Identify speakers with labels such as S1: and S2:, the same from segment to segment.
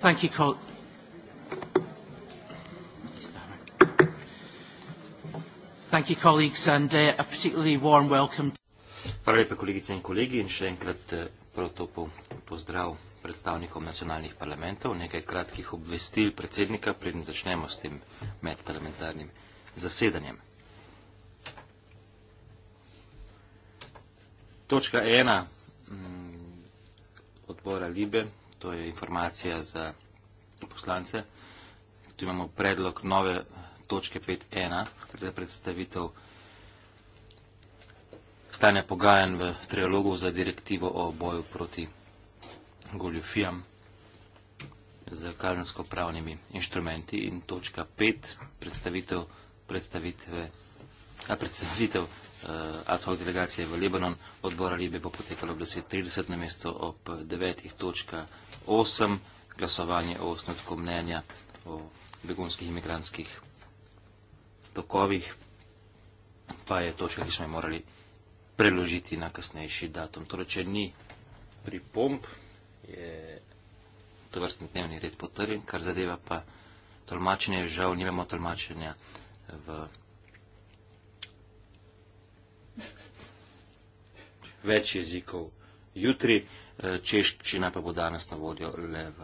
S1: Thank you, Col- Thank you colleagues, and uh, a particularly warm welcome.
S2: Hvala lepa kolegice in kolegi in še enkrat eh, prav to pozdrav predstavnikom nacionalnih parlamentov. Nekaj kratkih obvestil predsednika, preden začnemo s tem medparlamentarnim zasedanjem. Točka ena mm, odbora Libe, to je informacija za poslance. Tu imamo predlog nove točke 5.1, kjer je predstavitev stanja pogajanj v trialogu za direktivo o boju proti goljufijam z kazensko-pravnimi inštrumenti in točka 5, predstavitev, predstavitve, a predstavitev uh, ad hoc delegacije v Libanon, odbora Libije bo potekalo ob 10.30 na mesto ob 9. točka osem glasovanje o osnovku mnenja o begunskih imigranskih tokovih, pa je to še, ki smo morali preložiti na kasnejši datum. Torej, če ni pripomp, je to vrstni dnevni red potrjen, kar zadeva pa tolmačenje, žal nimamo tolmačenja v več jezikov jutri. Eh, češčina pa bo danes na vodjo le v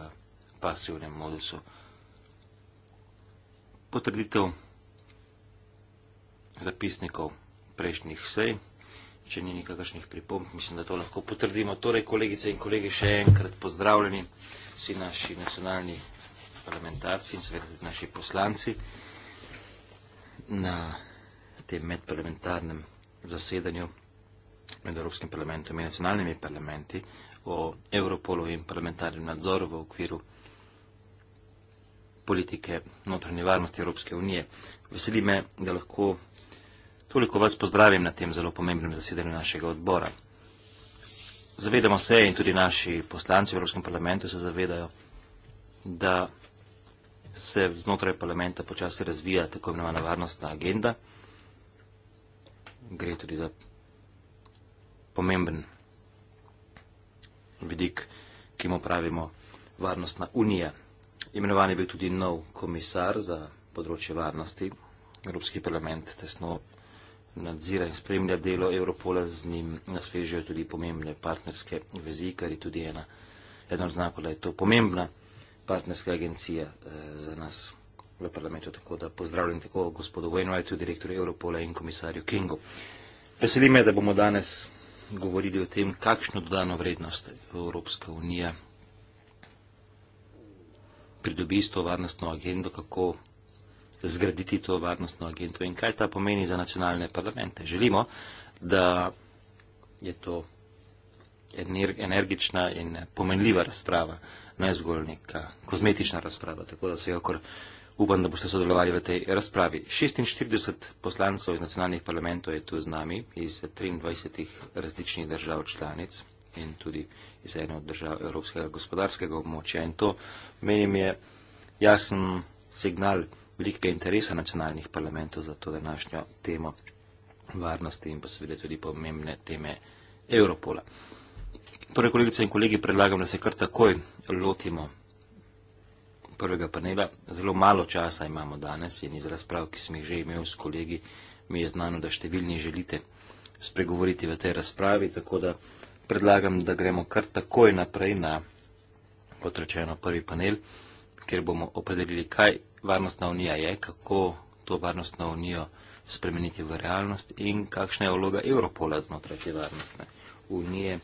S2: pasivnem modusu. Potrditev zapisnikov prejšnjih sej, če ni nikakršnih pripomb, mislim, da to lahko potrdimo. Torej, kolegice in kolegi, še enkrat pozdravljeni vsi naši nacionalni parlamentarci in seveda tudi naši poslanci na tem medparlamentarnem zasedanju med Evropskim parlamentom in nacionalnimi parlamenti o Europolu in parlamentarnem nadzoru v okviru politike notranje varnosti Evropske unije. Veseli me, da lahko toliko vas pozdravim na tem zelo pomembnem zasedanju našega odbora. Zavedamo se in tudi naši poslanci v Evropskem parlamentu se zavedajo, da se znotraj parlamenta počasi razvija tako imenovana varnostna agenda. Gre tudi za pomemben vidik, ki mu pravimo varnostna unija. Imenovan je bil tudi nov komisar za področje varnosti. Evropski parlament tesno nadzira in spremlja delo Evropola, z njim nasvežijo tudi pomembne partnerske vezi, kar je tudi ena, eno znako, da je to pomembna partnerska agencija eh, za nas v parlamentu. Tako da pozdravljam tako gospodu Wainwrightu, direktorju Evropola in komisarju Kingu. Veseli me, da bomo danes govorili o tem, kakšno dodano vrednost Evropska unija pridobi s to varnostno agendo, kako zgraditi to varnostno agendo in kaj ta pomeni za nacionalne parlamente. Želimo, da je to energična in pomenljiva razprava, ne zgolj neka kozmetična razprava, tako da se jo kar. Okor... Upam, da boste sodelovali v tej razpravi. 46 poslancev iz nacionalnih parlamentov je tu z nami, iz 23 različnih držav članic in tudi iz ene od držav Evropskega gospodarskega območja. In to, menim, je jasen signal velikega interesa nacionalnih parlamentov za to današnjo temo varnosti in pa seveda tudi pomembne teme Evropola. Torej, kolegice in kolegi, predlagam, da se kar takoj lotimo prvega panela. Zelo malo časa imamo danes in iz razprav, ki sem jih že imel s kolegi, mi je znano, da številni želite spregovoriti v tej razpravi, tako da predlagam, da gremo kar takoj naprej na potrečeno prvi panel, kjer bomo opredelili, kaj varnostna unija je, kako to varnostno unijo spremeniti v realnost in kakšna je vloga Evropola znotraj te varnostne unije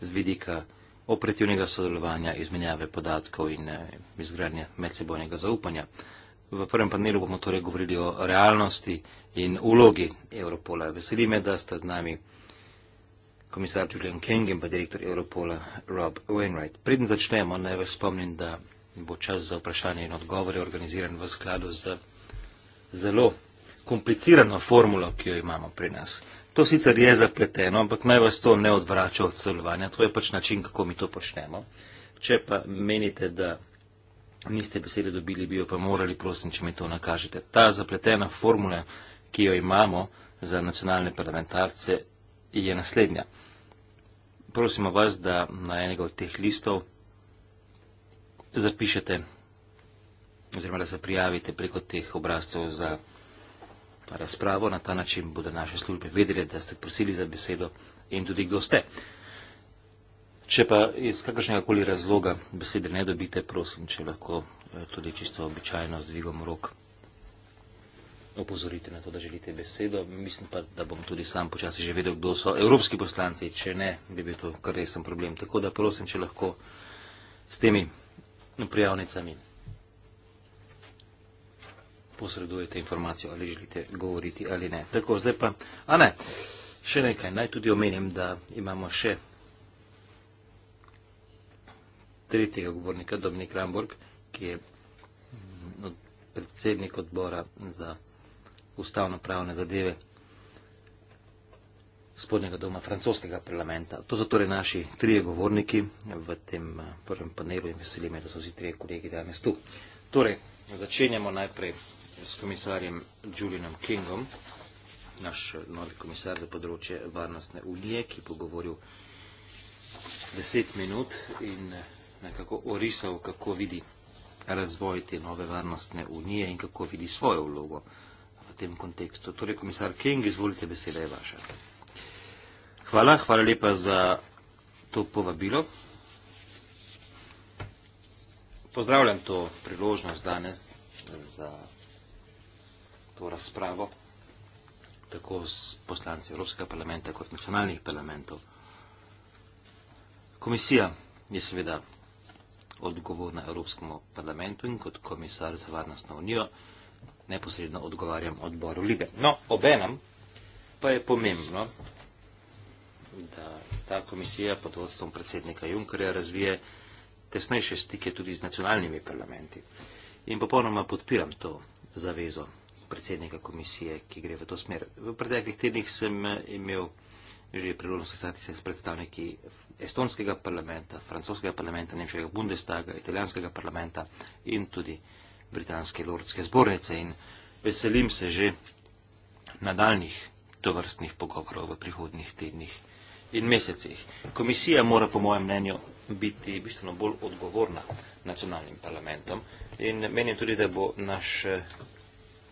S2: z vidika operativnega sodelovanja, izmenjave podatkov in eh, izgradnje medsebojnega zaupanja. V prvem panelu bomo torej govorili o realnosti in ulogi Europola. Veseli me, da sta z nami komisar Julian King in pa direktor Europola Rob Wainwright. Preden začnemo, naj vas spomnim, da bo čas za vprašanje in odgovore organiziran v skladu z zelo komplicirano formulo, ki jo imamo pri nas. To sicer je zapleteno, ampak naj vas to ne odvrača od sodelovanja. To je pač način, kako mi to počnemo. Če pa menite, da niste besede dobili, bi jo pa morali, prosim, če mi to nakažete. Ta zapletena formula, ki jo imamo za nacionalne parlamentarce, je naslednja. Prosimo vas, da na enega od teh listov zapišete oziroma da se prijavite preko teh obrazcev za razpravo. Na ta način bodo naše službe vedele, da ste prosili za besedo in tudi kdo ste. Če pa iz kakršnega koli razloga besede ne dobite, prosim, če lahko eh, tudi čisto običajno z dvigom rok opozorite na to, da želite besedo. Mislim pa, da bom tudi sam počasi že vedel, kdo so evropski poslanci. Če ne, bi bil to kar resen problem. Tako da prosim, če lahko s temi prijavnicami posredujete informacijo, ali želite govoriti ali ne. Tako, zdaj pa, a ne, še nekaj, naj tudi omenim, da imamo še tretjega govornika, Dominik Ramburg, ki je mm, predsednik odbora za ustavno-pravne zadeve spodnjega doma francoskega parlamenta. To so torej naši trije govorniki v tem eh, prvem panelu in veselime, da so vsi trije kolegi danes tu. Torej, začenjamo najprej s komisarjem Julianom Kingom, naš novi komisar za področje varnostne unije, ki bo govoril deset minut in eh, nekako orisal, kako vidi razvoj te nove varnostne unije in kako vidi svojo vlogo v tem kontekstu. Torej, komisar King, izvolite, beseda je vaša. Hvala, hvala lepa za to povabilo. Pozdravljam to priložnost danes za to razpravo, tako s poslanci Evropskega parlamenta kot nacionalnih parlamentov. Komisija je seveda odgovorna Evropskemu parlamentu in kot komisar za varnostno unijo neposredno odgovarjam odboru Libe. No, obenem pa je pomembno, da ta komisija pod vodstvom predsednika Junckerja razvije tesnejše stike tudi z nacionalnimi parlamenti. In popolnoma podpiram to zavezo predsednika komisije, ki gre v to smer. V preteklih tednih sem eh, imel že priložnost sestati se s predstavniki estonskega parlamenta, francoskega parlamenta, nemškega bundestaga, italijanskega parlamenta in tudi britanske lordske zbornice in veselim se že nadaljnih tovrstnih pogovorov v prihodnih tednih in mesecih. Komisija mora po mojem mnenju biti bistveno bolj odgovorna nacionalnim parlamentom in menim tudi, da bo naš eh,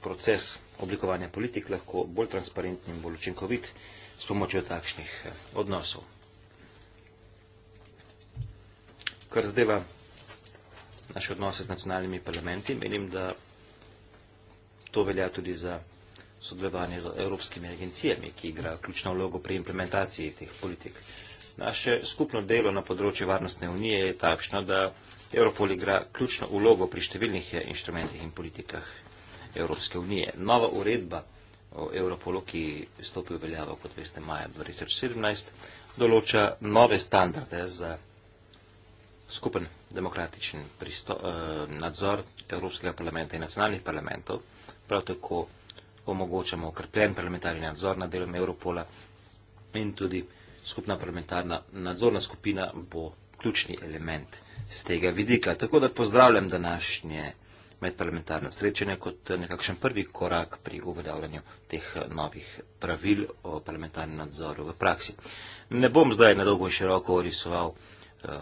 S2: proces oblikovanja politik lahko bolj transparentni in bolj učinkovit s pomočjo takšnih eh, odnosov. Kar zadeva naše odnose z nacionalnimi parlamenti, menim, da to velja tudi za sodelovanje z evropskimi agencijami, ki igra ključno vlogo pri implementaciji teh politik. Naše skupno delo na področju varnostne unije je takšno, da Europol igra ključno vlogo pri številnih eh, inštrumentih in politikah. Evropske unije. Nova uredba o Evropolu, ki stopi v veljavo, kot veste, maja 2017, določa nove standarde za skupen demokratičen pristo, eh, nadzor Evropskega parlamenta in nacionalnih parlamentov, prav tako omogočamo okrepljen parlamentarni nadzor nad delom Evropola in tudi skupna parlamentarna nadzorna skupina bo ključni element z tega vidika. Tako da pozdravljam današnje medparlamentarno srečanje kot nekakšen prvi korak pri uveljavljanju teh novih pravil o parlamentarnem nadzoru v praksi. Ne bom zdaj na dolgo in široko orisoval eh,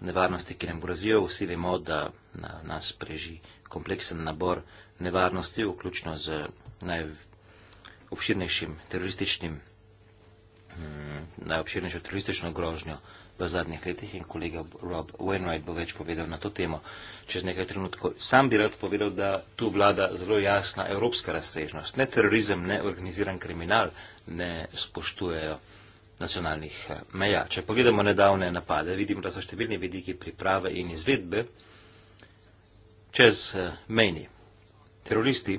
S2: nevarnosti, ki nam grozijo. Vsi vemo, da na nas preži kompleksen nabor nevarnosti, vključno z najobširnejšim terorističnim hm, najobširnejšo teroristično grožnjo v zadnjih letih in kolega Rob Wainwright bo več povedal na to temo. Uh, čez nekaj trenutkov. Sam bi rad povedal, da tu vlada zelo jasna evropska razsežnost. Ne terorizem, ne organiziran kriminal ne spoštujejo nacionalnih eh, meja. Če pogledamo nedavne napade, vidimo, da so številni vidiki priprave in izvedbe čez eh, meni. Teroristi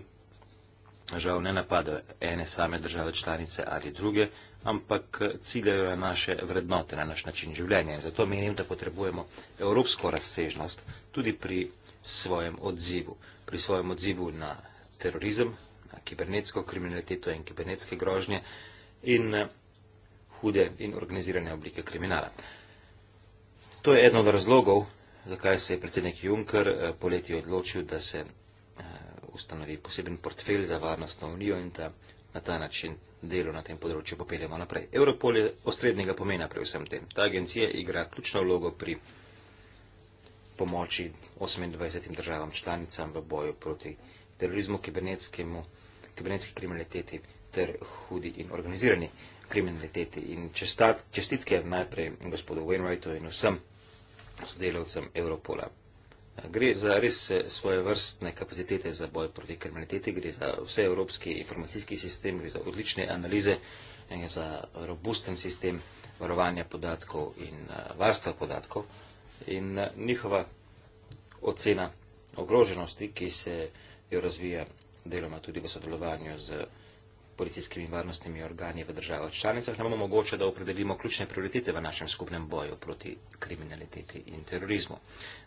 S2: žal ne napadajo ene same države članice ali druge ampak ciljajo naše vrednote na naš način življenja. In zato menim, da potrebujemo evropsko razsežnost tudi pri svojem odzivu. Pri svojem odzivu na terorizem, na kibernetsko kriminaliteto in kibernetske grožnje in eh, hude in organizirane oblike kriminala. To je eden od razlogov, zakaj se je predsednik Juncker eh, poleti odločil, da se eh, ustanovi poseben portfelj za varnostno unijo in da na ta način delo na tem področju popeljemo naprej. Europol je osrednjega pomena pri vsem tem. Ta agencija igra ključno vlogo pri pomoči 28 državam članicam v boju proti terorizmu, kibernetski kriminaliteti ter hudi in organizirani kriminaliteti. In čestitke najprej gospodu Wainwrightu in vsem sodelovcem Europola. Gre za res eh, svoje vrstne kapacitete za boj proti kriminaliteti, gre za vse evropski informacijski sistem, gre za odlične analize, za robusten sistem varovanja podatkov in eh, varstva podatkov. In eh, njihova ocena ogroženosti, ki se jo razvija deloma tudi v sodelovanju z informacijami, policijskimi varnostnimi organi v državah članicah nam omogoča, da opredelimo ključne prioritete v našem skupnem boju proti kriminaliteti in terorizmu.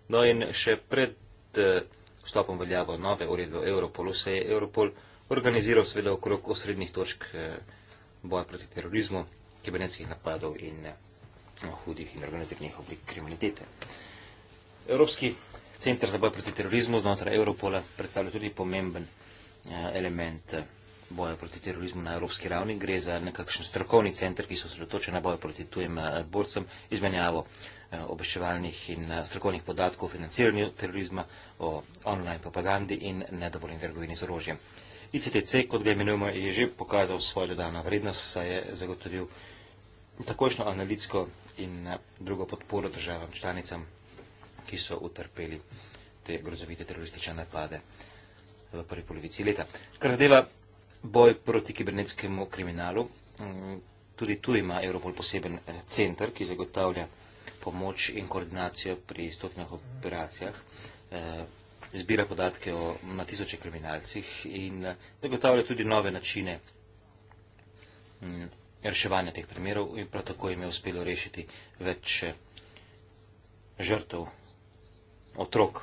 S2: No in še pred eh, vstopom veljavo nove uredbe Europolu se je Europol organiziral seveda okrog osrednjih točk eh, boja proti terorizmu, kibernetskih napadov in eh, hudih in organiziranih oblik kriminalitete. Evropski center za boj proti terorizmu znotraj Europola predstavlja tudi pomemben element boja proti terorizmu na evropski ravni. Gre za nekakšen strokovni center, ki se osredotoča na boja proti tujim eh, borcem, izmenjavo eh, obveščevalnih in eh, strokovnih podatkov o financiranju terorizma, o online propagandi in nedovoljni trgovini z orožjem. ICTC, kot ga imenujemo, je že pokazal svojo dodano vrednost, saj je zagotovil takošno analitsko in drugo podporo državam članicam, ki so utrpeli te grozovite teroristične napade v prvi polovici leta. Kar zadeva boj proti kibernetskemu kriminalu. Mm, tudi tu ima Europol poseben eh, center, ki zagotavlja pomoč in koordinacijo pri stotnih operacijah, eh, zbira podatke o na tisoče kriminalcih in eh, zagotavlja tudi nove načine mm, reševanja teh primerov in prav tako jim je uspelo rešiti več žrtev, otrok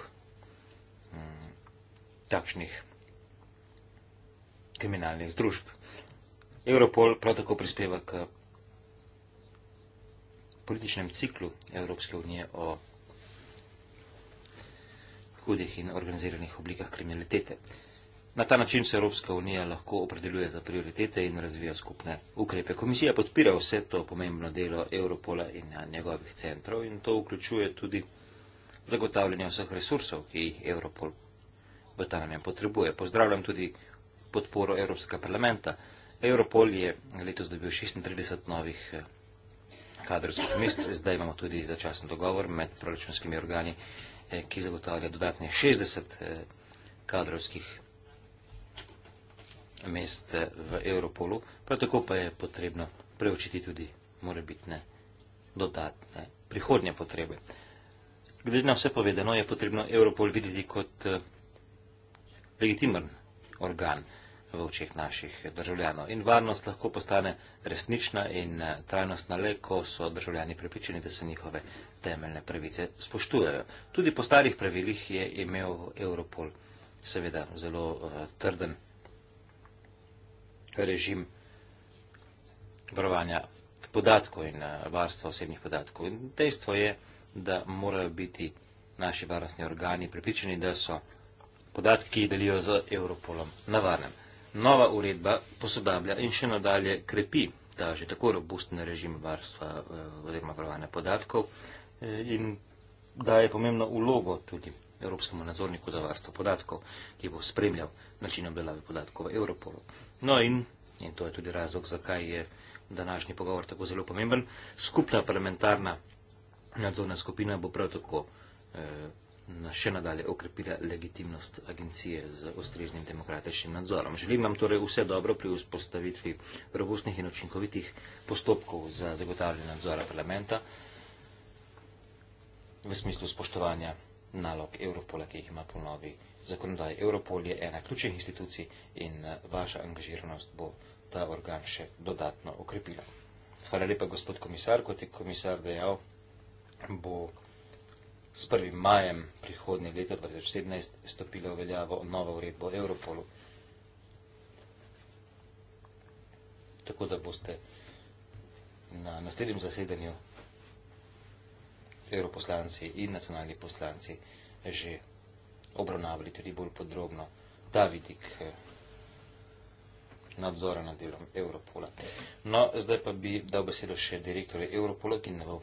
S2: mm, takšnih kriminalnih združb. Europol prav tako prispeva k političnem ciklu Evropske unije o hudih in organiziranih oblikah kriminalitete. Na ta način se Evropska unija lahko opredeljuje za prioritete in razvija skupne ukrepe. Komisija podpira vse to pomembno delo Europola in njegovih centrov in to vključuje tudi zagotavljanje vseh resursov, ki jih Europol v ta namen potrebuje. Pozdravljam tudi podporo Evropskega parlamenta. Europol je letos dobil 36 novih eh, kadrovskih mest, zdaj imamo tudi začasen dogovor med proračunskimi organi, eh, ki zagotavlja dodatne 60 eh, kadrovskih mest v Europolu. Prav tako pa je potrebno preučiti tudi morebitne dodatne prihodnje potrebe. Glede na vse povedano, je potrebno Europol videti kot legitimen organ v očeh naših državljanov. In varnost lahko postane resnična in eh, trajnostna le, ko so državljani prepričani, da se njihove temeljne pravice spoštujejo. Tudi po starih pravilih je imel Europol seveda zelo uh, trden režim varovanja podatkov in eh, varstva osebnih podatkov. In dejstvo je, da morajo biti naši varnostni organi pripričani, da so podatki, ki jih delijo z Europolom, na varnem nova uredba posodablja in še nadalje krepi ta že tako robustni režim varstva eh, oziroma varovanja podatkov eh, in daje pomembno ulogo tudi Evropskemu nadzorniku za varstvo podatkov, ki bo spremljal način obdelave podatkov v Evropolu. No in, in to je tudi razlog, zakaj je današnji pogovor tako zelo pomemben, skupna parlamentarna nadzorna skupina bo prav tako eh, še nadalje okrepila legitimnost agencije z ustreznim demokratičnim nadzorom. Želim vam torej vse dobro pri vzpostavitvi robustnih in učinkovitih postopkov za zagotavljanje nadzora parlamenta v smislu spoštovanja nalog Evropola, ki jih ima po novi zakonodaj. Evropol je ena ključnih institucij in eh, vaša angažiranost bo ta organ še dodatno okrepila. Hvala lepa, gospod komisar, kot je komisar dejal, bo S 1. majem prihodnje leta 2017 je stopila v veljavo nova uredba o Europolu. Tako da boste na naslednjem zasedanju europoslanci in nacionalni poslanci že obravnavali tudi bolj podrobno ta vidik eh, nadzora nad delom Europola. No, zdaj pa bi dal besedo še direktorju Europola, ki ne bo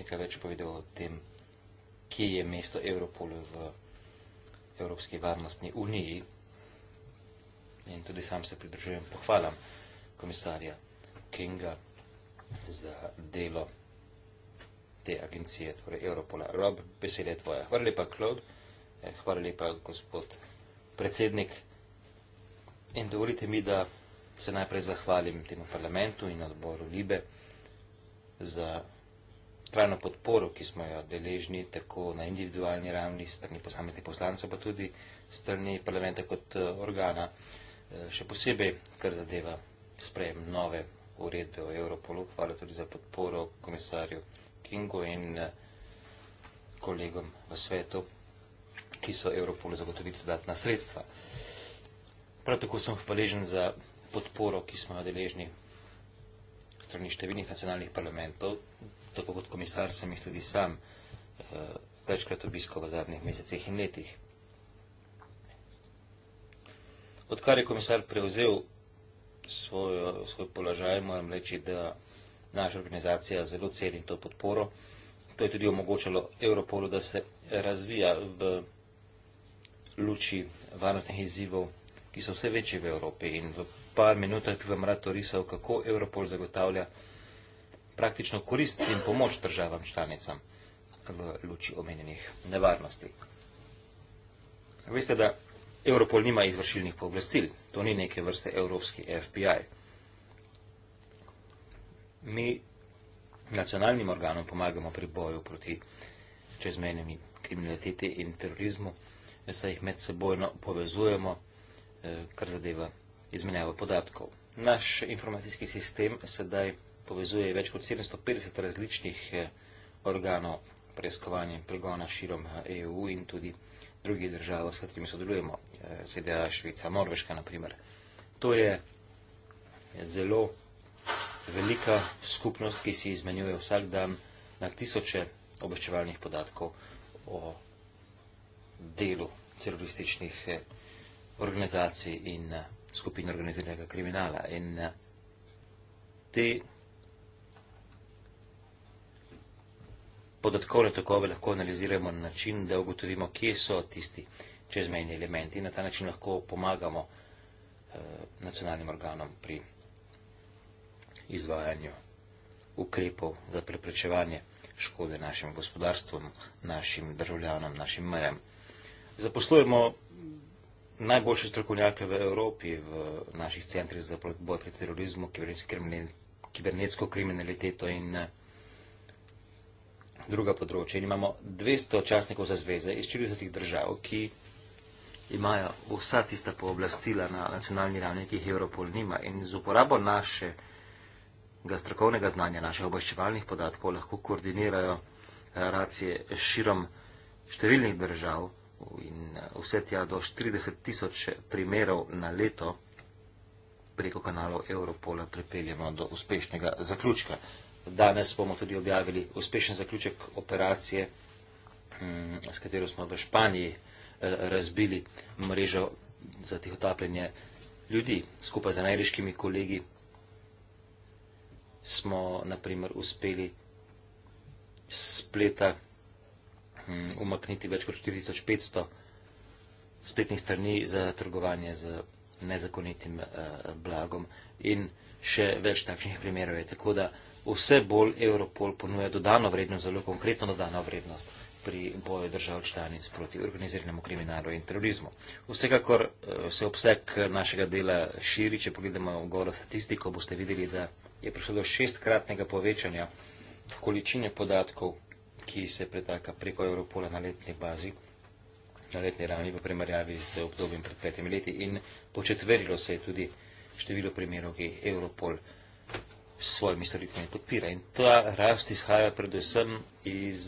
S2: nekaj več povedal o tem kje je mesto Evropolu v Evropski varnostni uniji. In tudi sam se pridružujem pohvalam komisarja Kinga za delo te agencije, torej Evropola. Rob, besede je tvoja. Hvala lepa, Claude. Eh, hvala lepa, gospod predsednik. In dovolite mi, da se najprej zahvalim temu parlamentu in odboru Libe za pravno podporo, ki smo jo deležni tako na individualni ravni, strani posameznih poslancev, pa tudi strani parlamenta kot eh, organa, eh, še posebej, kar zadeva sprejem nove uredbe o Evropolu. Hvala tudi za podporo komisarju Kingu in eh, kolegom v svetu, ki so Evropolu zagotovili dodatna sredstva. Prav tako sem hvaležen za podporo, ki smo jo deležni strani številnih nacionalnih parlamentov, tako kot komisar sem jih tudi sam eh, večkrat obiskal v zadnjih mesecih in letih. Odkar je komisar prevzel svoj položaj, moram reči, da naša organizacija zelo ceni to podporo. To je tudi omogočalo Europolu, da se razvija v luči varnostnih izzivov, ki so vse večji v Evropi. In v par minutah bi vam rad to risal, kako Europol zagotavlja vsega, praktično korist in pomoč državam članicam v luči omenjenih nevarnosti. Veste, da Europol nima izvršilnih pooblastil, to ni neke vrste evropski FBI. Mi nacionalnim organom pomagamo pri boju proti čezmenjami kriminaliteti in terorizmu, saj jih med sebojno povezujemo, eh, kar zadeva izmenjavo podatkov. Naš informacijski sistem sedaj povezuje več kot 750 različnih eh, organov preiskovanja in pregona širom EU eh, e in tudi drugih držav, s katerimi sodelujemo, eh, ZDA, Švica, Norveška, naprimer. To je zelo velika skupnost, ki si izmenjuje vsak dan na tisoče obveščevalnih podatkov o delu terorističnih organizacij in skupin organiziranega kriminala. In te podatkovne tokove lahko analiziramo na način, da ugotovimo, kje so tisti čezmejni elementi in na ta način lahko pomagamo eh, nacionalnim organom pri izvajanju ukrepov za preprečevanje škode našim gospodarstvom, našim državljanom, našim mejem. Zaposlujemo najboljše strokovnjake v Evropi, v naših centrih za boj pri terorizmu, kibernetsko kriminaliteto in nekaj eh, druga področja. In imamo 200 častnikov za zveze iz 40 držav, ki imajo vsa tista pooblastila na nacionalni ravni, ki jih Evropol nima. In z uporabo našega strokovnega znanja, naših obaščevalnih podatkov, lahko koordinirajo eh, racije širom številnih držav in eh, vse tja do 40 tisoč primerov na leto preko kanalov Evropola pripeljemo do uspešnega zaključka. Danes bomo tudi objavili uspešen zaključek operacije, mm, s katero smo v Španiji eh, razbili mrežo za tih otapljanje ljudi. Skupaj z najreškimi kolegi smo naprimer uspeli spleta mm, umakniti več kot 4500 spletnih strani za trgovanje z nezakonitim eh, blagom in še več takšnih primerov je. Tako da vse bolj Europol ponuja dodano vrednost, zelo konkretno dodano vrednost pri boju držav članic proti organiziranemu kriminalu in terorizmu. Vsekakor eh, se obseg našega dela širi, če pogledamo gor statistiko, boste videli, da je prišlo do šestkratnega povečanja količine podatkov, ki se pretaka preko Europola na letni bazi, na letni ravni v primerjavi z obdobjem pred petimi leti in početverilo se je tudi število primerov, ki Europol s svojimi storitvami podpira. In ta rast izhaja predvsem iz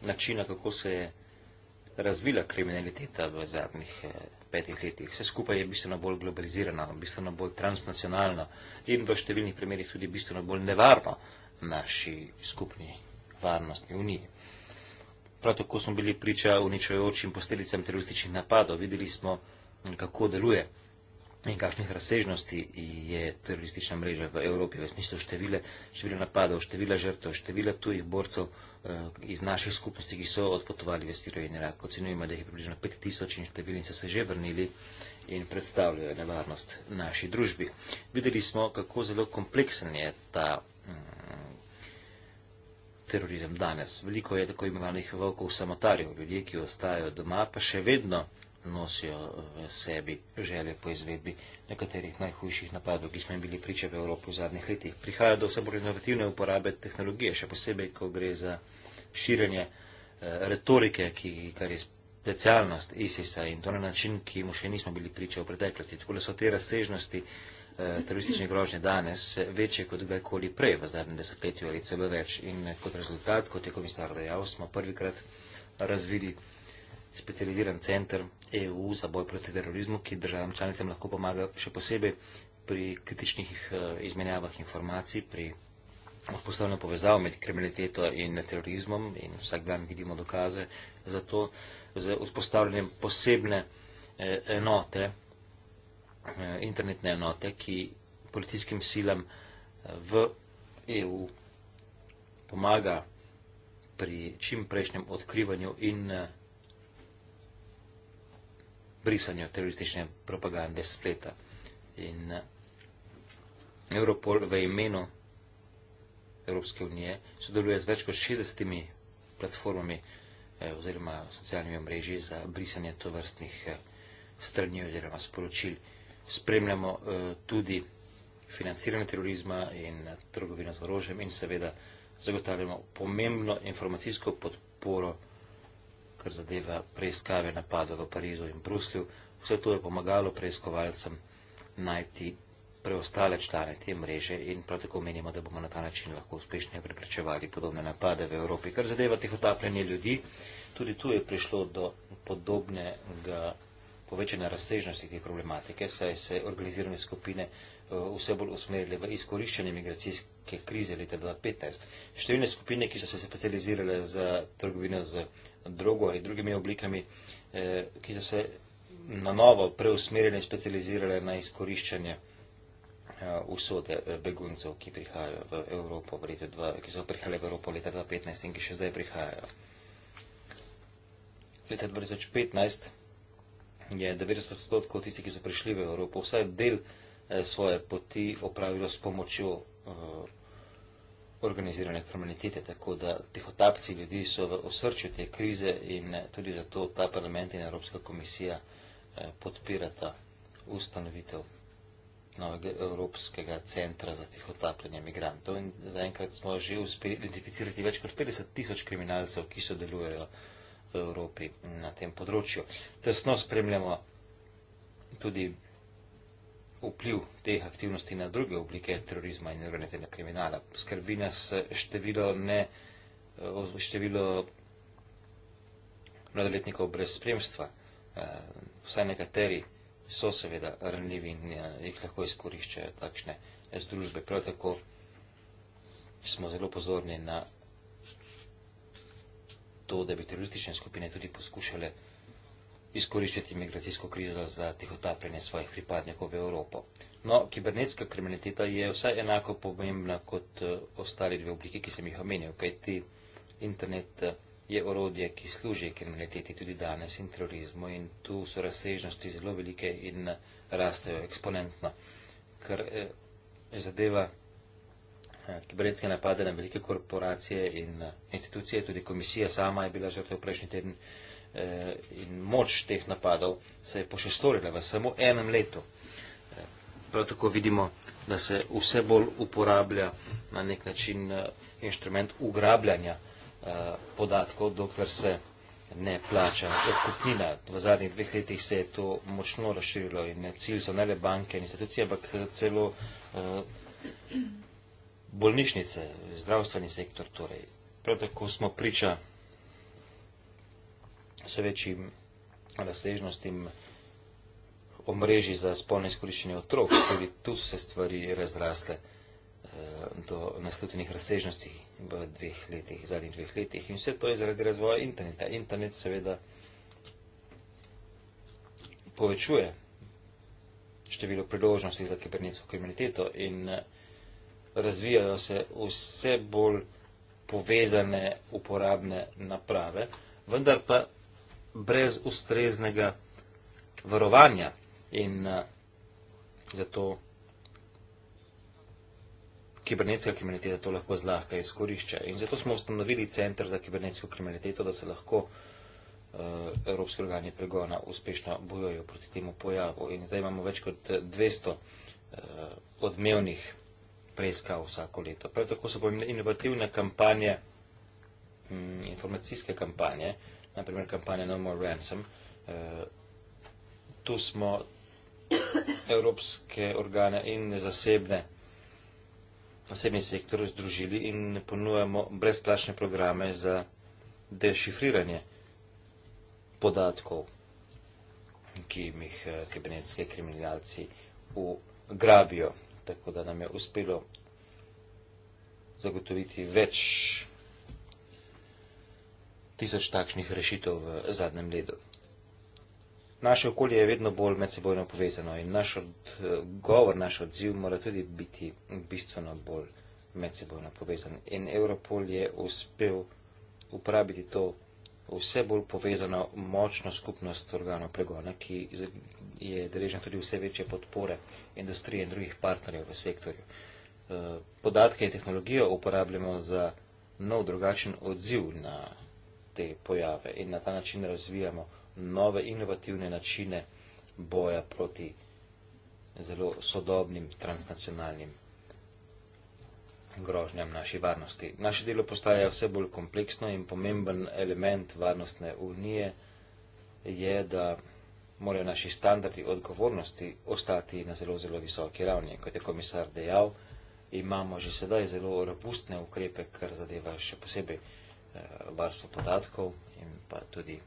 S2: načina, kako se je razvila kriminaliteta v zadnjih eh, petih letih. Vse skupaj je bistveno bolj globalizirano, bistveno bolj transnacionalno in v številnih primerjih tudi bistveno bolj nevarno naši skupni varnostni uniji. Prav tako smo bili priča uničujočim posledicam terorističnih napadov. Videli smo, kako deluje in kakšnih razsežnosti je teroristična mreža v Evropi, v smislu števile, števile napadov, števila žrtev, števila tujih borcev eh, iz naših skupnosti, ki so odpotovali v Sirijo in Irak. Ocenujemo, da jih je približno 5000 in številni so se že vrnili in predstavljajo nevarnost naši družbi. Videli smo, kako zelo kompleksen je ta mm, terorizem danes. Veliko je tako imenovanih volkov samotarjev, ljudje, ki ostajajo doma, pa še vedno nosijo v sebi želje po izvedbi nekaterih najhujših napadov, ki smo jim bili priča v Evropi v zadnjih letih. Prihaja do vse bolj inovativne uporabe tehnologije, še posebej, ko gre za širjenje eh, retorike, ki, kar je specialnost ISIS-a in to na način, ki mu še nismo bili priča v preteklosti. Tako da so te razsežnosti eh, teroristične grožnje danes večje kot kdajkoli prej v zadnjem desetletju ali celo več. In eh, kot rezultat, kot je komisar dejal, smo prvikrat razvili specializiran center EU za boj proti terorizmu, ki državam članicam lahko pomaga še posebej pri kritičnih eh, izmenjavah informacij, pri vzpostavljanju povezav med kriminaliteto in terorizmom in vsak dan vidimo dokaze za to, z vzpostavljanjem posebne eh, enote, eh, internetne enote, ki policijskim silam v EU pomaga pri čim prejšnjem odkrivanju in vzpostavljanju brisanju teroristične propagande spleta. In eh, Europol v imenu Evropske unije sodeluje z več kot 60 platformami eh, oziroma socialnimi omrežji za brisanje tovrstnih eh, strani oziroma sporočil. Spremljamo tudi financiranje terorizma in trgovino z orožjem in seveda zagotavljamo pomembno informacijsko podporo kar zadeva preiskave napadov v Parizu in Bruslju. Vse to je pomagalo preiskovalcem najti preostale člane te mreže in prav tako menimo, da bomo na ta način lahko uspešno preprečevali podobne napade v Evropi. Kar zadeva tih otapljanje ljudi, tudi tu je prišlo do podobnega povečanja razsežnosti te problematike, saj se organizirane skupine eh, vse bolj usmerile v izkoriščanje migracijske krize leta 2015. Številne skupine, ki so se specializirale za trgovino z drugo ali drugimi oblikami, eh, ki so se na novo preusmerile in specializirale na izkoriščanje eh, usode eh, beguncev, ki, prihajajo v Evropo v letu, ki so prihajali v Evropo leta 2015 in ki še zdaj prihajajo. Leta 2015 je 90 odstotkov tistih, ki so prišli v Evropo, vsaj del eh, svoje poti opravilo s pomočjo. Eh, organizirane kriminalitete, tako da tihotapci ljudi so v osrčju te krize in eh, tudi zato ta parlament in Evropska komisija eh, podpirata ustanovitev novega Evropskega centra za tihotapljanje migrantov. In zaenkrat smo že uspeli identificirati več kot 50 tisoč kriminalcev, ki sodelujejo v Evropi na tem področju. Tesno spremljamo tudi vpliv teh aktivnosti na druge oblike terorizma in organiziranega kriminala. Skrbi nas eh, število, ne, eh, število mladoletnikov brez spremstva. Eh, vsaj nekateri so seveda ranljivi in jih lahko izkoriščajo takšne združbe. Prav tako smo zelo pozorni na to, da bi teroristične skupine tudi poskušale izkoriščati imigracijsko krizo za tihotapljenje svojih pripadnikov v Evropo. No, kibernetska kriminaliteta je vsaj enako pomembna kot eh, ostali dve oblike, ki sem jih omenil, kajti internet eh, je orodje, ki služi kriminaliteti tudi danes in terorizmu in tu so razsežnosti zelo velike in eh, rastejo eksponentno. Ker eh, zadeva eh, kibernetske napade na velike korporacije in eh, institucije, tudi komisija sama je bila žrtev prejšnji teden. Eh, Eh, in moč teh napadov se je pošestorila v samo enem letu. Eh, prav tako vidimo, da se vse bolj uporablja na nek način eh, inštrument ugrabljanja podatkov, dokler se ne plača odkupnina. V zadnjih dveh letih se je to močno razširilo in cilj so ne le banke in institucije, ampak celo bolnišnice, zdravstveni sektor. Torej. Prav tako smo priča vse večjim razsežnostim omrežji za spolno izkoriščenje otrok, tudi tu so se stvari razrasle eh, do naslutenih razsežnosti v dveh letih, zadnjih dveh letih. In vse to je zaradi razvoja interneta. Internet seveda povečuje število priložnosti za kibernetsko kriminaliteto in eh, razvijajo se vse bolj povezane uporabne naprave, vendar pa brez ustreznega varovanja. In eh, zato kibernetska kriminaliteta to lahko zlahka izkorišča. In zato smo ustanovili Center za kibernetsko kriminaliteto, da se lahko eh, evropski organi pregona uspešno bojujejo proti temu pojavu. In zdaj imamo več kot 200 eh, odmevnih preiskav vsako leto. Prav tako so pomembne inovativne kampanje, mm, informacijske kampanje, naprimer kampanja No More Ransom. Eh, tu smo evropske organe in zasebne, zasebni sektor združili in ponujamo brezplačne programe za dešifriranje podatkov, ki jih eh, kibernetske kriminalci ugrabijo. Tako da nam je uspelo zagotoviti več tisoč takšnih rešitev v zadnjem ledu. Naše okolje je vedno bolj medsebojno povezano in naš odgovor, eh, naš odziv mora tudi biti bistveno bolj medsebojno povezan. In Europol je uspel uporabiti to vse bolj povezano močno skupnost organov pregona, ki je deležna tudi vse večje podpore industrije in drugih partnerjev v sektorju. Eh, podatke in tehnologijo uporabljamo za nov drugačen odziv na te pojave in na ta način razvijamo nove inovativne načine boja proti zelo sodobnim transnacionalnim grožnjam naši varnosti. Naše delo postaja vse bolj kompleksno in pomemben element varnostne unije je, da morajo naši standardi odgovornosti ostati na zelo, zelo visoki ravni. Kot je komisar dejal, imamo že sedaj zelo robustne ukrepe, kar zadeva še posebej Eh, varstvo podatkov in pa tudi,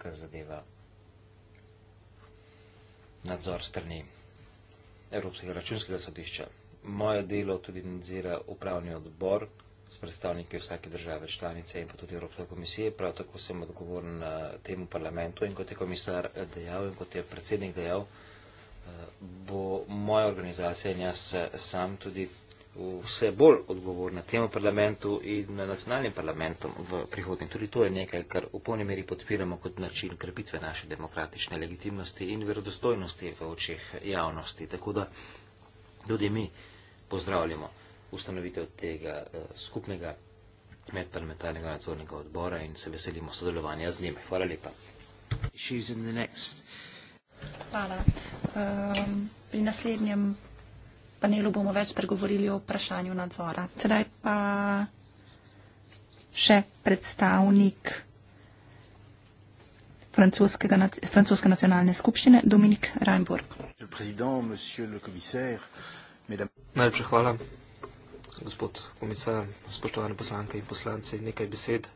S2: kar zadeva nadzor strani Evropskega računskega sodišča. Moje delo tudi nadzira upravni odbor s predstavniki vsake države članice in pa tudi Evropske komisije. Prav tako sem odgovoren na eh, temu parlamentu in kot je komisar eh, dejal in kot je predsednik dejal, bo moja organizacija in jaz sam tudi predstavljala vse bolj odgovorne temu parlamentu in nacionalnim parlamentom v prihodnje. Tudi to je nekaj, kar v polni meri podpiramo kot način krepitve naše demokratične legitimnosti in verodostojnosti v očeh javnosti. Tako da tudi mi pozdravljamo ustanovitev tega eh, skupnega medparlamentarnega nadzornega odbora in se veselimo sodelovanja z njimi. Hvala lepa.
S3: Hvala. Um, pri naslednjem panelu bomo več pregovorili o vprašanju nadzora. Sedaj pa še predstavnik francoskega, francoske nacionalne skupščine, Dominik Reinburg.
S4: Najlepša hvala, gospod komisar, spoštovane poslanke in poslanci, nekaj besed.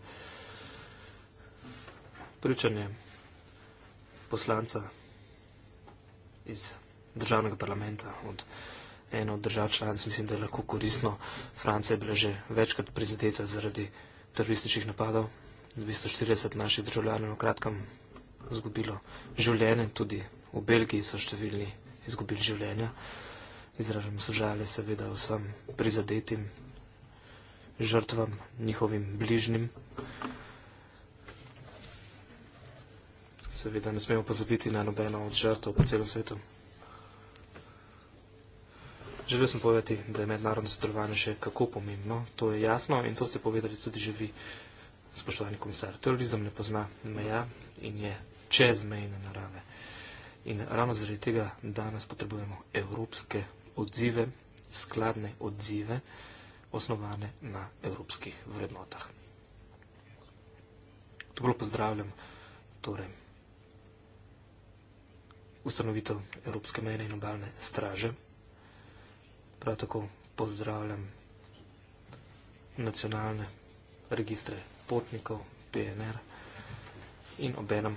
S4: Pričanje poslanca iz državnega parlamenta od eno od držav članic, mislim, da je lahko koristno. Francija je bila že večkrat prizadeta zaradi terorističnih napadov. 240 naših državljanov je v kratkem izgubilo življenje, tudi v Belgiji so številni izgubili življenja. Izražam sožalje seveda vsem prizadetim žrtvam, njihovim bližnjim. Seveda ne smemo pozabiti na nobeno od žrtev po celem svetu. Želel sem povedati, da je mednarodno sodelovanje še kako pomembno, to je jasno in to ste povedali tudi že vi, spoštovani komisar. Terorizem ne pozna meja in je čezmejne narave. In ravno zaradi tega danes potrebujemo evropske odzive, skladne odzive, osnovane na evropskih vrednotah. Dobro pozdravljam torej ustanovitev Evropske mejne in obalne straže prav tako pozdravljam nacionalne registre potnikov, PNR in obenem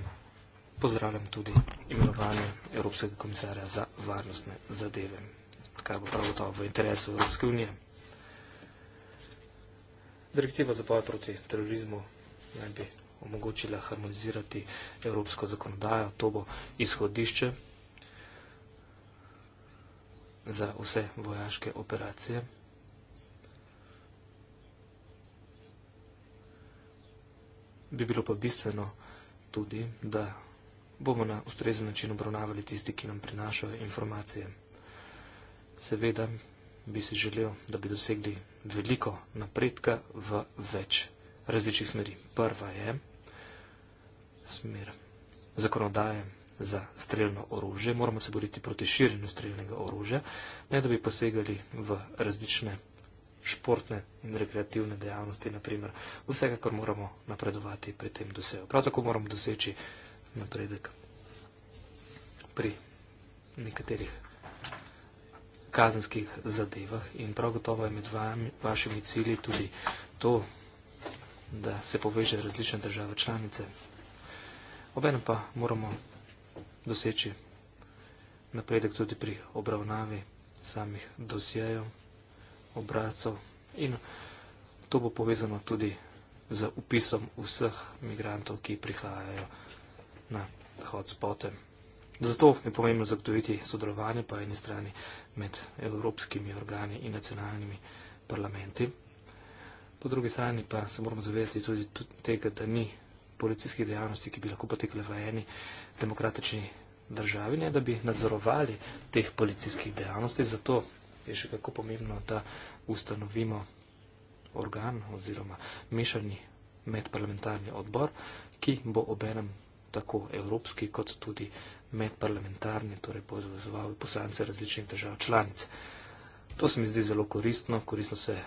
S4: pozdravljam tudi imenovanje Evropskega komisarja za varnostne zadeve, kar bo prav gotovo v interesu Evropske unije. Direktiva za boj proti terorizmu naj bi omogočila harmonizirati evropsko zakonodajo, to bo izhodišče za vse vojaške operacije. Bi bilo pa bistveno tudi, da bomo na ustrezen način obravnavali tisti, ki nam prinašajo informacije. Seveda bi si želel, da bi dosegli veliko napredka v več različnih smeri. Prva je smer zakonodaje, za streljno orožje, moramo se boriti proti širjenju streljnega orožja, ne da bi posegali v različne športne in rekreativne dejavnosti, naprimer. Vsekakor moramo napredovati pri tem dosegu. Prav tako moramo doseči napredek pri nekaterih kazenskih zadevah in prav gotovo je med vami, vašimi cilji tudi to, da se poveže različne države članice. Obenem pa moramo doseči napredek tudi pri obravnavi samih dosjejev, obrazcev in to bo povezano tudi z upisom vseh migrantov, ki prihajajo na hotspote. Zato je pomembno zagotoviti sodelovanje po eni strani med evropskimi organi in nacionalnimi parlamenti. Po drugi strani pa se moramo zavedati tudi tega, da ni policijskih dejavnosti, ki bi lahko potekle v eni demokratični državi, ne da bi nadzorovali teh policijskih dejavnosti. Zato je še kako pomembno, da ustanovimo organ oziroma mešani medparlamentarni odbor, ki bo obenem tako evropski kot tudi medparlamentarni, torej pozval poslance različnih držav članic. To se mi zdi zelo koristno, koristno se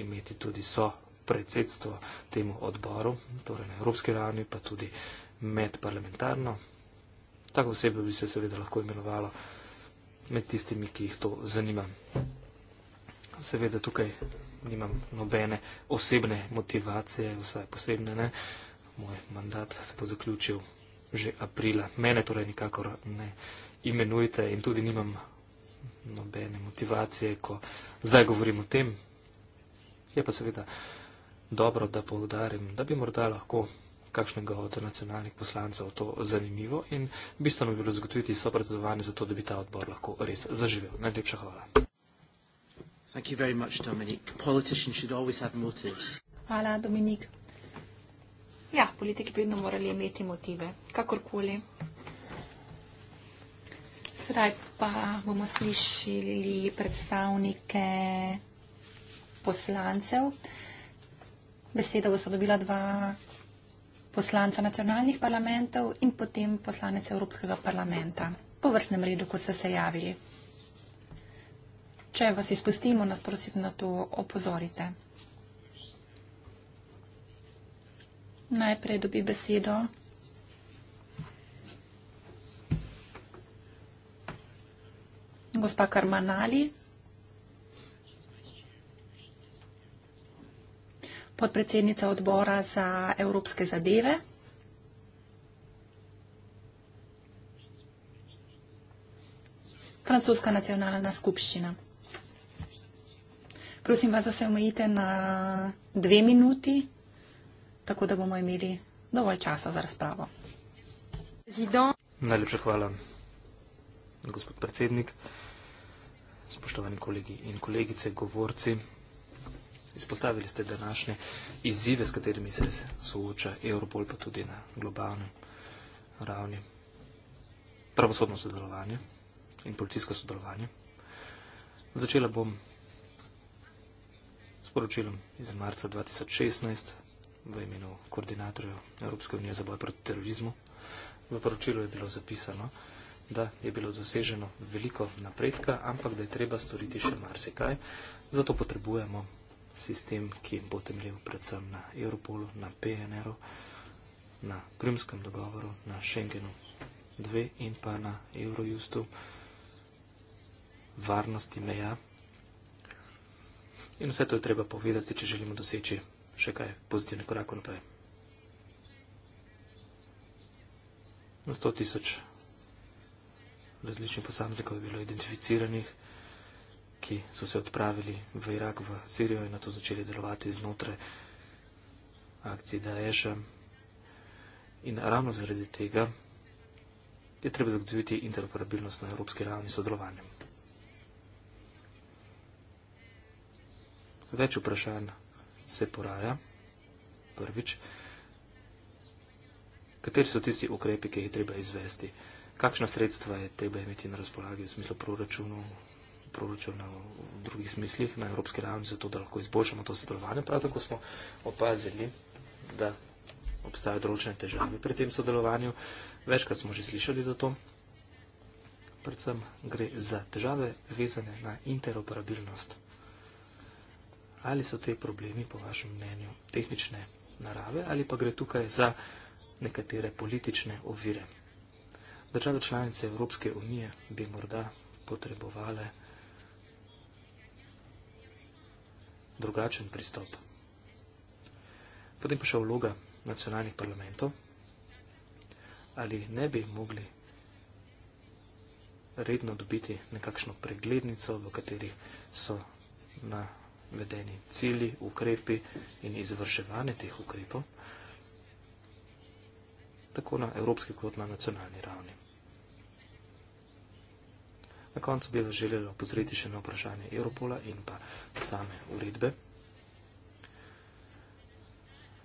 S4: imeti tudi so predsedstvo temu odboru, torej na evropski ravni, pa tudi medparlamentarno. Tako osebe bi se seveda lahko imenovalo med tistimi, ki jih to zanima. Seveda tukaj nimam nobene osebne motivacije, vsaj posebne ne. Moj mandat se bo zaključil že aprila. Mene torej nikakor ne imenujte in tudi nimam nobene motivacije, ko zdaj govorim o tem. Je pa seveda dobro, da povdarim, da bi morda lahko kakšnega od nacionalnih poslancev to zanimivo in bistveno bi bilo zagotoviti sopredsedovanje za to, da bi ta odbor lahko res zaživel. Najlepša hvala. Thank you very much,
S1: Dominik. Politicians should always have motives.
S3: Hvala, Dominik. Ja, politiki bi vedno morali imeti motive, kakorkoli. Sedaj pa bomo slišali predstavnike poslancev besedo bosta dobila dva poslanca nacionalnih parlamentov in potem poslanec Evropskega parlamenta po vrstnem redu, kot ste se javili. Če vas izpustimo, nas prosim na to opozorite. Najprej dobi besedo. Gospa Karmanali, podpredsednica odbora za evropske zadeve. Francoska nacionalna skupščina. Prosim vas, da se omejite na dve minuti, tako da bomo imeli dovolj časa za razpravo.
S4: Najlepša hvala, gospod predsednik, spoštovani kolegi in kolegice, govorci. Izpostavili ste današnje izzive, s katerimi se sooča Evropol, pa tudi na globalnem ravni. Pravosodno sodelovanje in policijsko sodelovanje. Začela bom s poročilom iz marca 2016 v imenu koordinatorja Evropske unije za boj proti terorizmu. V poročilu je bilo zapisano, da je bilo zaseženo veliko napredka, ampak da je treba storiti še marsikaj. Zato potrebujemo sistem, ki bo temeljil predvsem na Europolu, na PNR-u, na Krimskem dogovoru, na Schengenu 2 in pa na Eurojustu, varnosti meja. In vse to je treba povedati, če želimo doseči še kaj pozitivne korake naprej. Na 100 tisoč različnih posameznikov je bilo identificiranih ki so se odpravili v Irak, v Sirijo in na to začeli delovati znotraj akcije Daesha. In ravno zaradi tega je treba zagotoviti interoperabilnost na evropski ravni sodelovanja. Več vprašanj se poraja. Prvič, kateri so tisti ukrepi, ki jih treba izvesti? Kakšna sredstva je treba imeti na razpolagi v smislu proračunov, proračuna v drugih smislih na evropski ravni, zato da lahko izboljšamo to sodelovanje. Prav tako smo opazili, da obstajajo določene težave pri tem sodelovanju. Večkrat smo že slišali za to. Predvsem gre za težave vezane na interoperabilnost. Ali so te problemi, po vašem mnenju, tehnične narave ali pa gre tukaj za nekatere politične ovire? Države članice Evropske unije bi morda potrebovale drugačen pristop. Potem pa še vloga nacionalnih parlamentov. Ali ne bi mogli redno dobiti nekakšno preglednico, v kateri so navedeni cilji, ukrepi in izvrševanje teh ukrepov, tako na evropski kot na nacionalni ravni. Na koncu bi vas želela opozoriti še na vprašanje Europola in pa same uredbe.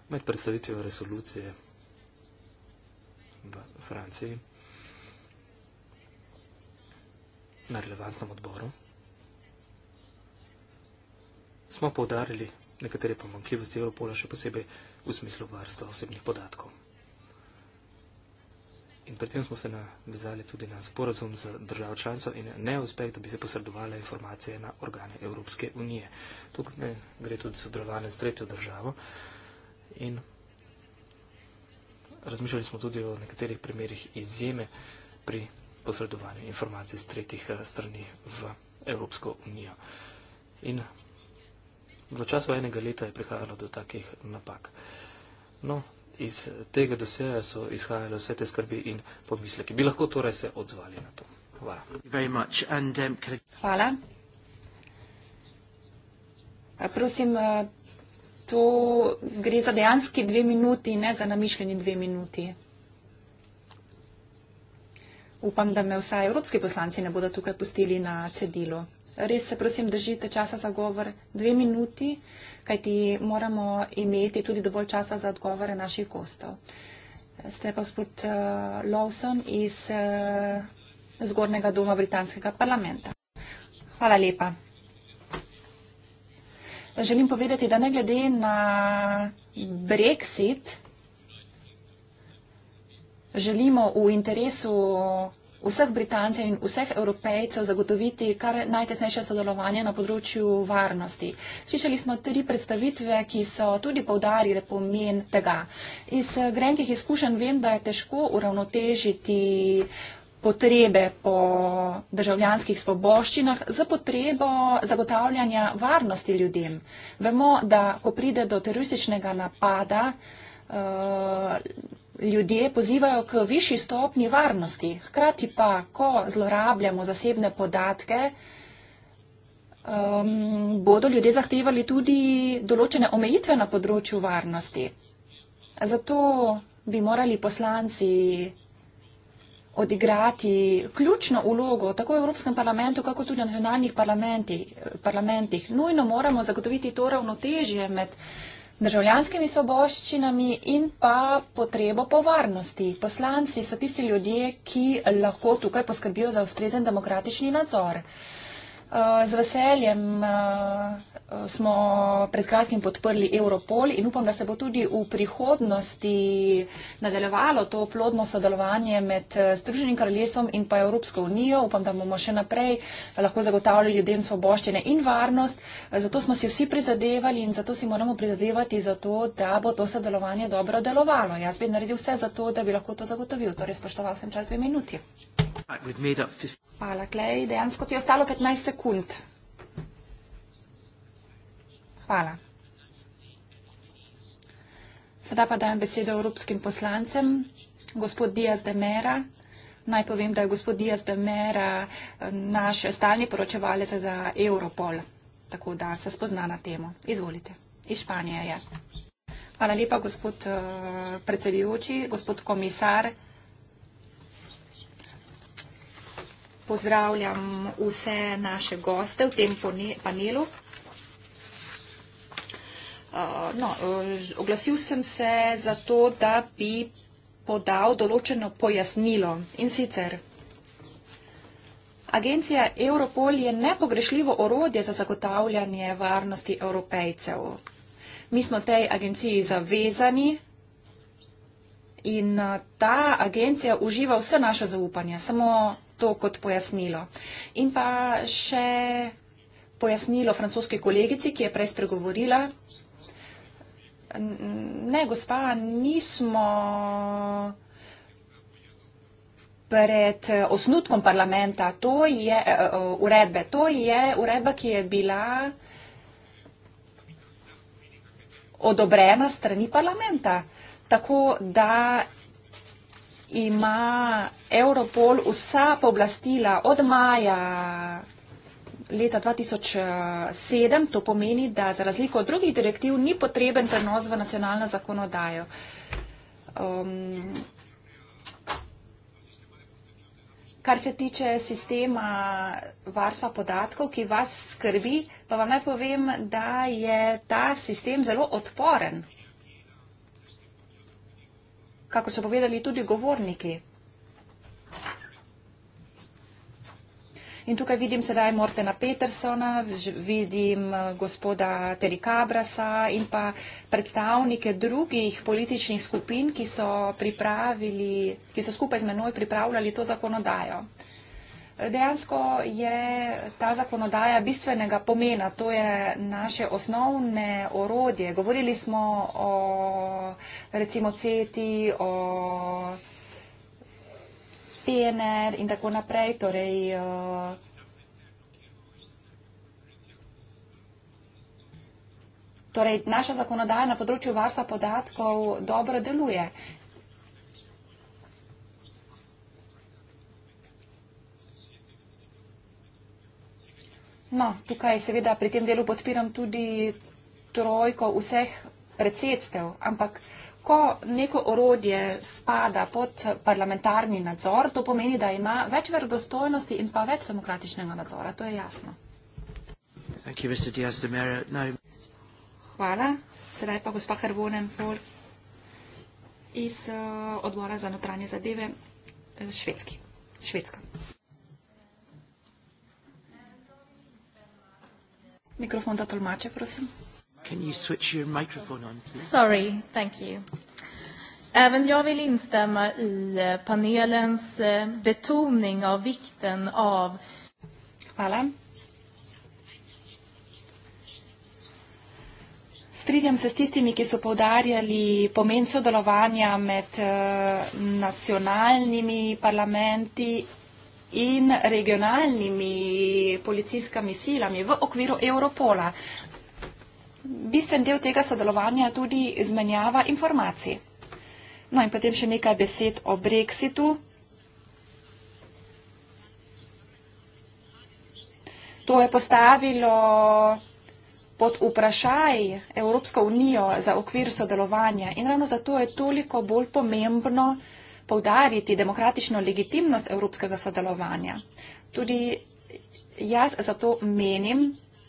S4: Med predstavitvijo resolucije v Franciji na relevantnem odboru smo poudarili nekatere pomankljivosti Europola, še posebej v smislu varstva osebnih podatkov. In pri tem smo se navezali tudi na sporazum z državo članico in neuspeh, da bi se posredovala informacije na organe Evropske unije. Tukaj gre tudi sodelovanje s tretjo državo. In razmišljali smo tudi o nekaterih primerih izjeme pri posredovanju informacij z tretjih eh, strani v Evropsko unijo. In v času enega leta je prihajalo do takih napak. No, iz tega doseja so izhajale vse te skrbi in pomisleki. Bi lahko torej se odzvali na to.
S1: Hvala. Um,
S3: Hvala. Prosim, eh, to gre za dejanski dve minuti, ne za namišljeni dve minuti. Upam, da me vsaj evropski poslanci ne bodo tukaj pustili na cedilu. Res se prosim, držite časa za govor dve minuti kajti moramo imeti tudi dovolj časa za odgovore naših gostov. Ste pa gospod eh, Lawson iz eh, Zgornjega doma Britanskega parlamenta. Hvala lepa. Želim povedati, da ne glede na Brexit, želimo v interesu vseh Britancev in vseh Evropejcev zagotoviti kar najtesnejše sodelovanje na področju varnosti. Slišali smo tri predstavitve, ki so tudi povdarile pomen tega. Iz eh, grenkih izkušenj vem, da je težko uravnotežiti potrebe po državljanskih svoboščinah za potrebo zagotavljanja varnosti ljudem. Vemo, da ko pride do terorističnega napada, uh, ljudje pozivajo k višji stopni varnosti. Hkrati pa, ko zlorabljamo zasebne podatke, um, bodo ljudje zahtevali tudi določene omejitve na področju varnosti. Zato bi morali poslanci odigrati ključno ulogo tako v Evropskem parlamentu, kako tudi v nacionalnih parlamentih. Nujno moramo zagotoviti to ravnotežje med državljanskimi svoboščinami in pa potrebo po varnosti. Poslanci so tisti ljudje, ki lahko tukaj poskrbijo za ustrezen demokratični nadzor z veseljem eh, smo pred kratkim podprli Europol in upam, da se bo tudi v prihodnosti nadaljevalo to plodno sodelovanje med eh, Združenim kraljestvom in pa Evropsko unijo. Upam, da bomo še naprej lahko zagotavljali ljudem svoboščine in varnost. Eh, zato smo si vsi prizadevali in zato si moramo prizadevati za to, da bo to sodelovanje dobro delovalo. Jaz bi naredil vse za to, da bi lahko to zagotovil. Torej, spoštoval sem čas dve minuti. Hvala, Klej. Dejansko ti je ostalo 15 sekund. Hvala. Sedaj pa dajem besedo evropskim poslancem. Gospod Diaz de Mera. Naj povem, da je gospod Diaz de Mera eh, naš stalni poročevalec za Europol. Tako da se spozna na temo. Izvolite. Iz Španije je. Hvala lepa, gospod uh, predsedujoči, gospod komisar. pozdravljam vse naše goste v tem panelu. Uh, no, uh, oglasil sem se zato, da bi podal določeno pojasnilo in sicer. Agencija Europol je nepogrešljivo orodje za zagotavljanje varnosti evropejcev. Mi smo tej agenciji zavezani in uh, ta agencija uživa vse naše zaupanje. Samo to kot pojasnilo. In pa še pojasnilo francoski kolegici, ki je prej spregovorila. Ne, gospa, nismo pred eh, osnutkom parlamenta to je, uh, uredbe. To je uredba, ki je bila odobrena strani parlamenta. Tako da ima Europol vsa povlastila od maja leta 2007. To pomeni, da za razliko od drugih direktiv ni potreben prenos v nacionalno zakonodajo. Um, kar se tiče sistema varstva podatkov, ki vas skrbi, pa vam naj povem, da je ta sistem zelo odporen kako so povedali tudi govorniki. In tukaj vidim sedaj Mortena Petersona, vidim eh, gospoda Teri Kabrasa in pa predstavnike drugih političnih skupin, ki so, ki so skupaj z menoj pripravljali to zakonodajo dejansko je ta zakonodaja bistvenega pomena. To je naše osnovne orodje. Govorili smo o recimo CETI, o PNR in tako naprej. Torej, eh, Torej, naša zakonodaja na področju varstva podatkov dobro deluje. No, tukaj seveda pri tem delu podpiram tudi trojko vseh predsedstev, ampak ko neko orodje spada pod parlamentarni nadzor, to pomeni, da ima več verodostojnosti in pa več demokratičnega nadzora. To je jasno. No. Hvala. Sedaj pa gospa Hervonen-Folk iz eh, odbora za notranje zadeve eh, švedski. Švedska. Mikrofon za tolmače,
S1: prosim. Can you switch your microphone on, please?
S3: Sorry, thank you. Även jag vill instämma i eh, panelens eh, betoning av vikten av... Hvala. Strinjam se s tistimi, ki so povdarjali pomen sodelovanja med eh, nacionalnimi parlamenti in regionalnimi policijskimi silami v okviru Europola. Bisten del tega sodelovanja je tudi izmenjava informacij. No in potem še nekaj besed o Brexitu. To je postavilo pod vprašaj Evropsko unijo za okvir sodelovanja in ravno zato je toliko bolj pomembno, poudariti demokratično legitimnost evropskega sodelovanja. Tudi jaz zato menim,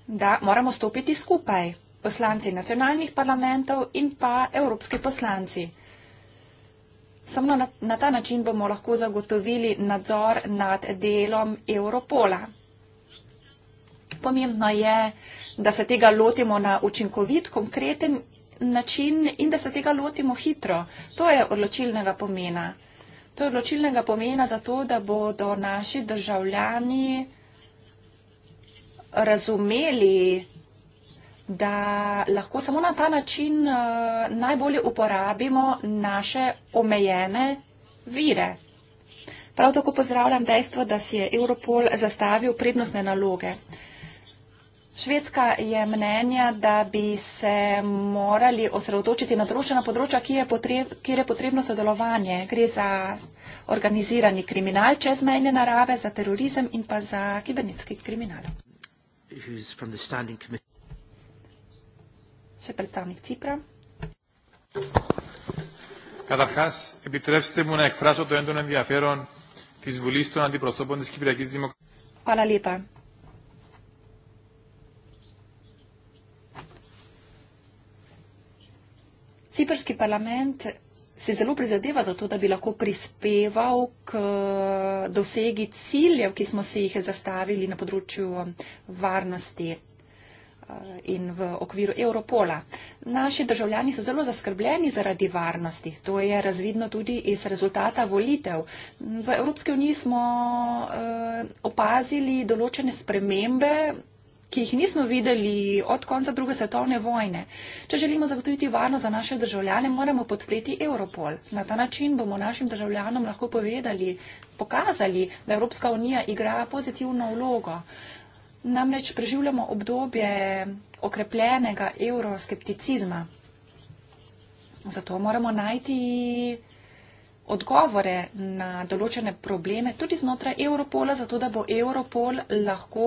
S3: da moramo stopiti skupaj, poslanci nacionalnih parlamentov in pa evropski poslanci. Samo na, na ta način bomo lahko zagotovili nadzor nad delom Europola. Pomembno je, da se tega lotimo na učinkovit, konkreten način in da se tega lotimo hitro. To je odločilnega pomena. To je odločilnega pomena za to, da bodo naši državljani razumeli, da lahko samo na ta način eh, najbolje uporabimo naše omejene vire. Prav tako pozdravljam dejstvo, da si je Europol zastavil prednostne naloge. Švedska je mnenja, da bi se morali osredotočiti na določena področja, kjer je potrebno sodelovanje. Gre za organizirani kriminal čezmejne narave, za terorizem in pa za kibernetski kriminal. Še predstavnik Cipra.
S2: Καταρχάς, επιτρέψτε μου να εκφράσω το έντονο ενδιαφέρον της Βουλής των Αντιπροσώπων της Κυπριακής
S3: Δημοκρατίας. Ciperski parlament se zelo prizadeva za to, da bi lahko prispeval k dosegi ciljev, ki smo si jih zastavili na področju varnosti eh, in v okviru Europola. Naši državljani so zelo zaskrbljeni zaradi varnosti. To je razvidno tudi iz rezultata volitev. V Evropski uniji smo eh, opazili določene spremembe ki jih nismo videli od konca druge svetovne vojne. Če želimo zagotoviti varnost za naše državljane, moramo podpreti Europol. Na ta način bomo našim državljanom lahko povedali, pokazali, da Evropska unija igra pozitivno vlogo. Namreč preživljamo obdobje okrepljenega euroskepticizma. Zato moramo najti odgovore na določene probleme tudi znotraj Europola, zato da bo Europol lahko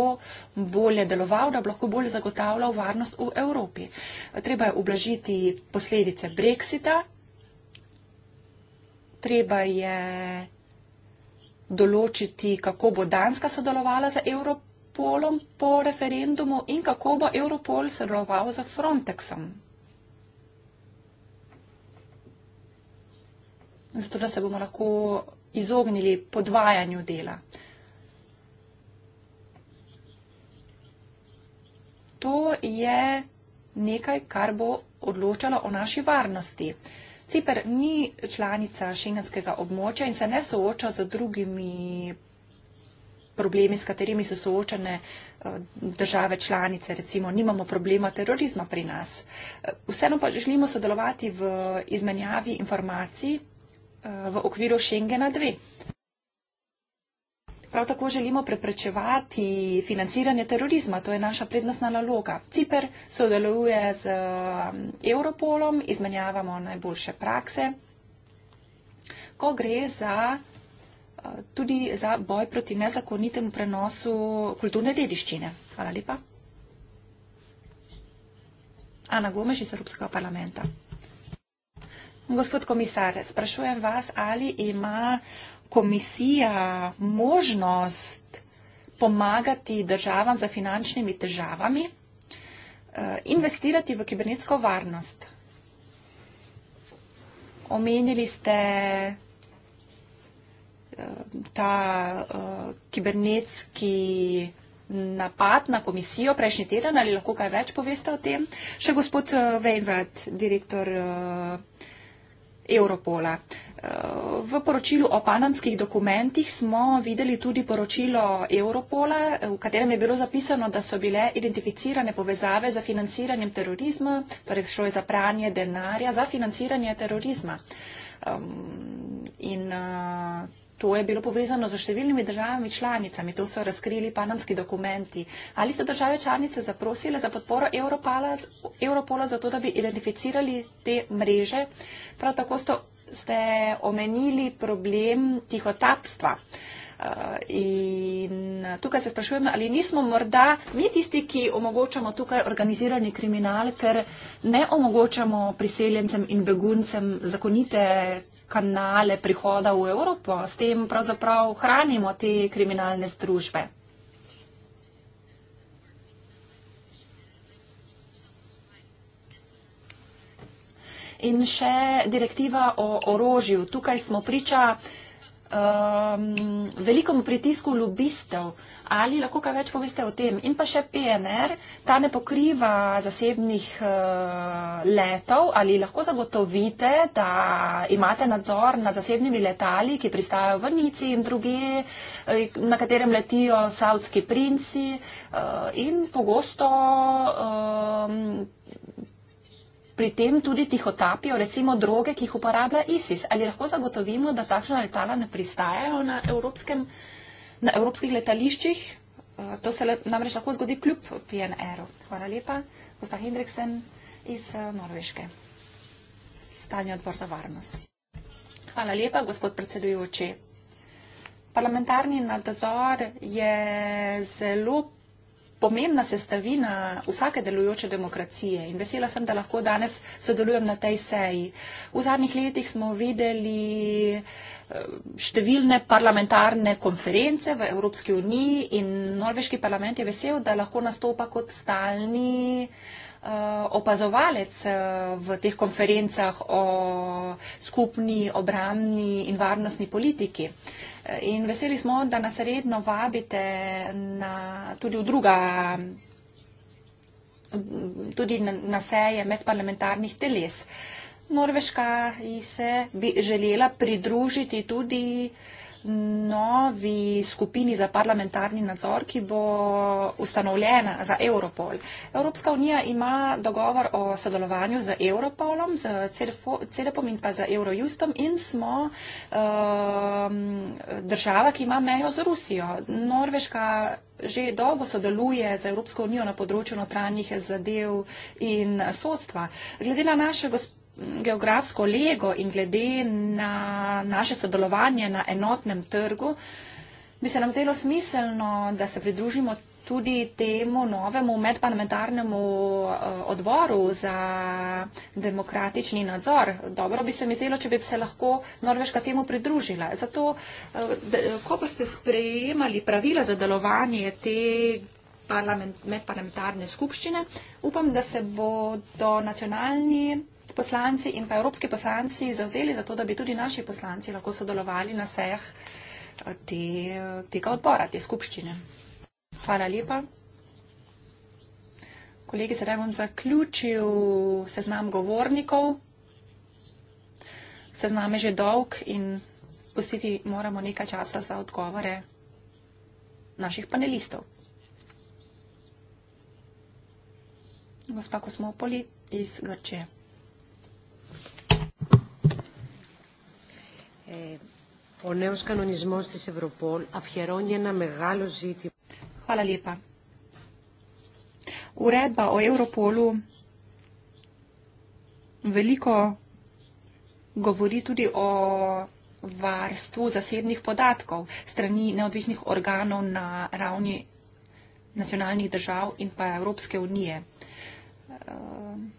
S3: bolje deloval, da bo lahko bolje zagotavljal varnost v Evropi. Treba je ublažiti posledice Brexita, treba je določiti, kako bo Danska sodelovala za Europolom po referendumu in kako bo Europol sodeloval za Frontexom. zato da se bomo lahko izognili podvajanju dela. To je nekaj, kar bo odločalo o naši varnosti. Cipr ni članica šengenskega območja in se ne sooča z drugimi problemi, s katerimi so soočene eh, države članice. Recimo, nimamo problema terorizma pri nas. Eh, vseeno pa želimo sodelovati v izmenjavi informacij v okviru Schengena 2. Prav tako želimo preprečevati financiranje terorizma, to je naša prednostna naloga. Ciper sodeluje z um, Europolom, izmenjavamo najboljše prakse, ko gre za, uh, tudi za boj proti nezakonitemu prenosu kulturne dediščine. Hvala lepa. Ana Gomes iz Evropskega parlamenta. Gospod komisar, sprašujem vas, ali ima komisija možnost pomagati državam za finančnimi težavami, eh, investirati v kibernetsko varnost. Omenili ste eh, ta eh, kibernetski napad na komisijo prejšnji teden, ali lahko kaj več poveste o tem? Še gospod Vejnrad, direktor komisije, Europola. Eh, v poročilu o panamskih dokumentih smo videli tudi poročilo Europola, eh, v katerem je bilo zapisano, da so bile identificirane povezave za financiranjem terorizma, torej šlo je za pranje denarja za financiranje terorizma. In eh, To je bilo povezano z številnimi državami članicami, to so razkrili panamski dokumenti. Ali so države članice zaprosile za podporo Europola za to, da bi identificirali te mreže? Prav tako sto, ste omenili problem tihotapstva. Eh, in tukaj se sprašujemo, ali nismo morda mi tisti, ki omogočamo tukaj organizirani kriminal, ker ne omogočamo priseljencem in beguncem zakonite kanale prihoda v Evropo, s tem pravzaprav hranimo te kriminalne združbe. In še direktiva o orožju. Tukaj smo priča um, velikemu pritisku lobistov. Ali lahko kaj več poveste o tem? In pa še PNR, ta ne pokriva zasebnih uh, letov. Ali lahko zagotovite, da imate nadzor nad zasebnimi letali, ki pristajajo v Nici in druge, eh, na katerem letijo saudski princi uh, in pogosto. Uh, pri tem tudi tihotapijo, recimo droge, ki jih uporablja ISIS. Ali lahko zagotovimo, da takšna letala ne pristajajo na, na evropskih letališčih? Eh, to se namreč lahko zgodi kljub PNR-u. Hvala lepa. Gospa Hendriksen iz eh, Norveške. Stalni odbor za varnost. Hvala lepa, gospod predsedujoči. Parlamentarni nadzor je zelo pomembna sestavina vsake delujoče demokracije in vesela sem, da lahko danes sodelujem na tej seji. V zadnjih letih smo videli eh, številne parlamentarne konference v Evropski uniji in norveški parlament je vesel, da lahko nastopa kot stalni Eh, opazovalec eh, v teh konferencah o skupni obramni in varnostni politiki. Eh, in veseli smo, da nas redno vabite na, tudi v druga tudi na seje medparlamentarnih teles. Norveška se bi želela pridružiti tudi uh, novi skupini za parlamentarni nadzor, ki bo ustanovljena za Europol. Evropska unija ima dogovor o sodelovanju z Europolom, z CEDEPom in pa z Eurojustom in smo um, država, ki ima mejo z Rusijo. Norveška že dolgo sodeluje z Evropsko unijo na področju notranjih zadev in sodstva. Glede na naše gospodarstvo, geografsko lego in glede na naše sodelovanje na enotnem trgu, bi se nam zdelo smiselno, da se pridružimo tudi temu novemu medparlamentarnemu eh, odboru za demokratični nadzor. Dobro bi se mi zdelo, če bi se lahko Norveška temu pridružila. Zato, eh, ko boste sprejemali pravila za delovanje te parlament, medparlamentarne skupščine, upam, da se bodo nacionalni poslanci in pa evropski poslanci zavzeli za to, da bi tudi naši poslanci lahko sodelovali na sejah eh, te, tega odbora, te skupščine. Hvala lepa. Kolegi, sedaj bom zaključil seznam govornikov. Seznam je že dolg in pustiti moramo nekaj časa za odgovore naših panelistov. Gospa Kosmopoli iz Grčije.
S1: ε, ο νέος κανονισμός της Ευρωπόλ αφιερώνει ένα μεγάλο ζήτημα.
S3: Χαλά λίπα. Ουρέμπα ο Ευρωπόλου veliko govori tudi o varstvu zasebnih podatkov strani neodvisnih organov na ravni nacionalnih držav in pa Evropske unije. Uh...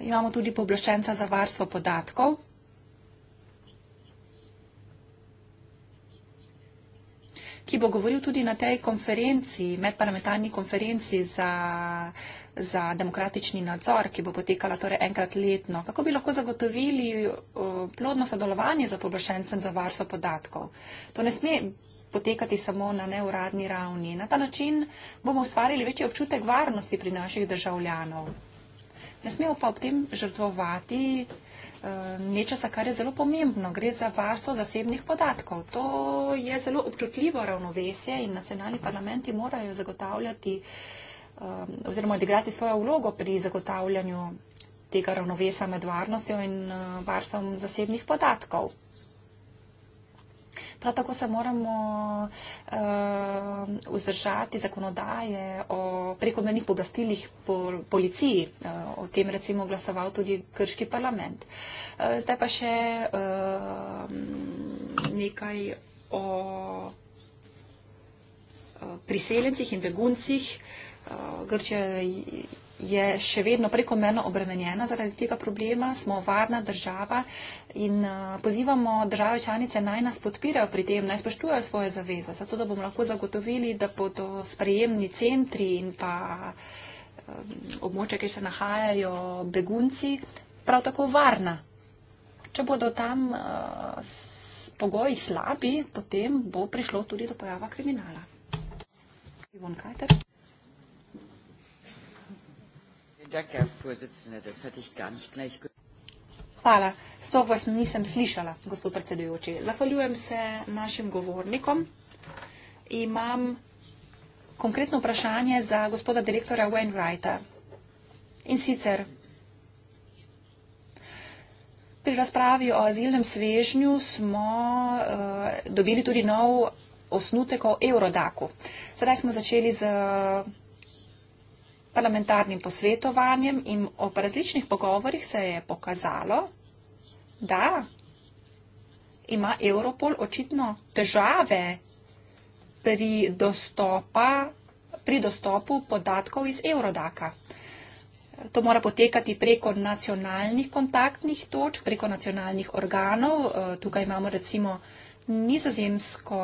S3: imamo tudi pooblaščenca za varstvo podatkov. ki bo govoril tudi na tej konferenci, medparlamentarni konferenci za, za demokratični nadzor, ki bo potekala torej enkrat letno. Kako bi lahko zagotovili uh, plodno sodelovanje za poboljšencem za varstvo podatkov? To ne sme potekati samo na neuradni ravni. Na ta način bomo ustvarili večji občutek varnosti pri naših državljanov. Ne smemo pa ob tem žrtvovati eh, nečesa, kar je zelo pomembno. Gre za varstvo zasebnih podatkov. To je zelo občutljivo ravnovesje in nacionalni parlamenti morajo zagotavljati eh, oziroma odigrati svojo vlogo pri zagotavljanju tega ravnovesa med varnostjo in eh, varstvom zasebnih podatkov. Prav tako se moramo uh, vzdržati zakonodaje o prekomernih poblastilih pol policiji. Uh, o tem recimo glasoval tudi krški parlament. Uh, zdaj pa še uh, nekaj o uh, priseljencih in beguncih. Uh, Grčija je še vedno prekomerno obremenjena zaradi tega problema. Smo varna država in eh, pozivamo države članice naj nas podpirajo pri tem, naj spoštujejo svoje zaveze, zato da bomo lahko zagotovili, da bodo sprejemni centri in pa eh, območja, kjer se nahajajo begunci, prav tako varna. Če bodo tam eh, pogoji slabi, potem bo prišlo tudi do pojava kriminala. Ivon Kajter.
S1: Danke, Herr Vorsitzender. Das hatte ich gar nicht gleich
S3: Hvala. Stok vas nisem slišala, gospod predsedujoči. Zahvaljujem se našim govornikom. Imam konkretno vprašanje za gospoda direktora Wainwrighta. In sicer, pri razpravi o azilnem svežnju smo uh, dobili tudi nov osnutek o Eurodaku. Sedaj smo začeli z uh, parlamentarnim posvetovanjem in ob različnih pogovorjih se je pokazalo, da ima Europol očitno težave pri, dostopa, pri dostopu podatkov iz Eurodaka. To mora potekati preko nacionalnih kontaktnih točk, preko nacionalnih organov. Eh, tukaj imamo recimo nizozemsko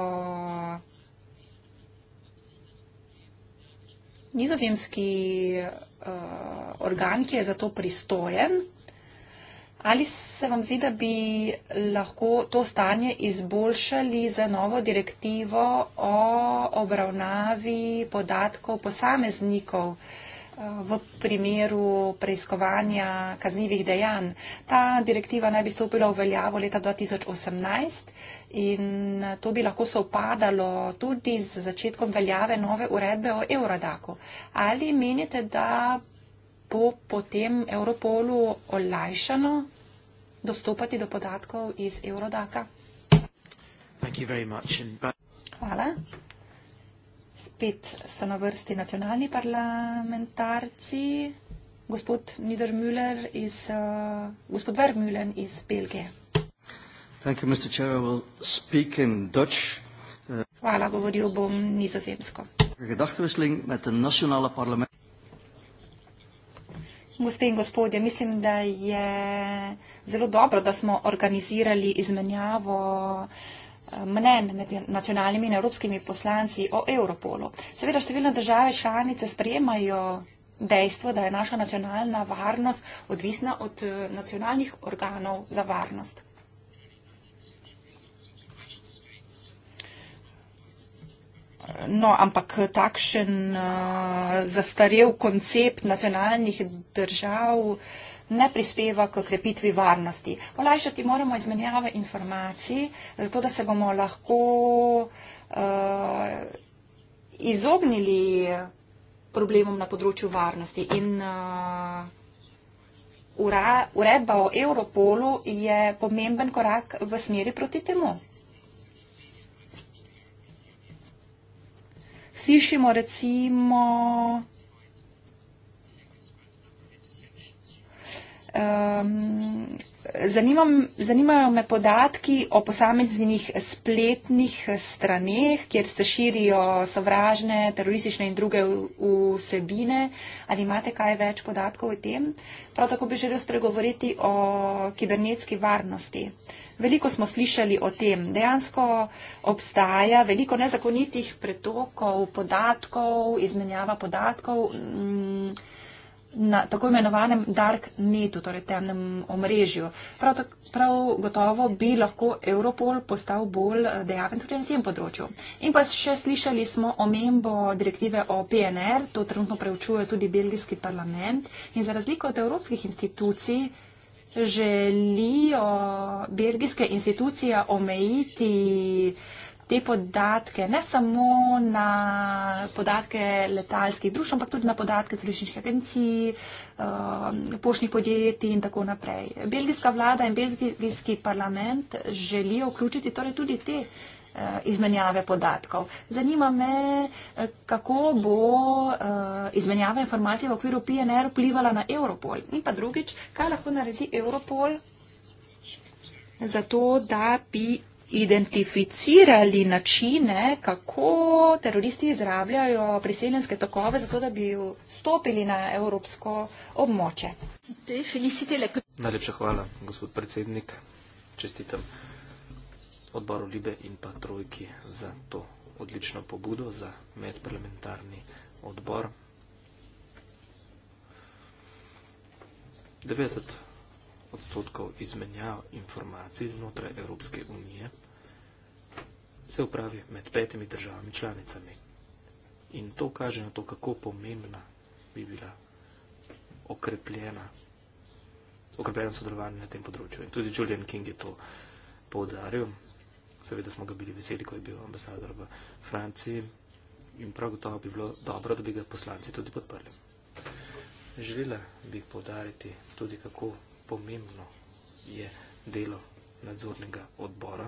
S3: nizozemski uh, organ, ki je za to pristojen. Ali se vam zdi, da bi lahko to stanje izboljšali za novo direktivo o obravnavi podatkov posameznikov? Uh, v primeru preiskovanja kaznjivih dejanj. Ta direktiva naj bi stopila v veljavo leta 2018 in to bi lahko sovpadalo tudi z začetkom veljave nove uredbe o Eurodaku. Ali menite, da bo potem Europolu olajšano dostopati do podatkov iz Eurodaka? Hvala spet so na vrsti nacionalni parlamentarci, gospod Niedermüller iz, uh, gospod Vermüllen iz Belgije.
S1: Thank you, Mr. Chair. I will speak in Dutch. Uh, Hvala, govoril
S3: bom nizozemsko.
S1: Gedachtewisseling met de nationale parlement.
S3: Gospe in gospodje, mislim, da je zelo dobro, da smo organizirali izmenjavo uh, mnen med nacionalnimi in evropskimi poslanci o Europolu. Seveda številne države članice sprejemajo dejstvo, da je naša nacionalna varnost odvisna od eh, nacionalnih organov za varnost. No, ampak takšen uh, eh, zastarev koncept nacionalnih držav uh, ne prispeva k krepitvi varnosti. Olajšati moramo izmenjave informacij, zato da se bomo lahko uh, izognili problemom na področju varnosti. In uh, ura, uredba o Europolu je pomemben korak v smeri proti temu. Slišimo recimo Um, zanimam, zanimajo me podatki o posameznih spletnih straneh, kjer se širijo sovražne, teroristične in druge vsebine. Ali imate kaj več podatkov o tem? Prav tako bi želel spregovoriti o kibernetski varnosti. Veliko smo slišali o tem. Dejansko obstaja veliko nezakonitih pretokov podatkov, izmenjava podatkov. Mm, na tako imenovanem dark netu, torej temnem omrežju. Prav, tak, prav gotovo bi lahko Europol postal bolj eh, dejaven tudi na tem področju. In pa še slišali smo omembo direktive o PNR, to trenutno preučuje tudi belgijski parlament in za razliko od evropskih institucij želijo belgijske institucije omejiti uh, te podatke, ne samo na podatke letalskih družb, ampak tudi na podatke turističnih agencij, um, poštnih podjetij in tako naprej. Belgijska vlada in belgijski parlament želijo vključiti torej tudi te eh, izmenjave podatkov. Zanima me, eh, kako bo eh, izmenjava informacij v okviru PNR vplivala na Europol. In pa drugič, kaj lahko naredi Europol za to, da bi identificirali načine, kako teroristi izrabljajo priseljenske tokove, zato da bi vstopili na evropsko območje.
S4: Najlepša hvala, gospod predsednik. Čestitam odboru Libe in pa Trojki za to odlično pobudo za medparlamentarni odbor. 90 odstotkov izmenjav informacij znotraj Evropske unije se upravi med petimi državami članicami. In to kaže na to, kako pomembna bi bila okrepljena, okrepljena sodelovanja na tem področju. In tudi Julian King je to povdaril. Seveda smo ga bili veseli, ko je bil ambasador v Franciji in prav gotovo bi bilo dobro, da bi ga poslanci tudi podprli. Želela bi povdariti tudi, kako pomembno je delo nadzornega odbora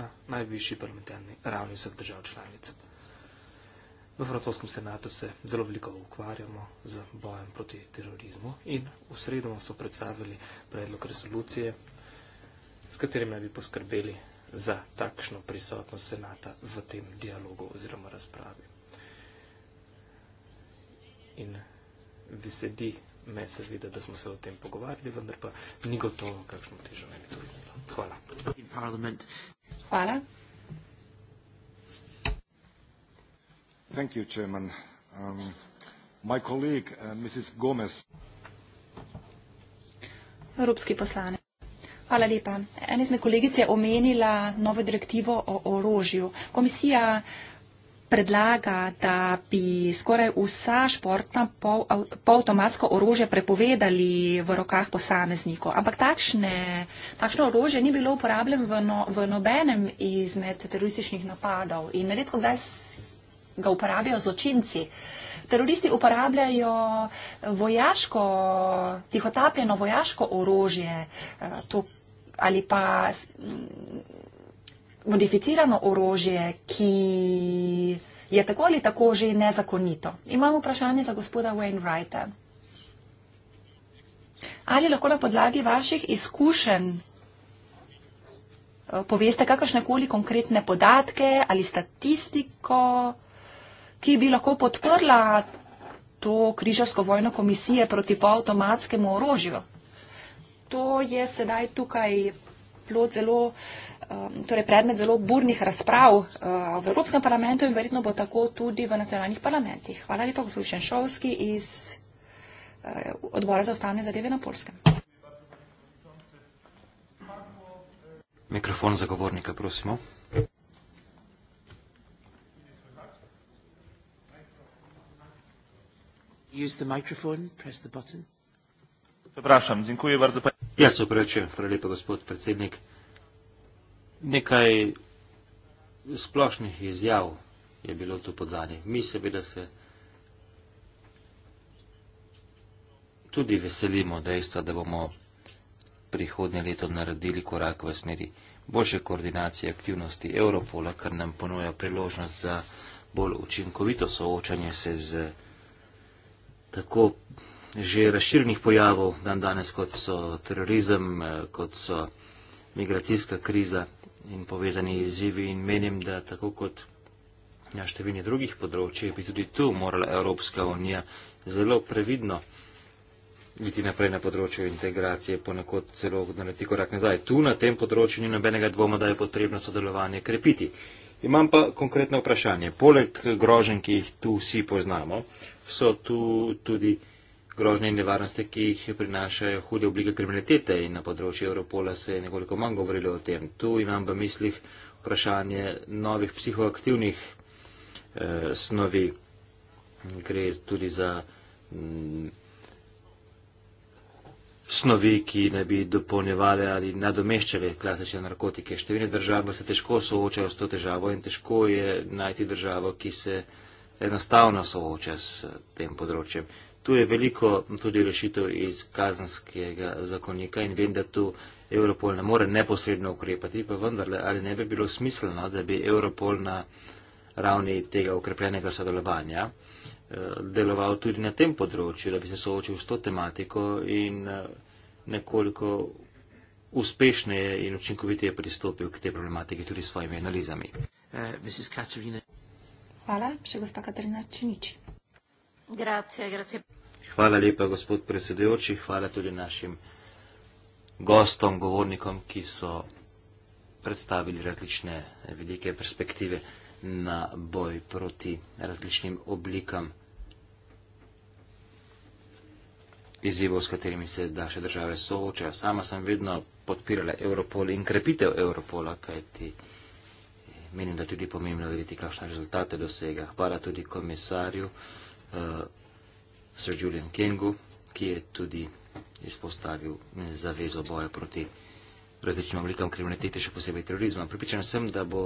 S4: na najvišji parlamentarni ravni vseh držav članic. V francoskem senatu se zelo veliko ukvarjamo z bojem proti terorizmu in v sredo so predstavili predlog resolucije, s katerim naj bi poskrbeli za takšno prisotnost senata v tem dialogu oziroma razpravi. In besedi me seveda, da smo se o tem pogovarjali, vendar pa ni gotovo, kakšno težo ne bi to bilo. Hvala. Hvala. Thank you, Chairman.
S2: Um, my colleague, uh, Mrs. Gomez.
S3: Evropski poslane. Hvala lepa. Ena izmed kolegic je omenila novo direktivo o orožju. Komisija predlaga, da bi skoraj vsa športna polavtomatsko pol orožje prepovedali v rokah posameznikov. Ampak takšne, takšno orožje ni bilo uporabljeno v, no, v nobenem izmed terorističnih napadov in redko kdaj ga uporabljajo zločinci. Teroristi uporabljajo vojaško, tihotapljeno vojaško orožje eh, to, ali pa modificirano orožje, ki je tako ali tako že nezakonito. Imamo vprašanje za gospoda Wainwrighta. Ali lahko na podlagi vaših izkušenj eh, poveste kakršnekoli konkretne podatke ali statistiko, ki bi lahko podprla to križarsko vojno komisije proti poautomatskemu orožju? To je sedaj tukaj plod zelo uh, Um, torej predmet zelo burnih razprav uh, v Evropskem parlamentu in verjetno bo tako tudi v nacionalnih parlamentih. Hvala lepa, gospod Šenšovski iz uh, odbora za ustavne zadeve na Polskem.
S2: Mikrofon za govornika, prosimo.
S1: Use the microphone, press the button. Se
S2: vprašam, dziękuję bardzo. Ja se upravičujem, hvala lepa, gospod predsednik. Nekaj splošnih izjav je bilo tu podani. Mi seveda se tudi veselimo dejstva, da bomo prihodnje leto naredili korak v smeri boljše koordinacije aktivnosti Evropola, kar nam ponuja priložnost za bolj učinkovito soočanje se z tako že razširnih pojavov dan danes, kot so terorizem, kot so migracijska kriza in povezani izzivi in menim, da tako kot na številnih drugih področjih bi tudi tu morala Evropska unija zelo previdno biti naprej na področju integracije, ponekod celo narediti korak nazaj. Tu na tem področju ni nobenega dvoma, da je potrebno sodelovanje krepiti. Imam pa konkretno vprašanje. Poleg groženj, ki jih tu vsi poznamo, so tu tudi grožnje in nevarnosti, ki jih prinašajo hude oblike kriminalitete in na področju Evropola se je nekoliko manj govorilo o tem. Tu imam v mislih vprašanje novih psihoaktivnih eh, snovi. Gre tudi za mm, snovi, ki ne bi dopolnjevali ali nadomeščali klasične narkotike. Številne države se težko soočajo s to težavo in težko je najti državo, ki se enostavno sooča s tem področjem. Tu je veliko tudi rešitev iz kazanskega zakonika in vem, da tu Europol ne more neposredno ukrepati, pa vendarle, ali ne bi bilo smiselno, da bi Europol na ravni tega ukrepljenega sodelovanja eh, deloval tudi na tem področju, da bi se soočil s to tematiko in eh, nekoliko uspešneje in učinkoviteje pristopil k tej problematiki tudi s svojimi analizami. Uh,
S3: Hvala, še gospa Katarina Činiči. Grazie, grazie.
S2: Hvala lepa, gospod predsedujoči. Hvala tudi našim gostom, govornikom, ki so predstavili različne velike perspektive na boj proti različnim oblikam izzivov, s katerimi se naše države soočajo. Sama sem vedno podpirala Europol in krepitev Europola, kajti menim, da je tudi pomembno videti, kakšne rezultate dosega. Hvala tudi komisarju uh, Sir Julian Kengu, ki je tudi izpostavil eh, zavezo boja proti različnim oblikam kriminalitete, še posebej terorizma. Pripričan sem, da bo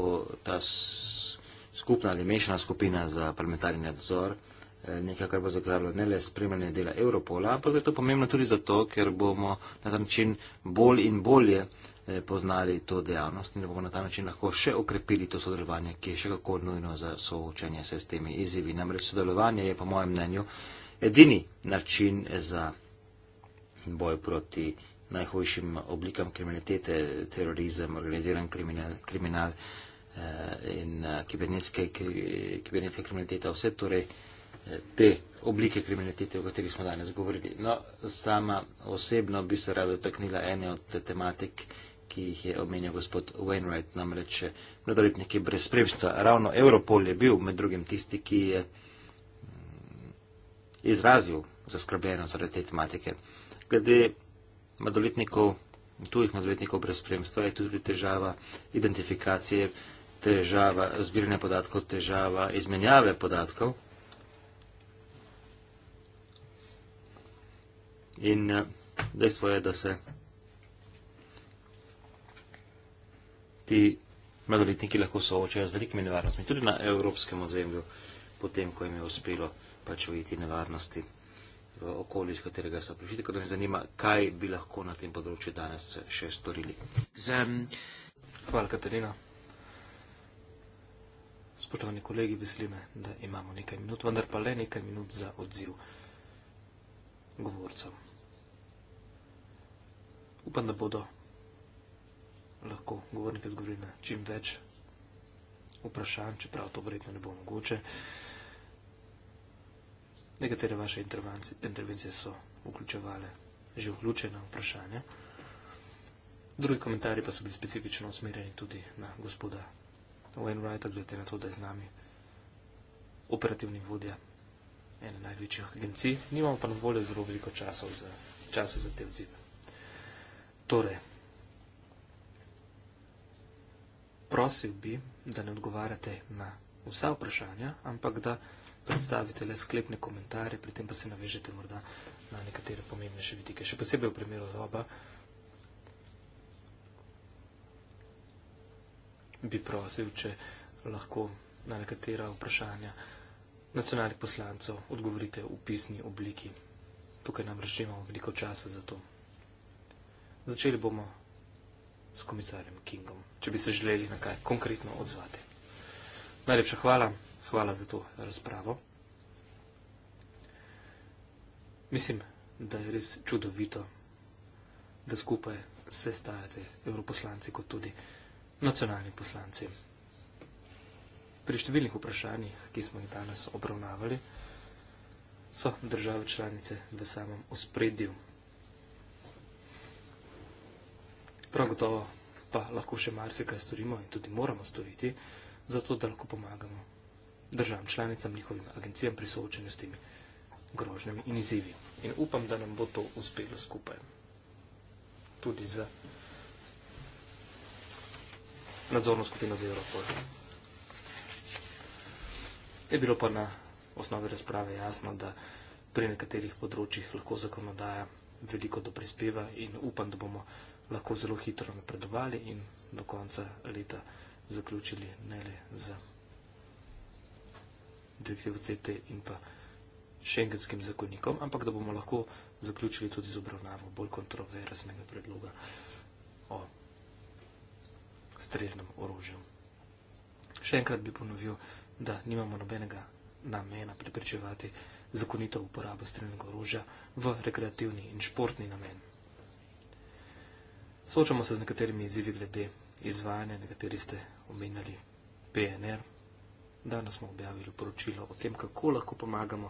S2: ta skupna ali mešana skupina za parlamentarni nadzor eh, nekaj, kar bo zagotavljalo ne le spremljanje dela Europola, ampak je to pomembno tudi zato, ker bomo na ta način bolj in bolje uh, Eh, poznali to dejavnost in da bomo na ta način lahko še okrepili to sodelovanje, ki je še kako nujno za soočanje se s temi izzivi. Namreč sodelovanje je po mojem mnenju edini način za boj proti najhujšim oblikam kriminalitete, terorizem, organiziran kriminal, kriminal eh, in eh, kibernetske, kibernetske kriminalitete, vse torej te oblike kriminalitete, o katerih smo danes govorili. No, sama osebno bi se rada dotaknila ene od tematik, ki jih je omenil gospod Wainwright, namreč mladoletniki brez spremstva. Ravno Europol je bil med drugim tisti, ki je mm, izrazil zaskrbljenost zaradi te tematike. Glede mladoletnikov, tujih mladoletnikov brez spremstva je tudi težava identifikacije, težava zbiranja podatkov, težava izmenjave podatkov. In eh, dejstvo je, da se ti mladoletniki lahko soočajo z velikimi nevarnostmi, tudi na evropskem ozemlju, potem, ko jim je uspelo pač ujeti nevarnosti v okolju, iz katerega so prišli. Tako da me zanima, kaj
S4: bi lahko na tem področju danes še storili. Zem. Hvala, Katarina. Spoštovani kolegi, veseli me, da imamo nekaj minut, vendar pa le nekaj minut za odziv govorcev. Upam, da bodo lahko govornik odgovori na čim več vprašanj, čeprav to verjetno ne bo mogoče. Nekatere vaše intervencije so vključevale že vključena vprašanja. Drugi komentarji pa so bili specifično usmerjeni tudi na gospoda Wainwrighta, glede na to, da je z nami operativni vodja ene največjih agencij. Nimamo pa na voljo zelo veliko časa za, časa za te odzive. Torej, prosil bi, da ne odgovarjate na vsa vprašanja, ampak da predstavite le sklepne komentarje, pri tem pa se navežete morda na nekatere pomembnejše vidike, še posebej v primeru doba. bi prosil, če lahko na nekatera vprašanja nacionalnih poslancev odgovorite v pisni obliki. Tukaj nam rečemo veliko časa za to. Začeli bomo s komisarjem Kingom, če bi se želeli na kaj konkretno odzvati. Najlepša hvala, hvala za to razpravo. Mislim, da je res čudovito, da skupaj se stajate evroposlanci kot tudi nacionalni poslanci. Pri številnih vprašanjih, ki smo jih danes obravnavali, so države članice v samem ospredju prav gotovo pa lahko še marsikaj storimo in tudi moramo storiti, zato da lahko pomagamo državam članicam, njihovim agencijam pri soočanju s temi grožnjami in izzivi. In upam, da nam bo to uspelo skupaj. Tudi za nadzorno skupino za Europol. Je bilo pa na osnovi razprave jasno, da pri nekaterih področjih lahko zakonodaja veliko doprispeva in upam, da bomo lahko zelo hitro napredovali in do konca leta zaključili ne le z direktivo CT in pa šengenskim zakonikom, ampak da bomo lahko zaključili tudi z obravnavo bolj kontroverznega predloga o streljnem orožju. Še enkrat bi ponovil, da nimamo nobenega namena pripričevati zakonito uporabo streljnega orožja v rekreativni in športni namen. Soočamo se z nekaterimi izzivi glede izvajanja, nekateri ste omenjali PNR. Danes smo objavili poročilo o tem, kako lahko pomagamo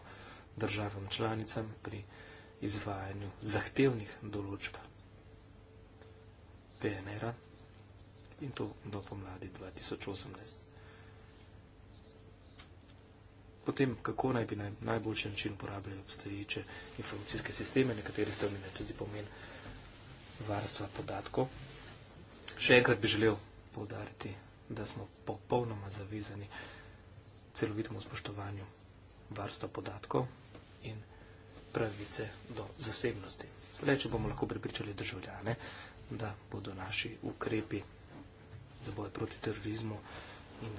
S4: državam članicam pri izvajanju zahtevnih določb PNR-a in to do pomladi 2018. Potem, kako naj bi na najboljši način uporabljali obstoječe informacijske sisteme, nekateri ste omenjali tudi pomen varstva podatkov. Še enkrat bi želel povdariti, da smo popolnoma zavizani celovitemu spoštovanju varstva podatkov in pravice do zasebnosti. Le, če bomo lahko pripričali državljane, da bodo naši ukrepi za boj proti terorizmu in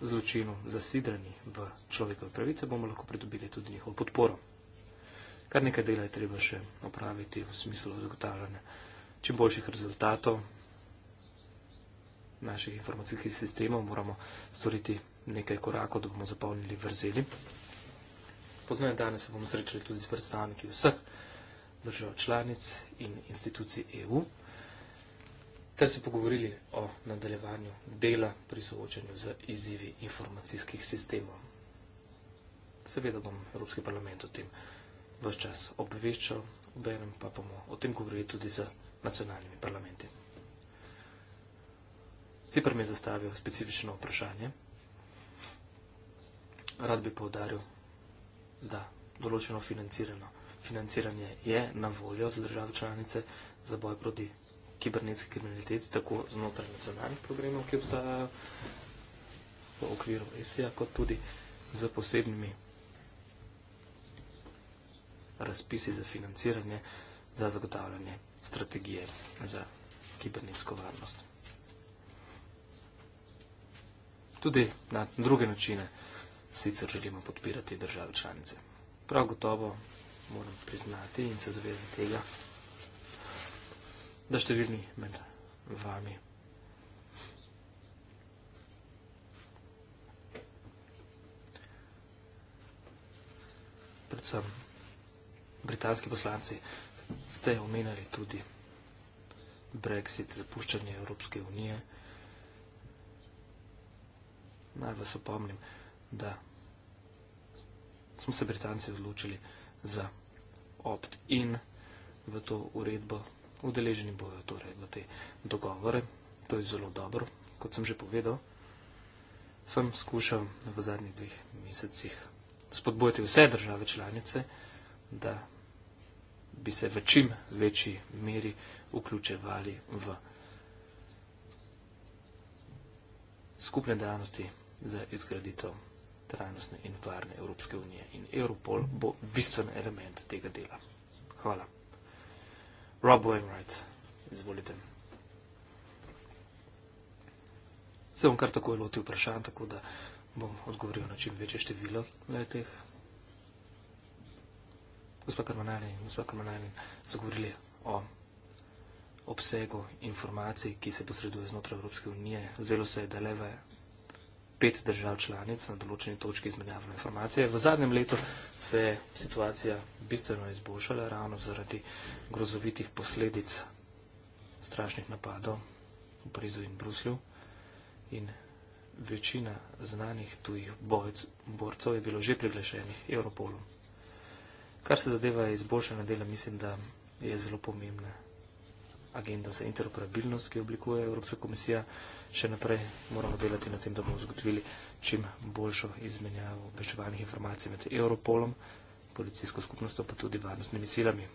S4: zločinu zasidrani v človekove pravice, bomo lahko pridobili tudi njihovo podporo. Kar nekaj dela je treba še opraviti v smislu zagotavljanja čim boljših rezultatov naših informacijskih sistemov, moramo storiti nekaj korakov, da bomo zapolnili vrzeli. Poznajem danes se bomo srečali tudi s predstavniki vseh držav članic in institucij EU, ter se pogovorili o nadaljevanju dela pri soočanju z izzivi informacijskih sistemov. Seveda bom Evropski parlament o tem vse čas obveščal, obenem pa bomo o tem govorili tudi za nacionalnimi parlamenti. Cipr mi je zastavil specifično vprašanje. Rad bi povdaril, da določeno financiranje je na voljo za države članice za boj proti kibernetski kriminaliteti, tako znotraj nacionalnih programov, ki obstajajo v okviru ESEA, kot tudi za posebnimi razpisi za financiranje za zagotavljanje strategije za kibernetsko varnost. Tudi na druge načine sicer želimo podpirati države članice. Prav gotovo moram priznati in se zavedati tega, da številni med vami predvsem britanski poslanci ste omenjali tudi Brexit, zapuščanje Evropske unije. Naj vas opomnim, da smo se Britanci odločili za opt-in v to uredbo. Udeleženi bojo torej v te dogovore. To je zelo dobro, kot sem že povedal. Sem skušal v zadnjih dveh mesecih spodbojati vse države članice, da bi se v čim večji meri vključevali v skupne dejavnosti za izgraditev trajnostne in varne Evropske unije. In Europol bo bistven element tega dela. Hvala. Rob Wainwright, izvolite. Se bom kar tako lotil vprašanj, tako da bom odgovoril na čim večje število eh, teh gospod Karmanali in gospod Karmanali so govorili o obsegu informacij, ki se posreduje znotraj Evropske unije. Zdelo se je, da le v pet držav članic na določeni točki izmenjavajo informacije. V zadnjem letu se je situacija bistveno izboljšala ravno zaradi grozovitih posledic strašnih napadov v Parizu in Bruslju in večina znanih tujih borcev je bilo že priglašenih Europolom kar se zadeva izboljšanja dela, mislim, da je zelo pomembna agenda za interoperabilnost, ki jo oblikuje Evropska komisija. Še naprej moramo delati na tem, da bomo zagotovili čim boljšo izmenjavo obveščevalnih informacij med Europolom, policijsko skupnostjo, pa tudi varnostnimi silami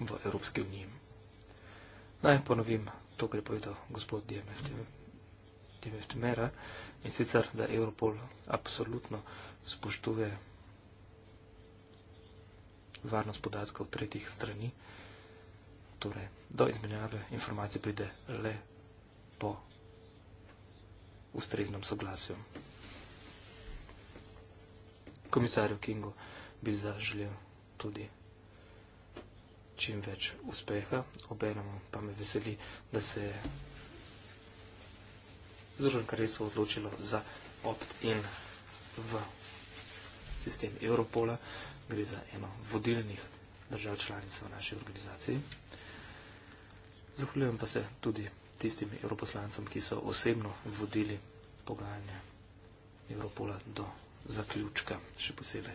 S4: v Evropski uniji. Naj ponovim to, kar je povedal gospod Dimeftimera, in sicer, da Europol absolutno spoštuje varnost podatkov tretjih strani. Torej, do izmenjave informacij pride le po ustreznem soglasju. Komisarju Kingu bi zaželil tudi čim več uspeha. Obenemu pa me veseli, da se je Združen kraljestvo odločilo za opt-in v sistem Europola gre za eno vodilnih držav članic v naši organizaciji. Zahvaljujem pa se tudi tistim europoslancem, ki so osebno vodili pogajanje Evropola do zaključka, še posebej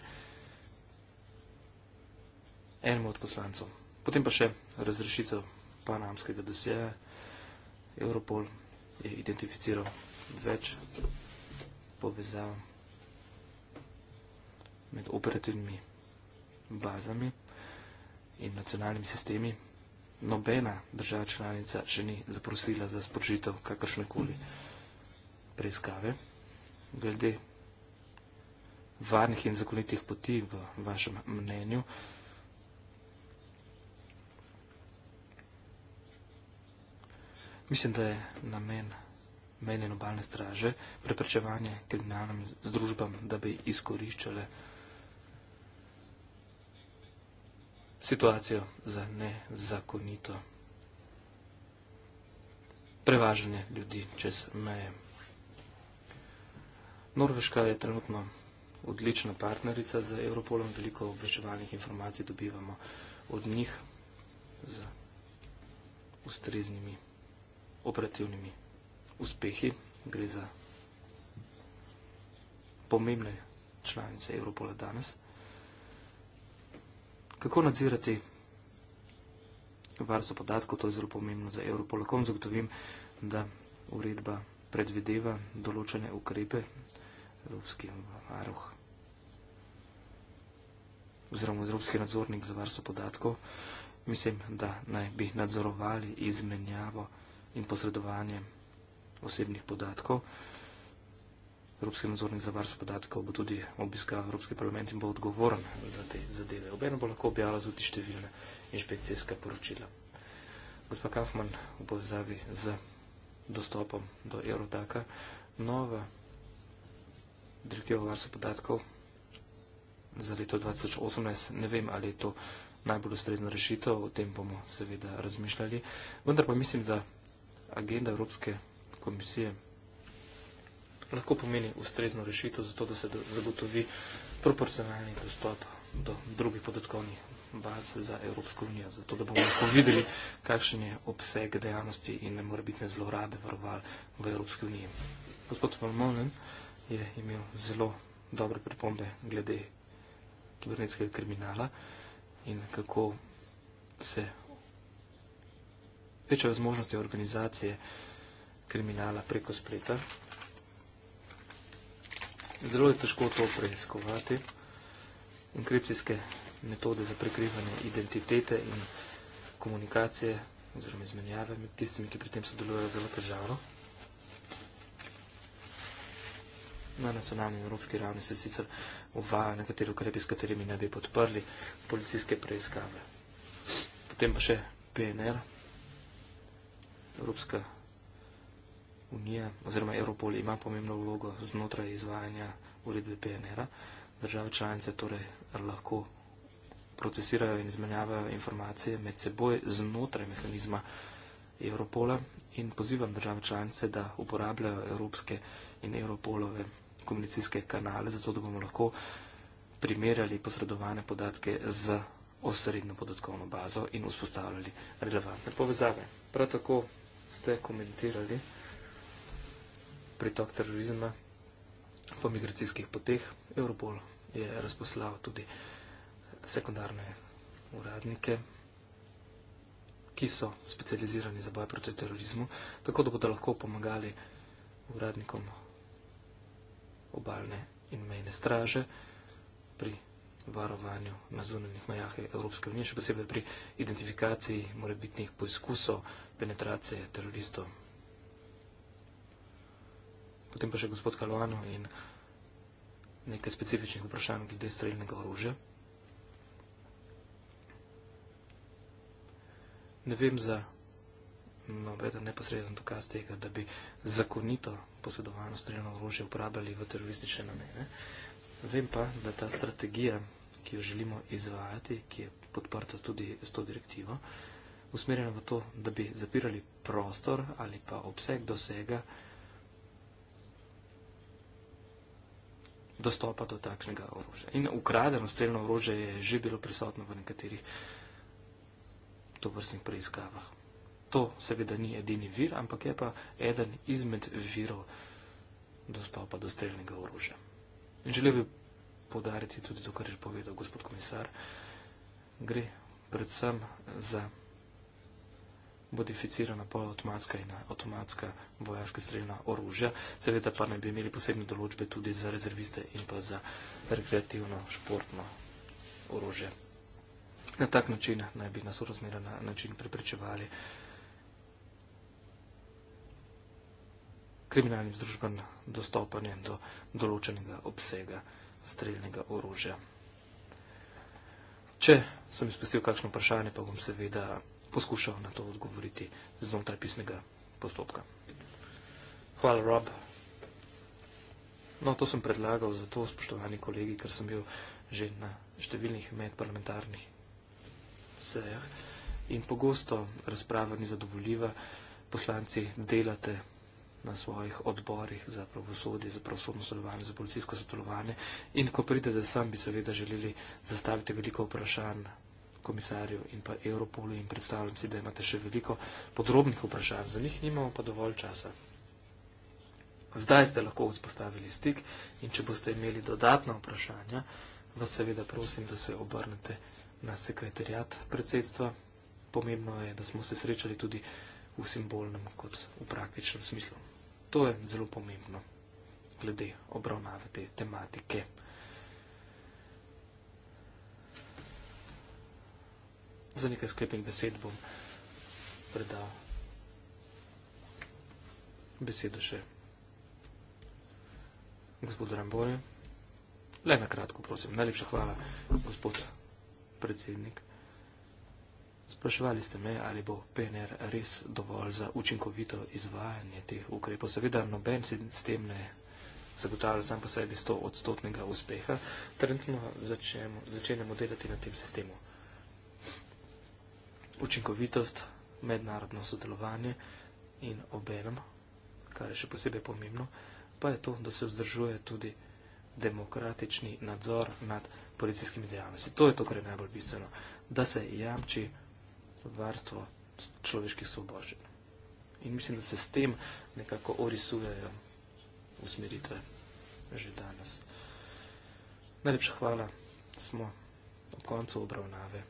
S4: enemu od poslancov. Potem pa še razrešitev panamskega dosjeja. Europol je identificiral več povezav med operativnimi bazami in nacionalnimi sistemi, nobena država članica še ni zaprosila za sprožitev kakršnekoli preiskave glede varnih in zakonitih poti v vašem mnenju. Mislim, da je namen mene in obalne straže preprečevanje kriminalnim združbam, da bi izkoriščale vse. situacijo za nezakonito prevažanje ljudi čez meje. Norveška je trenutno odlična partnerica za Europolom, veliko obveščevalnih informacij dobivamo od njih z ustreznimi operativnimi uspehi. Gre za pomembne članice Europola danes. Kako nadzirati varstvo podatkov, to je zelo pomembno za Evropo. Lahko vam zagotovim, da uredba predvideva določene ukrepe Evropski varuh oziroma Evropski nadzornik za varstvo podatkov. Mislim, da naj bi nadzorovali izmenjavo in posredovanje osebnih podatkov. Evropski nadzornik za varstvo podatkov bo tudi obiskal Evropski parlament in bo odgovoren za te zadeve. Obenem bo lahko objavila tudi številne inšpekcijske poročila. Gospa Kaufman, v povezavi z dostopom do Eurodaka, nova direktiva varstva podatkov za leto 2018, ne vem, ali je to najbolj ustrezna rešitev, o tem bomo seveda razmišljali, vendar pa mislim, da agenda Evropske komisije lahko pomeni ustrezno rešitev za to, da se zagotovi proporcionalni dostop do drugih podatkovnih baz za Evropsko unijo, zato da bomo lahko videli, kakšen je obseg dejavnosti in ne more biti nezlorabe varoval v Evropski uniji. Gospod Malmonen je imel zelo dobre pripombe glede kibernetskega kriminala in kako se večajo zmožnosti organizacije kriminala preko spleta zelo je težko to preiskovati. Enkripcijske metode za prekrivanje identitete in komunikacije oziroma izmenjave med tistimi, ki pri tem sodelujejo, zelo težavno. Na nacionalni in evropski ravni se sicer uvaja nekateri ukrepi, s katerimi ne bi podprli policijske preiskave. Potem pa še PNR, Evropska unija oziroma Evropol ima pomembno vlogo znotraj izvajanja uredbe PNR-a. Države članice torej lahko procesirajo in izmenjavajo informacije med seboj znotraj mehanizma Evropola in pozivam države članice, da uporabljajo evropske in Evropolove komunicijske kanale, zato da bomo lahko primerjali posredovane podatke z osrednjo podatkovno bazo in vzpostavljali relevantne povezave. Prav tako ste komentirali pritok terorizma po migracijskih poteh. Europol je razposlal tudi sekundarne uradnike, ki so specializirani za boj proti terorizmu, tako da bodo lahko pomagali uradnikom obalne in mejne straže pri varovanju na zunanjih mejah Evropske unije, še posebej pri identifikaciji morebitnih poizkusov penetracije teroristov potem pa še gospod Kalvano in nekaj specifičnih vprašanj glede streljnega orožja. Ne vem za noben neposreden dokaz tega, da bi zakonito posedovano streljno orožje uporabljali v teroristične namene. Vem pa, da ta strategija, ki jo želimo izvajati, ki je podprta tudi s to direktivo, usmerjena v to, da bi zapirali prostor ali pa obseg dosega, dostopa do takšnega orožja. In ukradeno streljno orožje je že bilo prisotno v nekaterih tovrstnih preiskavah. To seveda ni edini vir, ampak je pa eden izmed virov dostopa do streljnega orožja. In želel bi podariti tudi to, kar je povedal gospod komisar. Gre predvsem za modificirana polavtomatska in avtomatska vojaška streljna orožja. Seveda pa naj bi imeli posebne določbe tudi za rezerviste in pa za rekreativno športno orožje. Na tak način naj bi nas urozmerjena način preprečevali kriminalnim združbam dostopanje do določenega obsega streljnega orožja. Če sem izpustil kakšno vprašanje, pa bom seveda poskušal na to odgovoriti znotraj pisnega postopka. Hvala, Rob. No, to sem predlagal za to, spoštovani kolegi, ker sem bil že na številnih medparlamentarnih sejah in pogosto razprava ni zadovoljiva. Poslanci delate na svojih odborih za pravosodje, za pravosodno sodelovanje, za policijsko sodelovanje in ko pridete sam, bi seveda želeli zastaviti veliko vprašanj komisarju in pa Europolu in predstavljam si, da imate še veliko podrobnih vprašanj, za njih nimamo pa dovolj časa. Zdaj ste lahko vzpostavili stik in če boste imeli dodatna vprašanja, vas seveda prosim, da se obrnete na sekretarjat predsedstva. Pomembno je, da smo se srečali tudi v simbolnem kot v praktičnem smislu. To je zelo pomembno glede obravnave te tematike. za nekaj sklepnih besed bom predal besedo še gospodu Rambore. Le na kratko, prosim. Najlepša hvala, gospod predsednik. Spraševali ste me, ali bo PNR res dovolj za učinkovito izvajanje teh ukrepov. Seveda, noben se s tem ne zagotavlja sam po sebi 100-odstotnega uspeha. Trenutno začenjamo delati na tem sistemu učinkovitost, mednarodno sodelovanje in obenem, kar je še posebej pomembno, pa je to, da se vzdržuje tudi demokratični nadzor nad policijskimi dejavnosti. To je to, kar je najbolj bistveno, da se jamči varstvo človeških svoboščin. In mislim, da se s tem nekako orisujejo usmeritve že danes. Najlepša hvala, smo ob koncu obravnave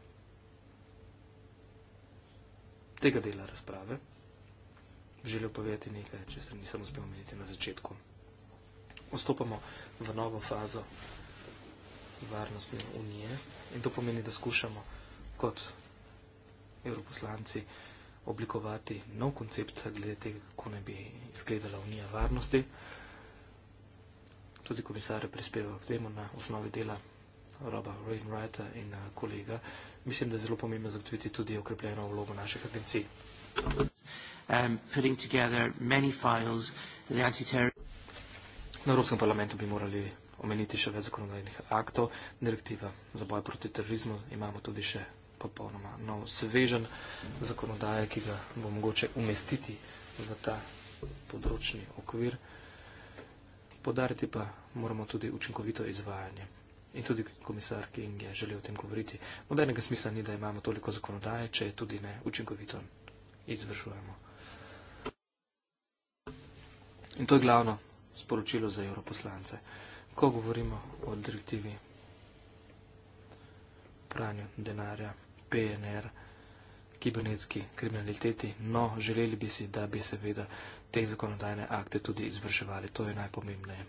S4: tega dela razprave želel povedati nekaj, če se nisem uspel omeniti na začetku. Vstopamo v novo fazo varnostne unije in to pomeni, da skušamo kot europoslanci oblikovati nov koncept glede tega, kako naj bi izgledala unija varnosti. Tudi komisar je prispeval k temu na osnovi dela Roba Rainwrighta in eh, kolega, mislim, da je zelo pomembno zagotoviti tudi okrepljeno vlogo naših agencij.
S1: Um, files,
S4: Na Evropskem parlamentu bi morali omeniti še več zakonodajnih aktov, direktiva za boj proti terorizmu, imamo tudi še popolnoma nov svežen zakonodaje, ki ga bo mogoče umestiti v ta področni okvir. Podariti pa moramo tudi učinkovito izvajanje in tudi komisar King je želel o tem govoriti. Nobenega smisla ni, da imamo toliko zakonodaje, če tudi ne učinkovito izvršujemo. In to je glavno sporočilo za europoslance. Ko govorimo o direktivi pranju denarja, PNR, kibernetski kriminaliteti, no, želeli bi si, da bi seveda te zakonodajne akte tudi izvrševali. To je najpomembneje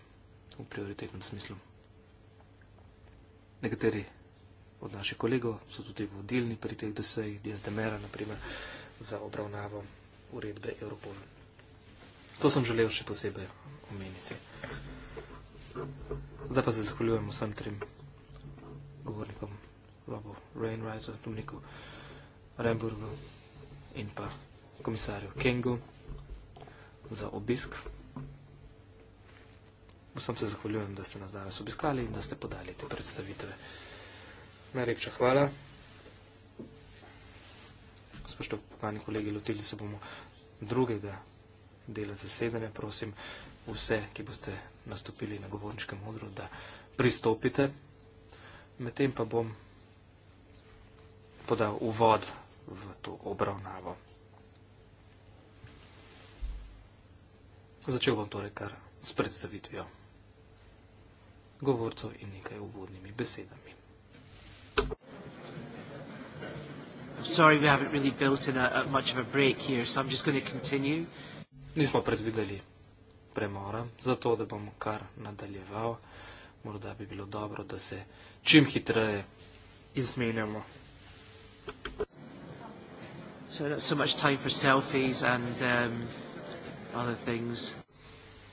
S4: v prioritetnem smislu nekateri od naših kolegov so tudi vodilni pri teh DSE-jih, DSDM-era, naprimer, za obravnavo uredbe Europola. To sem želel še posebej omeniti. Zdaj pa se zahvaljujem vsem trim govornikom, Robo Rainwrightu, Dominiku Remburgu in pa komisarju Kengu za obisk vsem se zahvaljujem, da ste nas danes obiskali in da ste podali te predstavitve. Najlepša hvala. Spoštovani kolegi, lotili se bomo drugega dela zasedanja. Prosim vse, ki boste nastopili na govorniškem odru, da pristopite. Medtem pa bom podal uvod v to obravnavo. Začel bom torej kar s predstavitvijo govorcev in nekaj uvodnimi besedami. Nismo predvideli premora, zato da bom kar nadaljeval. Morda bi bilo dobro, da se čim hitreje izmenjamo. So not so much time for selfies and um, other things.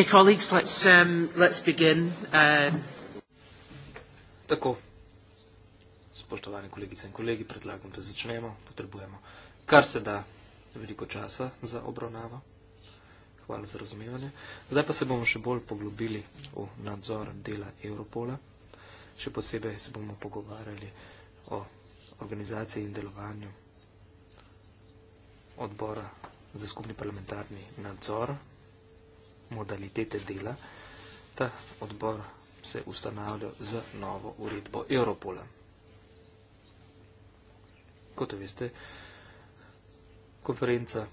S1: Okay, colleagues, let's, um, let's begin. Um...
S4: Tako, spoštovane kolegice in kolegi, predlagam, da začnemo. Potrebujemo kar se da veliko časa za obravnavo. Hvala za razumevanje. Zdaj pa se bomo še bolj poglobili v nadzor dela Europola. Še posebej se bomo pogovarjali o organizaciji in delovanju odbora za skupni parlamentarni nadzor modalitete dela. Ta odbor se ustanavlja z novo uredbo Europola. Kot veste, konferenca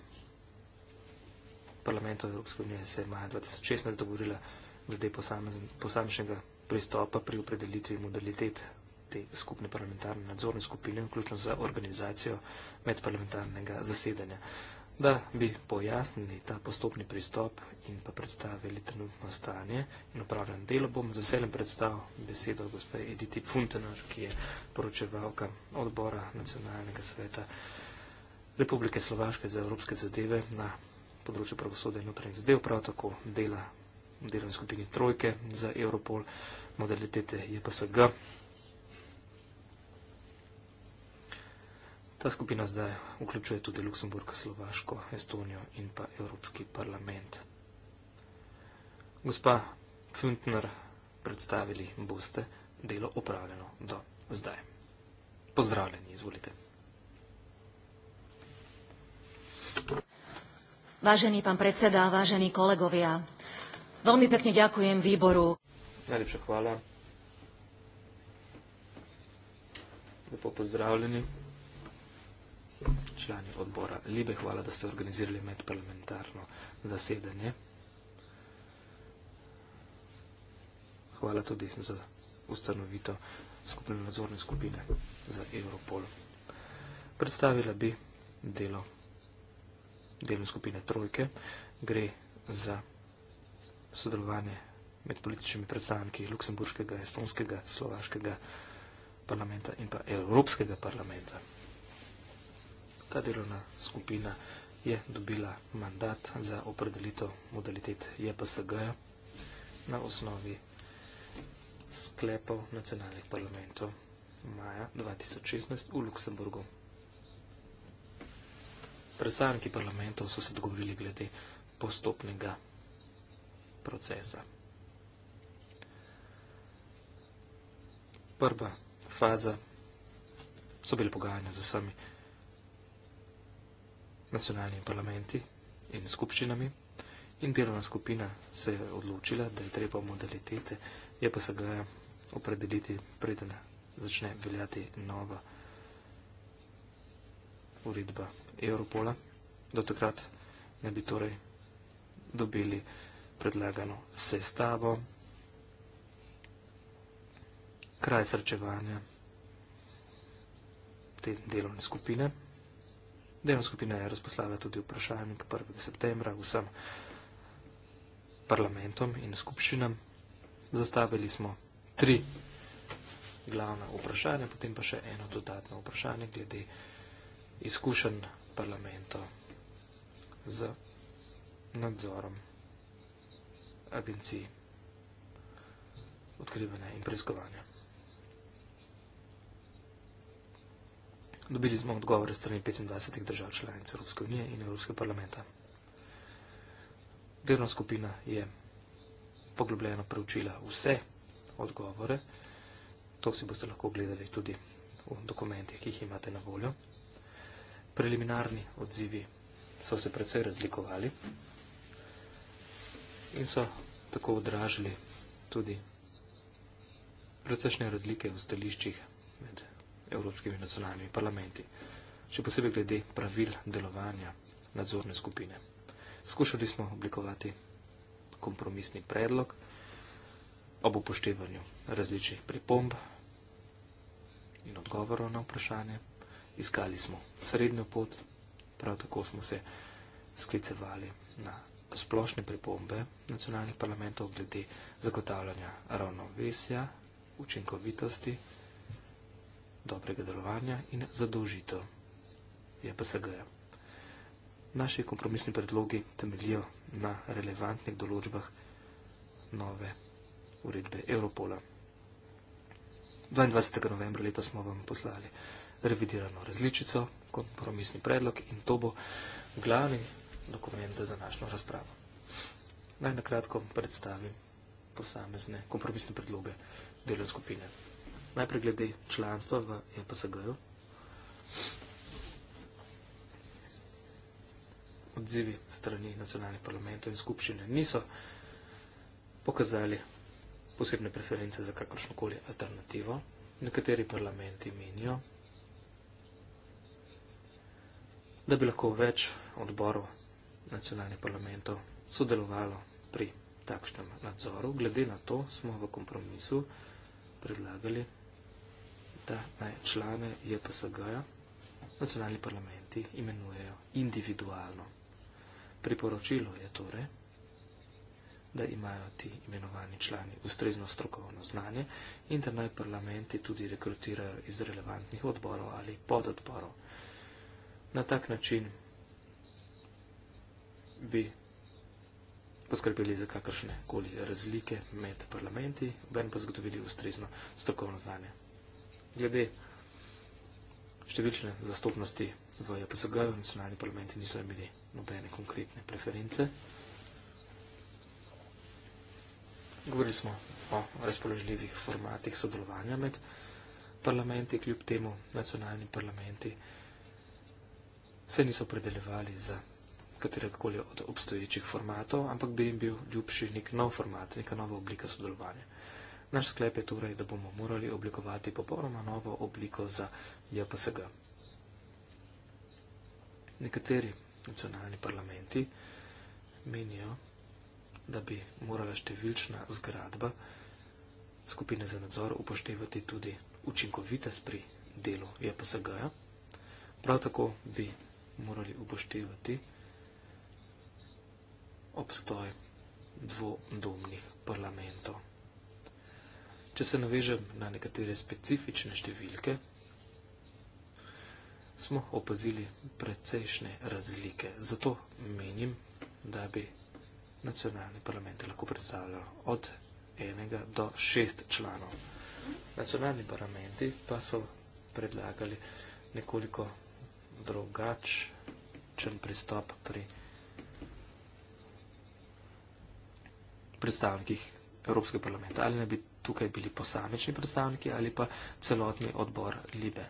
S4: parlamenta Evropske unije se je maja 2016 dogovorila glede posamičnega pristopa pri opredelitvi modalitet te skupne parlamentarne nadzorne skupine, vključno za organizacijo medparlamentarnega zasedanja da bi pojasnili ta postopni pristop in pa predstavili trenutno stanje in upravljanje delo, bom z veseljem predstavil besedo gospe Editi Funtenar, ki je poročevalka odbora Nacionalnega sveta Republike Slovaške za evropske zadeve na področju pravosodja in upravljanja zadev, prav tako dela v delovni skupini Trojke za Europol, modalitete JPSG. Ta skupina zdaj vključuje tudi Luksemburg, Slovaško, Estonijo in pa Evropski parlament. Gospa Funtner, predstavili boste delo opravljeno do zdaj. Pozdravljeni, izvolite.
S1: Važeni pan predseda, važeni kolegovia, veľmi pekne ďakujem výboru.
S4: Najlepšia chvála. Lepo pozdravljeni člani odbora Libe, hvala, da ste organizirali medparlamentarno zasedanje. Hvala tudi za ustanovito skupne nadzorne skupine za Europol. Predstavila bi delo delne skupine Trojke. Gre za sodelovanje med političnimi predstavniki Luksemburškega, Estonskega, Slovaškega parlamenta in pa Evropskega parlamenta ta delovna skupina je dobila mandat za opredelitev modalitet JPSG na osnovi sklepov nacionalnih parlamentov maja 2016 v Luksemburgu. Predstavniki parlamentov so se dogovorili glede postopnega procesa. Prva faza so bile pogajanja z vsemi nacionalnimi parlamenti in skupščinami. In delovna skupina se je odločila, da je treba modalitete, je pa se ga opredeliti, preden začne veljati nova uredba Europola. Do takrat ne bi torej dobili predlagano sestavo, kraj srčevanja te delovne skupine. Delovna skupina je razposlala tudi vprašanje 1. septembra vsem parlamentom in skupščinam. Zastavili smo tri glavna vprašanja, potem pa še eno dodatno vprašanje glede izkušenj parlamento z nadzorom agencij odkrivanja in preiskovanja. Dobili smo odgovore strani 25 držav članic Evropske unije in Evropske parlamenta. Delovna skupina je poglobljeno preučila vse odgovore, to si boste lahko gledali tudi v dokumentih, ki jih imate na voljo. Preliminarni odzivi so se precej razlikovali in so tako odražili tudi precejšnje razlike v stališčih med evropskimi nacionalnimi parlamenti, še posebej glede pravil delovanja nadzorne skupine. Skušali smo oblikovati kompromisni predlog ob upoštevanju različnih pripomb in odgovorov na vprašanje. Iskali smo srednjo pot, prav tako smo se sklicevali na splošne pripombe nacionalnih parlamentov glede zagotavljanja ravnovesja, učinkovitosti dobrega delovanja in zadolžitev je PSG-ja. Naši kompromisni predlogi temeljijo na relevantnih določbah nove uredbe Europola. 22. novembra leta smo vam poslali revidirano različico, kompromisni predlog in to bo glavni dokument za današnjo razpravo. Naj nakratko predstavim posamezne kompromisne predloge delovne skupine najprej glede članstva v JPSG-ju. Odzivi strani nacionalnih parlamentov in skupščine niso pokazali posebne preference za kakršnokoli alternativo. Nekateri parlamenti menijo, da bi lahko več odborov nacionalnih parlamentov sodelovalo pri takšnem nadzoru. Glede na to smo v kompromisu predlagali parlamenta, ne, člane JPSG-ja, nacionalni parlamenti imenujejo individualno. Priporočilo je torej, da imajo ti imenovani člani ustrezno strokovno znanje in da naj parlamenti tudi rekrutirajo iz relevantnih odborov ali pododborov. Na tak način bi poskrbeli za kakršne koli razlike med parlamenti, ben pa zagotovili ustrezno strokovno znanje glede številčne zastopnosti v JPSG, v nacionalni parlamenti niso imeli nobene konkretne preference. Govorili smo o razpoložljivih formatih sodelovanja med parlamenti, kljub temu nacionalni parlamenti se niso predelevali za katerekoli od obstoječih formatov, ampak bi jim bil ljubši nek nov format, neka nova oblika sodelovanja. Naš sklep je torej, da bomo morali oblikovati popolnoma novo obliko za JPSG. Nekateri nacionalni parlamenti menijo, da bi morala številčna zgradba skupine za nadzor upoštevati tudi učinkovitost pri delu JPSG-ja. Prav tako bi morali upoštevati obstoj dvodomnih parlamentov. Če se navežem na nekatere specifične številke, smo opazili precejšnje razlike. Zato menim, da bi nacionalni parlament lahko predstavljal od enega do šest članov. Nacionalni parlamenti pa so predlagali nekoliko drugačen pristop pri predstavnikih Evropskega parlamenta. Ali ne bi tukaj bili posamečni predstavniki ali pa celotni odbor Libe.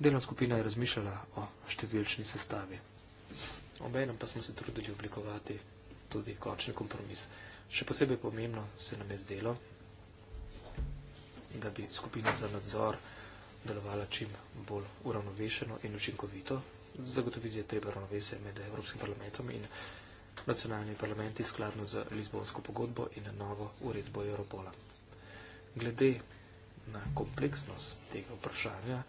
S4: Delovna skupina je razmišljala o številčni sestavi. Obenem pa smo se trudili oblikovati tudi končni kompromis. Še posebej pomembno se nam je zdelo, da bi skupina za nadzor delovala čim bolj uravnovešeno in učinkovito. Zagotoviti je treba ravnovesje med Evropskim parlamentom in nacionalni parlamenti skladno z Lizbonsko pogodbo in novo uredbo Europola. Glede na kompleksnost tega vprašanja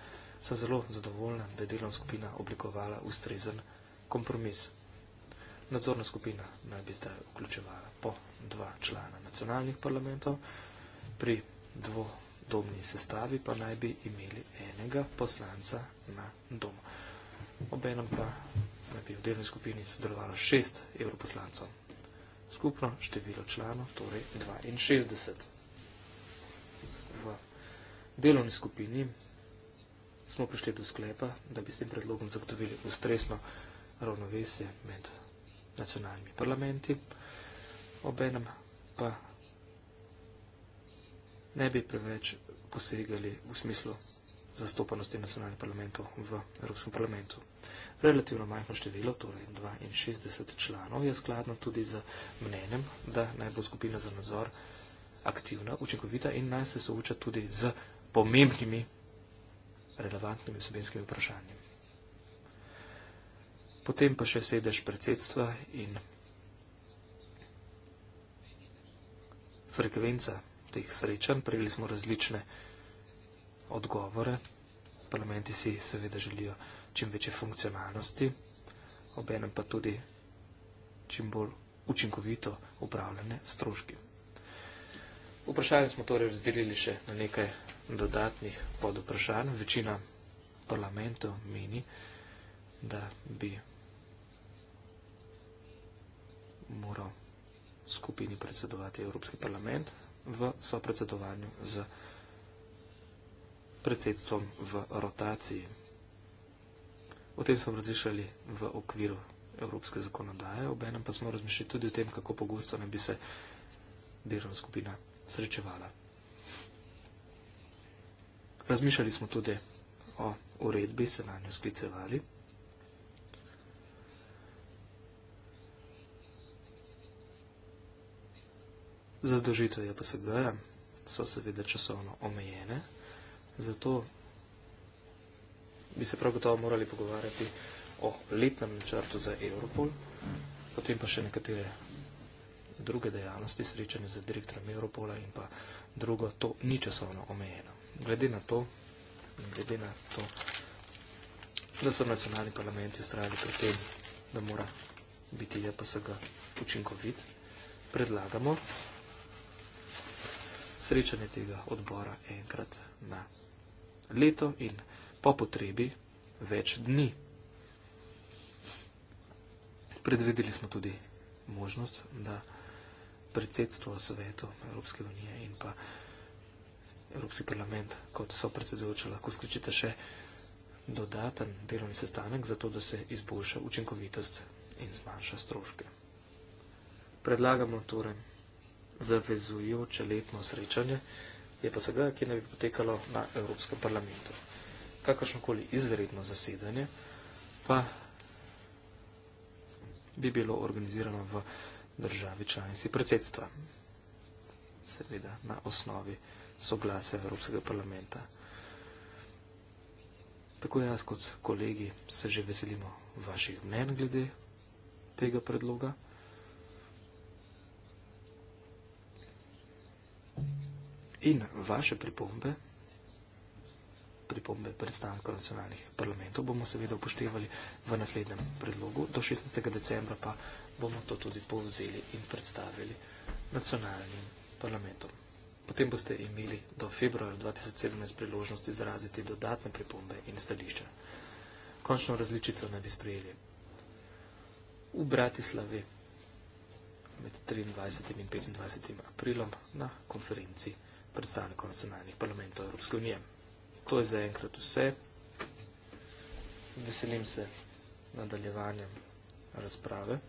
S4: sem zelo zadovoljna, da je delovna skupina oblikovala ustrezen kompromis. Nadzorna skupina naj bi zdaj vključevala po dva člana nacionalnih parlamentov, pri dvodobni sestavi pa naj bi imeli enega poslanca na domu. Obenem pa naj bi v delni skupini sodelovalo šest evroposlancov. Skupno število članov, torej 62. V delovni skupini smo prišli do sklepa, da bi s tem predlogom zagotovili ustresno ravnovesje med nacionalnimi parlamenti, obenem pa ne bi preveč posegali v smislu zastopanosti nacionalnih parlamentov v Evropskem parlamentu. Relativno majhno število, torej 62 članov, je skladno tudi z mnenjem, da naj bo skupina za nadzor aktivna, učinkovita in naj se sooča tudi z pomembnimi, relevantnimi vsebinskimi vprašanji. Potem pa še sedež predsedstva in frekvenca teh srečanj. Prejeli smo različne odgovore. Parlamenti si seveda želijo čim večje funkcionalnosti, obenem pa tudi čim bolj učinkovito upravljanje stroški. Vprašanje smo torej razdelili še na nekaj dodatnih pod vprašanj. Večina parlamentov meni, da bi moral skupini predsedovati Evropski parlament v sopredsedovanju z parlamentom predsedstvom v rotaciji. O tem smo razmišljali v okviru evropske zakonodaje, obenem pa smo razmišljali tudi o tem, kako pogosto naj bi se delovna skupina srečevala. Razmišljali smo tudi o uredbi, se na njo sklicevali. Zadožitve JPSG-ja so seveda časovno omejene, Zato bi se prav gotovo morali pogovarjati o letnem načrtu za Europol, potem pa še nekatere druge dejavnosti, srečanje z direktorjem Europola in pa drugo, to ni časovno omejeno. Glede na to, glede na to da so nacionalni parlamenti ustrajali pri tem, da mora biti JPSG učinkovit, predlagamo srečanje tega odbora enkrat na leto in po potrebi več dni. Predvideli smo tudi možnost, da predsedstvo svetu Evropske unije in pa Evropski parlament kot so predsedujoče lahko sklicite še dodaten delovni sestanek, zato da se izboljša učinkovitost in zmanjša stroške. Predlagamo torej zavezujoče letno srečanje je pa se ga, ki ne bi potekalo na Evropskem parlamentu. Kakršnokoli izredno zasedanje pa bi bilo organizirano v državi članici predsedstva, seveda na osnovi soglase Evropskega parlamenta. Tako jaz kot kolegi se že veselimo vaših mnen glede tega predloga. in vaše pripombe, pripombe predstavnikov nacionalnih parlamentov, bomo seveda upoštevali v naslednjem predlogu. Do 16. decembra pa bomo to tudi povzeli in predstavili nacionalnim parlamentom. Potem boste imeli do februarja 2017 priložnost izraziti dodatne pripombe in stališča. Končno različico naj bi sprejeli v Bratislavi med 23. in 25. aprilom na konferenci predstavnikov nacionalnih parlamentov Evropske unije. To je zaenkrat vse. Veselim se nadaljevanjem razprave.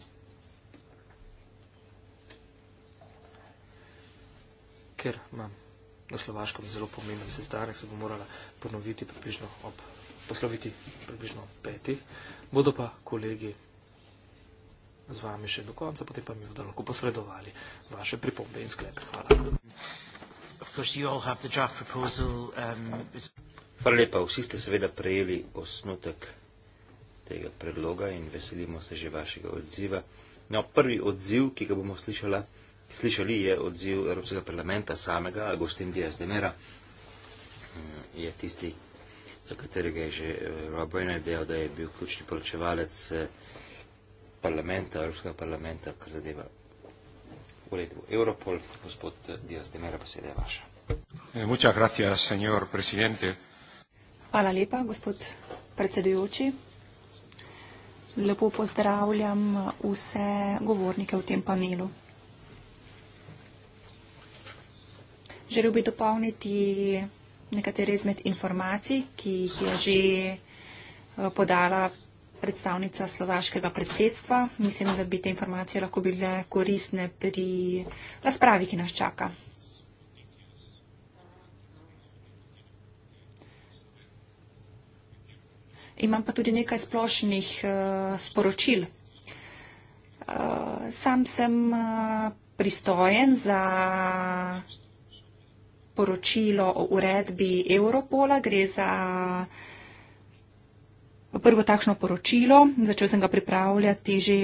S4: Ker imam na Slovaškem zelo pomemben sestanek, se bom morala ponoviti približno ob, posloviti približno ob petih. Bodo pa kolegi z vami še do konca, potem pa mi bodo lahko posredovali
S1: vaše pripombe in sklepe. Hvala. Um,
S2: Hvala lepa. Vsi ste seveda prejeli osnutek tega predloga in veselimo se že vašega odziva. No, prvi odziv, ki ga bomo slišala, slišali, je odziv Evropskega parlamenta samega, Agustin Diaz de Mera. Mm, je tisti, za katerega je že eh, Robojne dejal, da je bil ključni poročevalec eh, parlamenta, Evropskega parlamenta, kar zadeva redu. Europol, gospod Dias de Mera, beseda je vaša.
S1: Eh, muchas gracias, señor presidente.
S3: Hvala lepa, gospod predsedujoči. Lepo pozdravljam vse govornike v tem panelu. Želel bi dopolniti nekatere izmed informacij, ki jih je že eh, podala predstavnica slovaškega predsedstva. Mislim, da bi te informacije lahko bile koristne pri razpravi, ki nas čaka. Imam pa tudi nekaj splošnih uh, sporočil. Uh, sam sem uh, pristojen za poročilo o uredbi Europola. Gre za uh, prvo takšno poročilo. Začel sem ga pripravljati že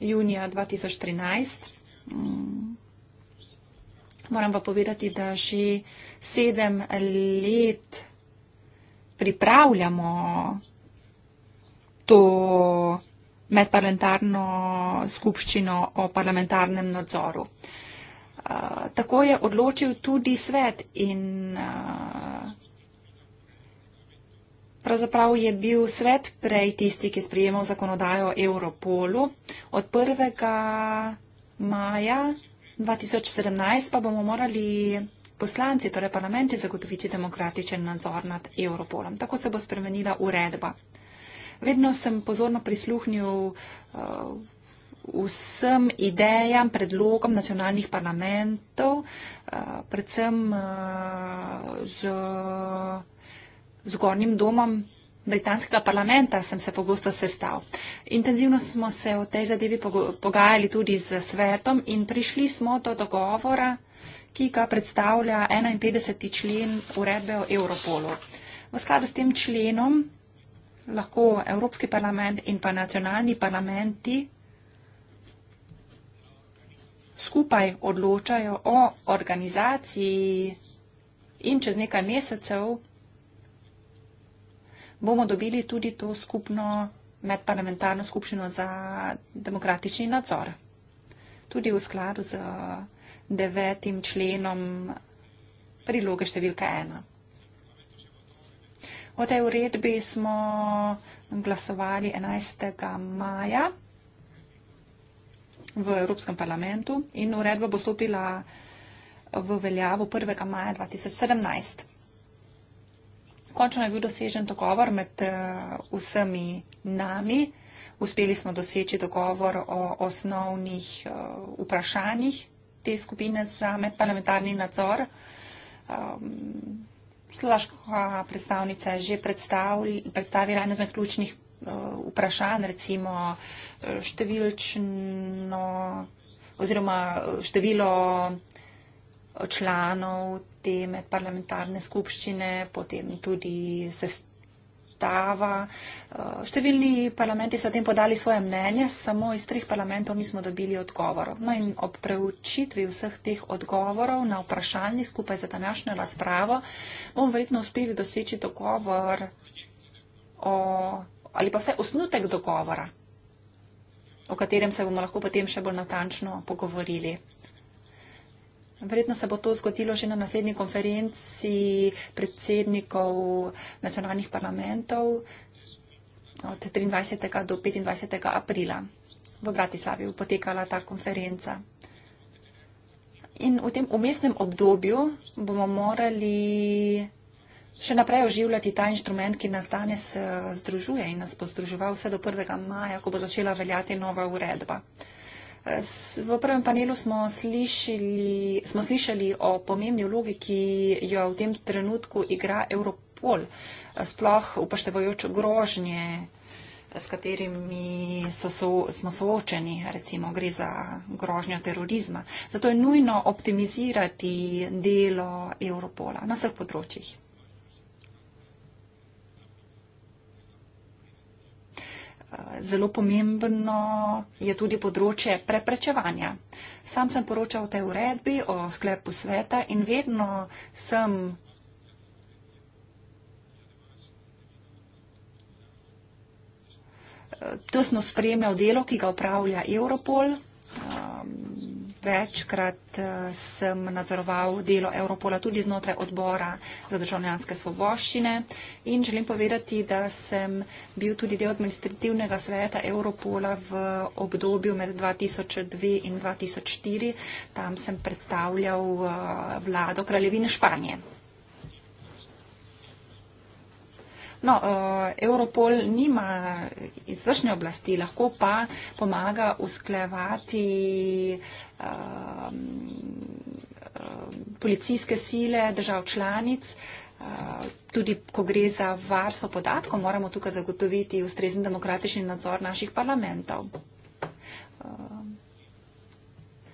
S3: junija 2013. Mm. Moram pa povedati, da že sedem let pripravljamo to medparlamentarno skupščino o parlamentarnem nadzoru. Uh, tako je odločil tudi svet in uh, Pravzaprav je bil svet prej tisti, ki je sprijemal zakonodajo o Europolu. Od 1. maja 2017 pa bomo morali poslanci, torej parlamenti, zagotoviti demokratičen nadzor nad Europolom. Tako se bo spremenila uredba. Vedno sem pozorno prisluhnil uh, vsem idejam, predlogom nacionalnih parlamentov, uh, predvsem uh, z zgornjim domom britanskega parlamenta sem se pogosto sestal. Intenzivno smo se o tej zadevi pogajali tudi z svetom in prišli smo do dogovora, ki ga predstavlja 51. člen uredbe o Europolu. V skladu s tem členom lahko Evropski parlament in pa nacionalni parlamenti skupaj odločajo o organizaciji in čez nekaj mesecev bomo dobili tudi to skupno medparlamentarno skupščino za demokratični nadzor. Tudi v skladu z devetim členom priloge številka ena. O tej uredbi smo glasovali 11. maja v Evropskem parlamentu in uredba bo stopila v veljavo 1. maja 2017. Končno je bil dosežen dogovor med eh, vsemi nami. Uspeli smo doseči dogovor o osnovnih eh, vprašanjih te skupine za medparlamentarni nadzor. Ehm, Slovaška predstavnica je že predstavila eno izmed ključnih eh, vprašanj, recimo številčno oziroma število članov te medparlamentarne skupščine, potem tudi sestava. Eh, številni parlamenti so o tem podali svoje mnenje, samo iz treh parlamentov nismo dobili odgovorov. No in ob preučitvi vseh teh odgovorov na vprašalni skupaj za današnjo razpravo bomo verjetno uspeli doseči dogovor o, ali pa vse osnutek dogovora o katerem se bomo lahko potem še bolj natančno pogovorili. Verjetno se bo to zgodilo že na naslednji konferenci predsednikov nacionalnih parlamentov od 23. do 25. aprila. V Bratislavi bo potekala ta konferenca. In v tem umestnem obdobju bomo morali še naprej oživljati ta inštrument, ki nas danes eh, združuje in nas bo združeval vse do 1. maja, ko bo začela veljati nova uredba. V prvem panelu smo slišali, smo slišali o pomembni vlogi, ki jo v tem trenutku igra Europol, sploh upoštevajoč grožnje, s katerimi so, so, smo soočeni, recimo gre za grožnjo terorizma. Zato je nujno optimizirati delo Europola na vseh področjih. Zelo pomembno je tudi področje preprečevanja. Sam sem poročal o tej uredbi, o sklepu sveta in vedno sem tesno spremljal delo, ki ga upravlja Europol večkrat eh, sem nadzoroval delo Europola tudi znotraj odbora za državljanske svoboščine in želim povedati, da sem bil tudi del administrativnega sveta Europola v obdobju med 2002 in 2004. Tam sem predstavljal eh, vlado Kraljevine Španije. No, uh, Europol nima izvršne oblasti, lahko pa pomaga usklevati uh, ehm, ehm, policijske sile držav članic. Uh, tudi, ko gre za varstvo podatkov, moramo tukaj zagotoviti ustrezen demokratični nadzor naših parlamentov. Uh,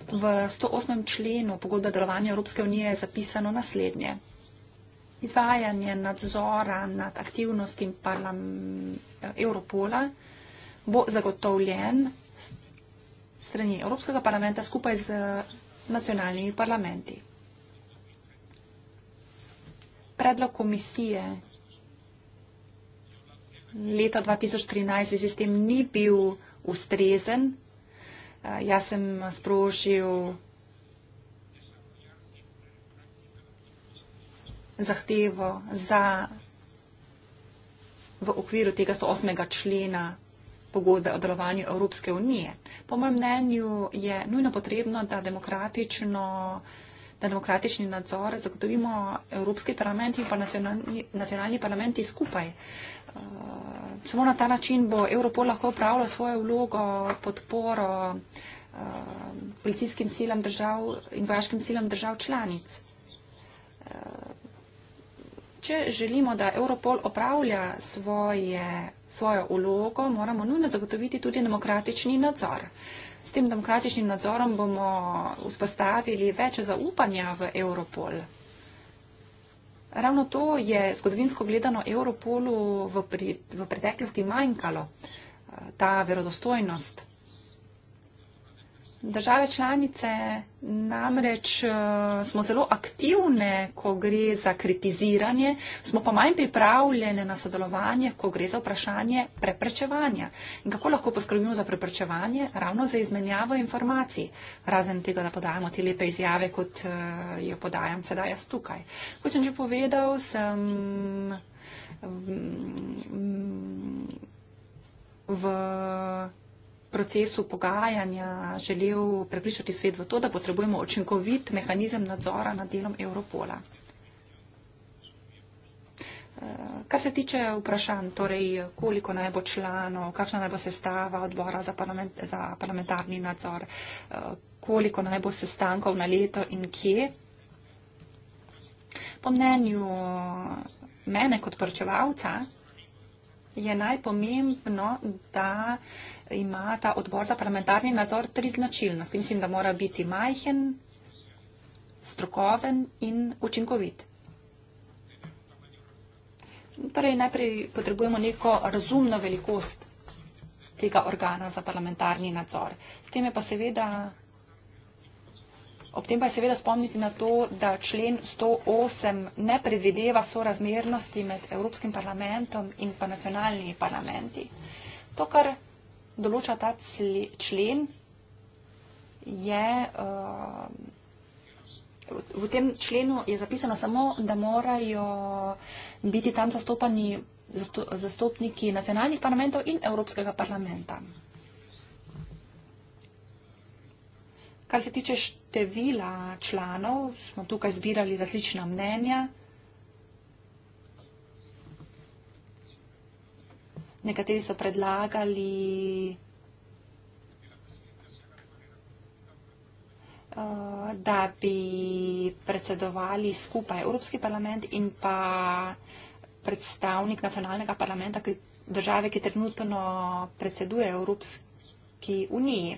S3: v 108. členu pogodbe o delovanju Evropske unije je zapisano naslednje izvajanje nadzora nad aktivnosti Europola bo zagotovljen strani Evropskega parlamenta skupaj z nacionalnimi parlamenti. Predlog komisije leta 2013 v sistem ni bil ustrezen. Eh, jaz sem sprožil zahtevo za v okviru tega 108. člena pogodbe o delovanju Evropske unije. Po mojem mnenju je nujno potrebno, da, da demokratični nadzor zagotovimo Evropski parlament in pa nacionalni, nacionalni parlamenti skupaj. Uh, samo na ta način bo Evropol lahko upravilo svojo vlogo podporo uh, policijskim silam držav in vojaškim silam držav članic. Uh, če želimo, da Europol opravlja svoje, svojo ulogo, moramo nujno zagotoviti tudi demokratični nadzor. S tem demokratičnim nadzorom bomo vzpostavili več zaupanja v Europol. Ravno to je zgodovinsko gledano Europolu v, pri, v preteklosti manjkalo, eh, ta verodostojnost. Države članice namreč eh, smo zelo aktivne, ko gre za kritiziranje, smo pa manj pripravljene na sodelovanje, ko gre za vprašanje preprečevanja. In kako lahko poskrbimo za preprečevanje? Ravno za izmenjavo informacij, razen tega, da podajamo te lepe izjave, kot eh, jo podajam sedaj jaz tukaj. Kot sem že povedal, sem. V, v, procesu pogajanja želel prepričati svet v to, da potrebujemo očinkovit mehanizem nadzora nad delom Europola. Eh, kar se tiče vprašanj, torej koliko naj bo članov, kakšna naj bo sestava odbora za, parlament, za parlamentarni nadzor, eh, koliko naj bo sestankov na leto in kje. Po mnenju mene kot poročevalca je najpomembno, da ima ta odbor za parlamentarni nadzor tri značilnosti. Mislim, da mora biti majhen, strokoven in učinkovit. Torej, najprej potrebujemo neko razumno velikost tega organa za parlamentarni nadzor. S tem je pa seveda Ob tem pa je seveda spomniti na to, da člen 108 ne predvideva sorazmernosti med Evropskim parlamentom in pa nacionalnimi parlamenti. To, kar določa ta člen, je. Uh, v tem členu je zapisano samo, da morajo biti tam zastopani zastopniki nacionalnih parlamentov in Evropskega parlamenta. Kar se tiče števila članov, smo tukaj zbirali različna mnenja. Nekateri so predlagali eh, da bi predsedovali skupaj Evropski parlament in pa predstavnik nacionalnega parlamenta države, ki trenutno predseduje Evropski uniji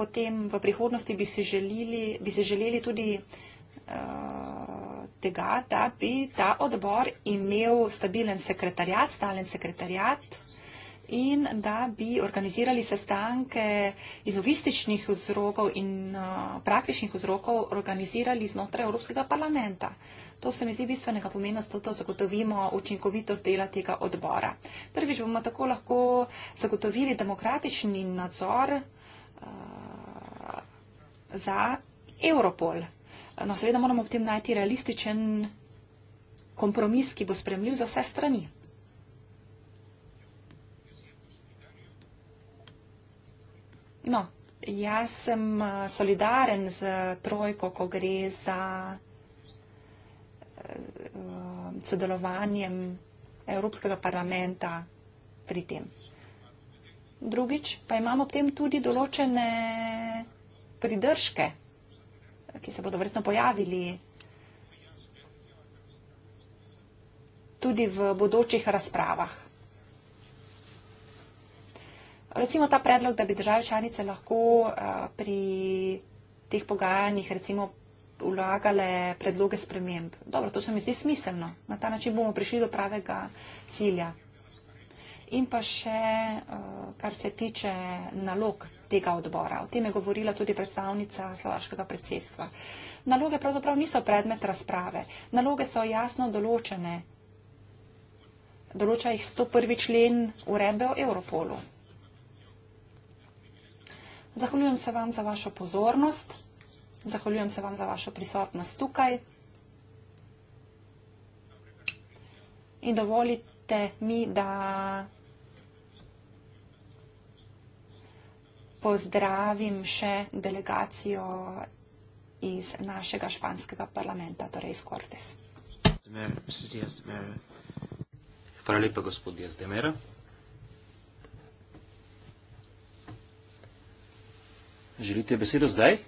S3: potem v prihodnosti bi se želeli, bi se želeli tudi uh, tega, da bi ta odbor imel stabilen sekretarjat, stalen sekretarjat in da bi organizirali sestanke iz logističnih vzrokov in uh, praktičnih vzrokov organizirali znotraj Evropskega parlamenta. To se mi zdi bistvenega pomena, da to zagotovimo učinkovitost dela tega odbora. Prvič bomo tako lahko zagotovili demokratični nadzor uh, za Europol. No, seveda moramo ob tem najti realističen kompromis, ki bo spremljiv za vse strani. No, jaz sem eh, solidaren z trojko, ko gre za eh, sodelovanjem Evropskega parlamenta pri tem. Drugič, pa imamo ob tem tudi določene pridržke, ki se bodo verjetno pojavili tudi v bodočih razpravah. Recimo ta predlog, da bi države članice lahko eh, pri teh pogajanjih recimo vlagale predloge sprememb. Dobro, to se mi zdi smiselno. Na ta način bomo prišli do pravega cilja. In pa še, eh, kar se tiče nalog tega odbora. O tem je govorila tudi predstavnica slovaškega predsedstva. Naloge pravzaprav niso predmet razprave. Naloge so jasno določene. Določa jih 101. člen urebe o Europolu. Zahvaljujem se vam za vašo pozornost. Zahvaljujem se vam za vašo prisotnost tukaj. In dovolite mi, da pozdravim še delegacijo iz našega španskega parlamenta, torej iz Cortes.
S2: Hvala lepa, gospod Jazdemera. Želite besedo zdaj?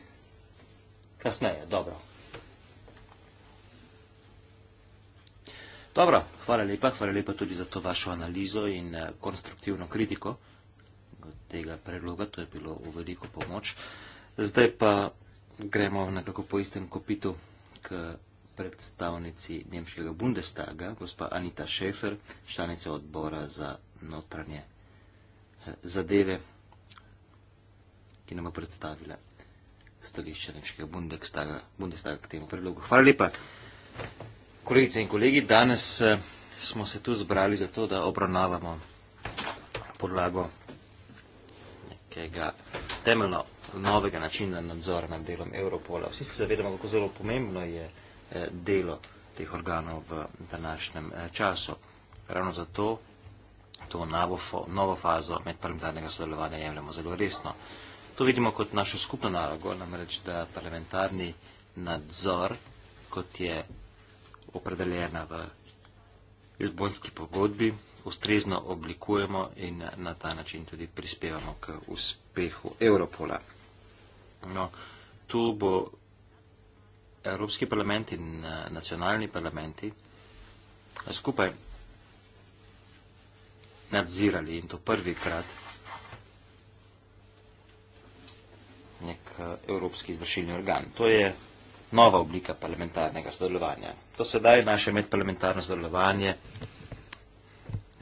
S2: Kasneje, dobro. Dobro, hvala lepa, hvala lepa tudi za to vašo analizo in eh, konstruktivno kritiko tega predloga, to je bilo v veliko pomoč. Zdaj pa gremo nekako po istem kopitu k predstavnici Nemškega Bundestaga, gospa Anita Schaefer, članica odbora za notranje eh, zadeve, ki nam bo predstavila stališče Nemškega Bundestaga, Bundestaga k temu predlogu. Hvala lepa. Kolegice in kolegi, danes eh, smo se tu zbrali za to, da obravnavamo podlago nekega temeljno novega načina nadzora nad delom Europola. Vsi se zavedamo, kako zelo pomembno je eh, delo teh organov v današnjem eh, času. Ravno zato to novo, novo fazo medparlamentarnega sodelovanja jemljemo zelo resno. To vidimo kot našo skupno nalogo, namreč da parlamentarni nadzor, kot je opredeljena v Lizbonski pogodbi, ustrezno oblikujemo in na ta način tudi prispevamo k uspehu Evropola. No, tu bo Evropski parlament in eh, nacionalni parlamenti skupaj nadzirali in to prvi krat nek eh, evropski izvršilni organ. To je nova oblika parlamentarnega sodelovanja. To sedaj naše medparlamentarno sodelovanje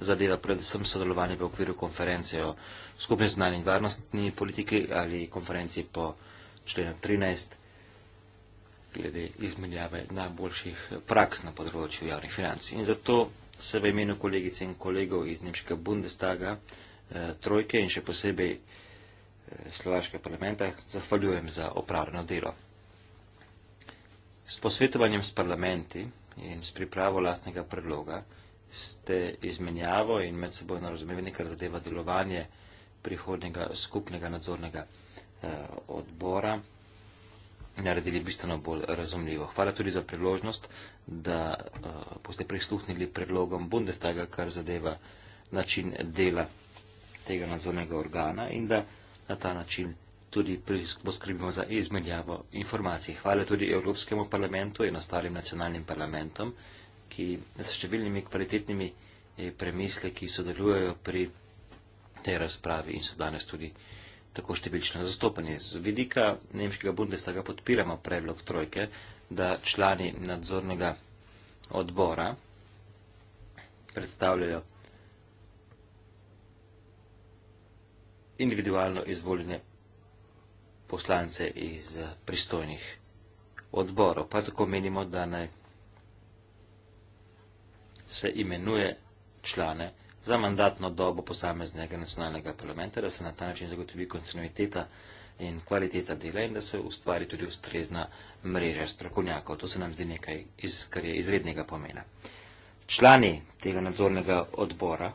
S2: zadeva predvsem sodelovanje v okviru konference o skupni znanje in varnostni politiki ali konferenci po člena 13 glede izmenjave najboljših praks na področju javnih financ. In zato se v imenu kolegice in kolegov iz Nemškega Bundestaga eh, Trojke in še posebej eh, Slovaškega parlamenta zahvaljujem za opravljeno delo. S posvetovanjem s parlamenti in s pripravo lastnega predloga ste izmenjavo in med seboj na razumevanje, kar zadeva delovanje prihodnega skupnega nadzornega eh, odbora, naredili bistveno bolj razumljivo. Hvala tudi za priložnost, da eh, boste prisluhnili predlogom Bundestaga, kar zadeva način dela tega nadzornega organa in da na ta način tudi poskrbimo za izmenjavo informacij. Hvala tudi Evropskemu parlamentu in ostalim nacionalnim parlamentom ki s številnimi kvalitetnimi eh, premisle, ki sodelujejo pri tej razpravi in so danes tudi tako številčno zastopani. Z vidika Nemškega Bundestaga podpiramo predlog trojke, da člani nadzornega odbora predstavljajo individualno izvoljene poslance iz pristojnih odborov. Pa tako menimo, da naj se imenuje člane za mandatno dobo posameznega nacionalnega parlamenta, da se na ta način zagotovi kontinuiteta in kvaliteta dela in da se ustvari tudi ustrezna mreža strokovnjakov. To se nam zdi nekaj, iz, kar je izrednega pomena. Člani tega nadzornega odbora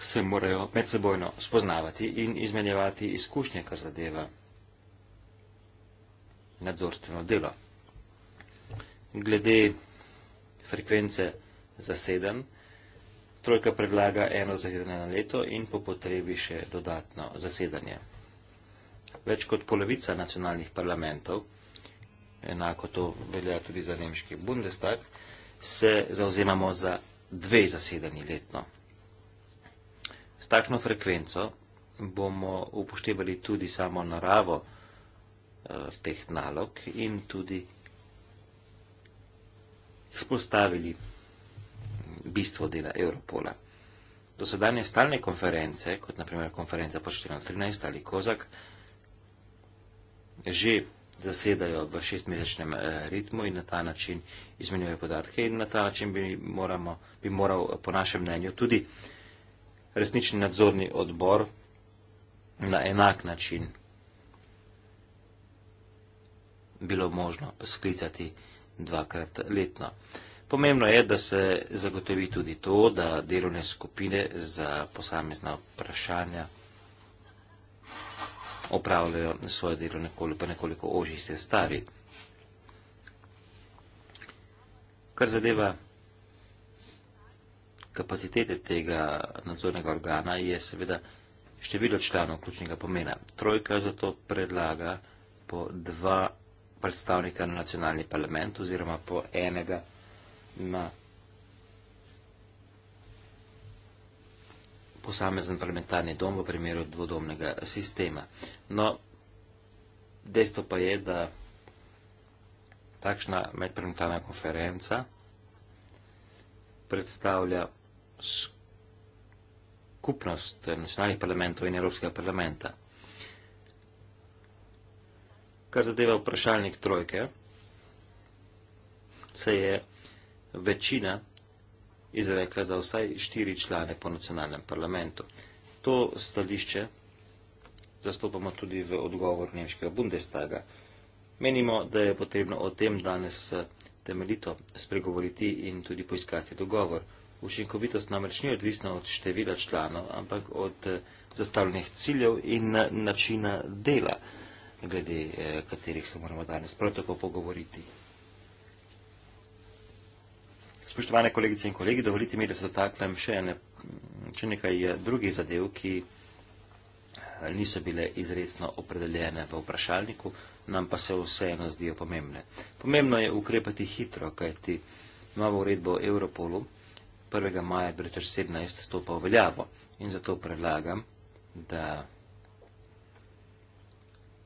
S2: se morajo medsebojno spoznavati in izmenjevati izkušnje, kar zadeva nadzorstveno delo. Glede frekvence zaseden, trojka predlaga eno zasedanje na leto in po potrebi še dodatno zasedanje. Več kot polovica nacionalnih parlamentov, enako to velja tudi za nemški Bundestag, se zauzemamo za dve zasedanji letno. S takšno frekvenco bomo upoštevali tudi samo naravo eh, teh nalog in tudi izpostavili bistvo dela Europola. Dosedanje stalne konference, kot naprimer konferenca po 14 ali Kozak, že zasedajo v šestmesečnem eh, ritmu in na ta način izmenjujejo podatke in na ta način bi, moramo, bi moral eh, po našem mnenju tudi resnični nadzorni odbor na enak način bilo možno sklicati dvakrat letno. Pomembno je, da se zagotovi tudi to, da delovne skupine za posamezna vprašanja opravljajo svoje delo nekoliko, nekoliko ožji se stari. Kar zadeva kapacitete tega nadzornega organa, je seveda število članov ključnega pomena. Trojka zato predlaga po dva predstavnika na nacionalni parlament oziroma po enega na posamezen parlamentarni dom v primeru dvodomnega sistema. No, dejstvo pa je, da takšna medparlamentarna konferenca predstavlja skupnost nacionalnih parlamentov in Evropskega parlamenta. Kar zadeva vprašalnik trojke, se je večina izrekla za vsaj štiri člane po nacionalnem parlamentu. To stališče zastopamo tudi v odgovor Nemškega Bundestaga. Menimo, da je potrebno o tem danes eh, temeljito spregovoriti in tudi poiskati dogovor. Učinkovitost namreč ni odvisna od števila članov, ampak od eh, zastavljenih ciljev in eh, načina dela, glede katerih se moramo danes prav tako pogovoriti. Spoštovane kolegice in kolegi, dovolite mi, da se dotaknem še, ne, še nekaj eh, drugih zadev, ki eh, niso bile izredno opredeljene v vprašalniku, nam pa se vseeno zdijo pomembne. Pomembno je ukrepati hitro, kajti novo uredbo o Europolu 1. maja 2017 stopa v veljavo in zato predlagam, da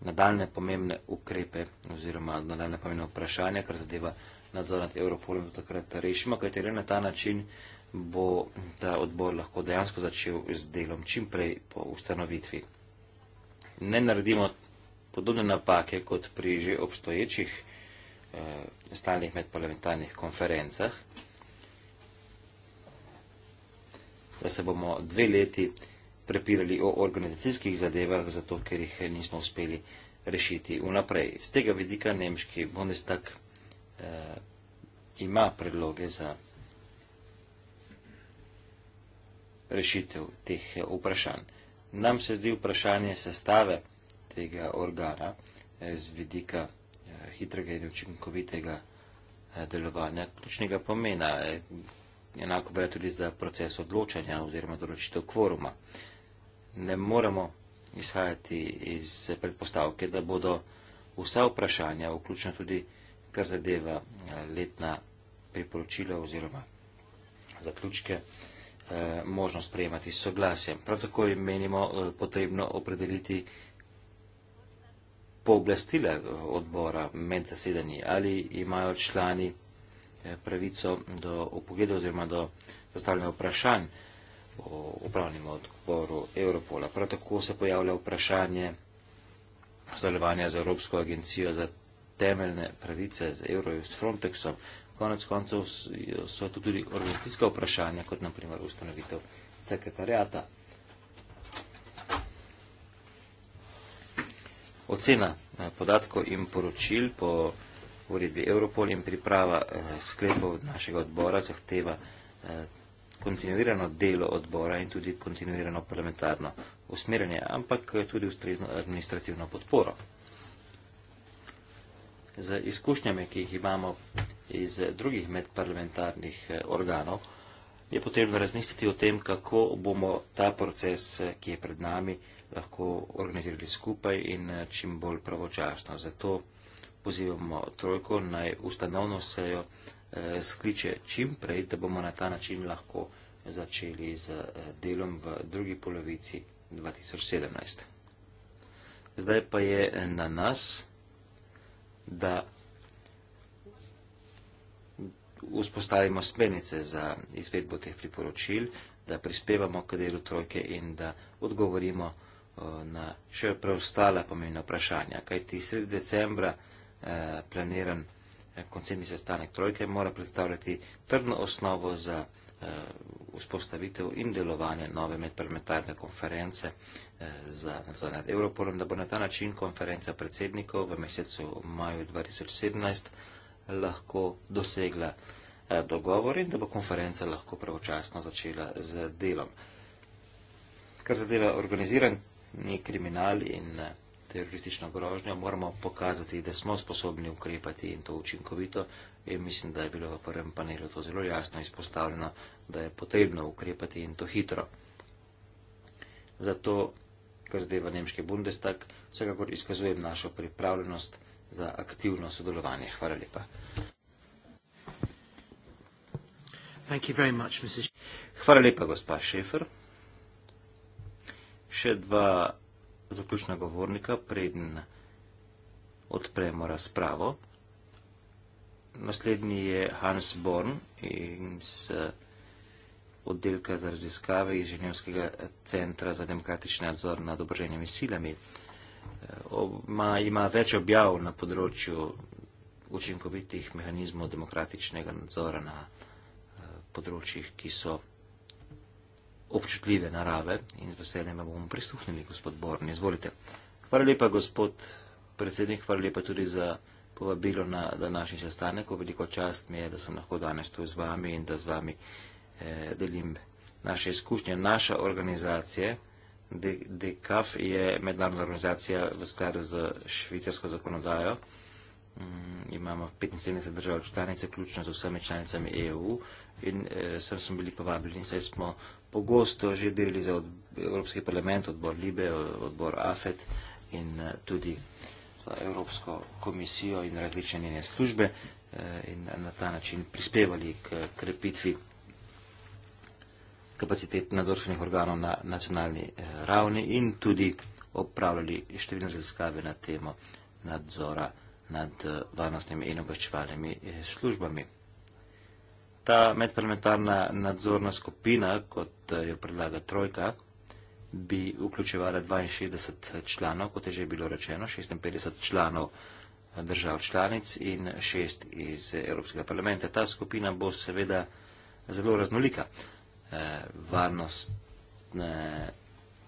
S2: nadaljne pomembne ukrepe oziroma nadaljne pomembne vprašanja, kar zadeva nadzor nad Europolom do takrat rešimo, kajte le na ta način bo ta odbor lahko dejansko začel z delom čim prej po ustanovitvi. Ne naredimo podobne napake kot pri že obstoječih eh, stalnih medparlamentarnih konferencah, da se bomo dve leti prepirali o organizacijskih zadevah, zato ker jih nismo uspeli rešiti vnaprej. Z tega vidika nemški bundestag eh, ima predloge za rešitev teh eh, vprašanj. Nam se zdi vprašanje sestave tega organa eh, z vidika eh, hitrega in učinkovitega delovanja ključnega pomena. Enako velja tudi za proces odločanja oziroma določitev kvoruma. Ne moremo izhajati iz predpostavke, da bodo vsa vprašanja, vključno tudi kar zadeva eh, letna priporočila oziroma zaključke, eh, možno sprejemati soglasje. Prav tako je menimo eh, potrebno opredeliti pooblastila odbora med zasedanji, ali imajo člani pravico do upogleda oziroma do zastavljanja vprašanj o upravnem odboru Evropola. Prav tako se pojavlja vprašanje sodelovanja z Evropsko agencijo za temeljne pravice z Evrojo, s Frontexom. Konec koncev so tu tudi organizacijska vprašanja, kot naprimer ustanovitev sekretarjata. Ocena eh, podatkov in poročil po uredbi Europol in priprava eh, sklepov našega odbora zahteva eh, kontinuirano delo odbora in tudi kontinuirano parlamentarno usmerjanje, ampak tudi ustrezno administrativno podporo z izkušnjami, ki jih imamo iz drugih medparlamentarnih eh, organov, je potrebno razmisliti o tem, kako bomo ta proces, eh, ki je pred nami, lahko organizirali skupaj in eh, čim bolj pravočasno. Zato pozivamo trojko naj ustanovno sejo skliče čim prej, da bomo na ta način lahko začeli z delom v drugi polovici 2017. Zdaj pa je na nas da vzpostavimo smernice za izvedbo teh priporočil, da prispevamo k delu trojke in da odgovorimo eh, na še preostala pomembna vprašanja. Kajti sredi decembra eh, planiran eh, koncentni sestanek trojke mora predstavljati trdno osnovo za Eh, vzpostavitev in delovanje nove medparlamentarne konference eh, za nadzor nad Evropolom, da bo na ta način konferenca predsednikov v mesecu maju 2017 lahko dosegla eh, dogovor in da bo konferenca lahko pravočasno začela z delom. Kar zadeva organizirani kriminal in teroristično grožnjo, moramo pokazati, da smo sposobni ukrepati in to učinkovito, in mislim, da je bilo v prvem panelu to zelo jasno izpostavljeno, da je potrebno ukrepati in to hitro. Zato, kar zadeva Nemški Bundestag, vsekakor izkazujem našo pripravljenost za aktivno sodelovanje. Hvala lepa. Much, Hvala lepa, gospa Šefer. Še dva zaključna govornika, preden odpremo razpravo. Naslednji je Hans Born iz eh, oddelka za raziskave iz Ženevskega centra za demokratični nadzor nad obrženimi silami. Eh, ma, ima več objav na področju učinkovitih mehanizmov demokratičnega nadzora na eh, področjih, ki so občutljive narave in z veseljem bomo prisluhnili, gospod Born. Izvolite. Hvala lepa, gospod predsednik, hvala lepa tudi za povabilo na današnji sestanek. Veliko čast mi je, da sem lahko danes tu z vami in da z vami eh, delim naše izkušnje. Naša organizacija, DECAF, je mednarodna organizacija v skladu z švicarsko zakonodajo. Mm, imamo 75 držav članic, vključno z vsemi članicami EU in eh, sem sem bili povabljeni, saj smo pogosto že delili za od, Evropski parlament, odbor Libe, odbor AFET in eh, tudi. Evropsko komisijo in različne njene službe eh, in na ta način prispevali k krepitvi kapacitet nadzorstvenih organov na nacionalni eh, ravni in tudi opravljali številne raziskave na temo nadzora nad eh, varnostnimi in obveščevalnimi službami. Ta medparlamentarna nadzorna skupina, kot jo predlaga Trojka, bi vključevala 62 članov, kot je že bilo rečeno, 56 članov eh, držav članic in 6 iz Evropskega parlamenta. Ta skupina bo seveda zelo raznolika. Eh, varnostne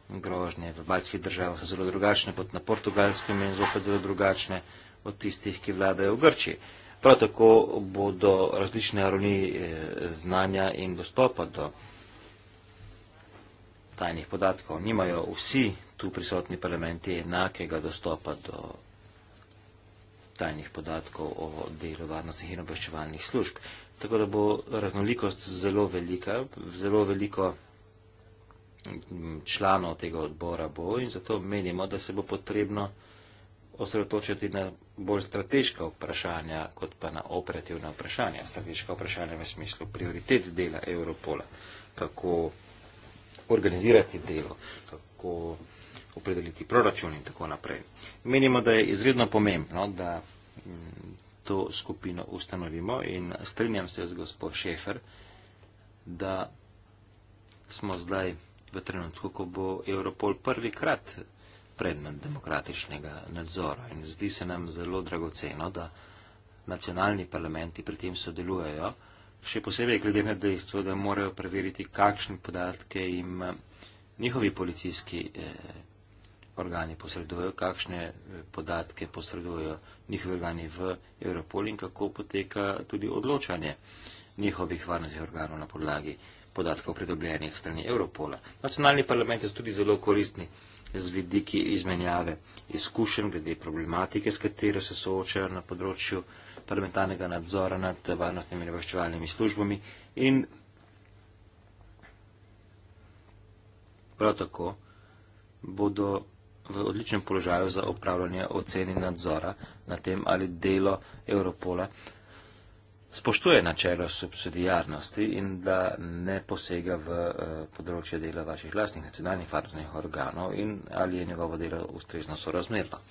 S2: grožnje v baljskih državah so zelo drugačne kot na portugalskem in zopet zelo drugačne od tistih, ki vladajo v Grčiji. Prav tako bodo različne ravni eh, znanja in dostopa do tajnih podatkov. Nimajo vsi tu prisotni parlamenti enakega dostopa do tajnih podatkov o delu varnostnih in obveščevalnih služb. Tako da bo raznolikost zelo velika, zelo veliko mm, članov tega odbora bo in zato menimo, da se bo potrebno osredotočiti na bolj strateška vprašanja, kot pa na operativna vprašanja. Strateška vprašanja v smislu prioritet dela Europola, kako organizirati delo, kako opredeliti proračun in tako naprej. Menimo, da je izredno pomembno, da mm, to skupino ustanovimo in strinjam se z gospod Šefer, da smo zdaj v trenutku, ko bo Europol prvi krat predmet demokratičnega nadzora in zdi se nam zelo dragoceno, da nacionalni parlamenti pri tem sodelujejo še posebej glede na dejstvo, da morajo preveriti, kakšne podatke jim eh, njihovi policijski eh, organi posredujejo, kakšne eh, podatke posredujejo njihovi organi v Evropoli in kako poteka tudi odločanje njihovih varnostnih organov na podlagi podatkov pridobljenih strani Evropola. Nacionalni parlament je tudi zelo koristni z vidiki izmenjave izkušenj glede problematike, s katero se soočajo na področju parlamentarnega nadzora nad varnostnimi in obveščevalnimi službami in prav tako bodo v odličnem položaju za upravljanje oceni nadzora na tem ali delo Europola spoštuje načelo subsidijarnosti in da ne posega v uh, področje dela vaših lastnih nacionalnih varnostnih organov in ali je njegovo delo ustrezno sorazmerno.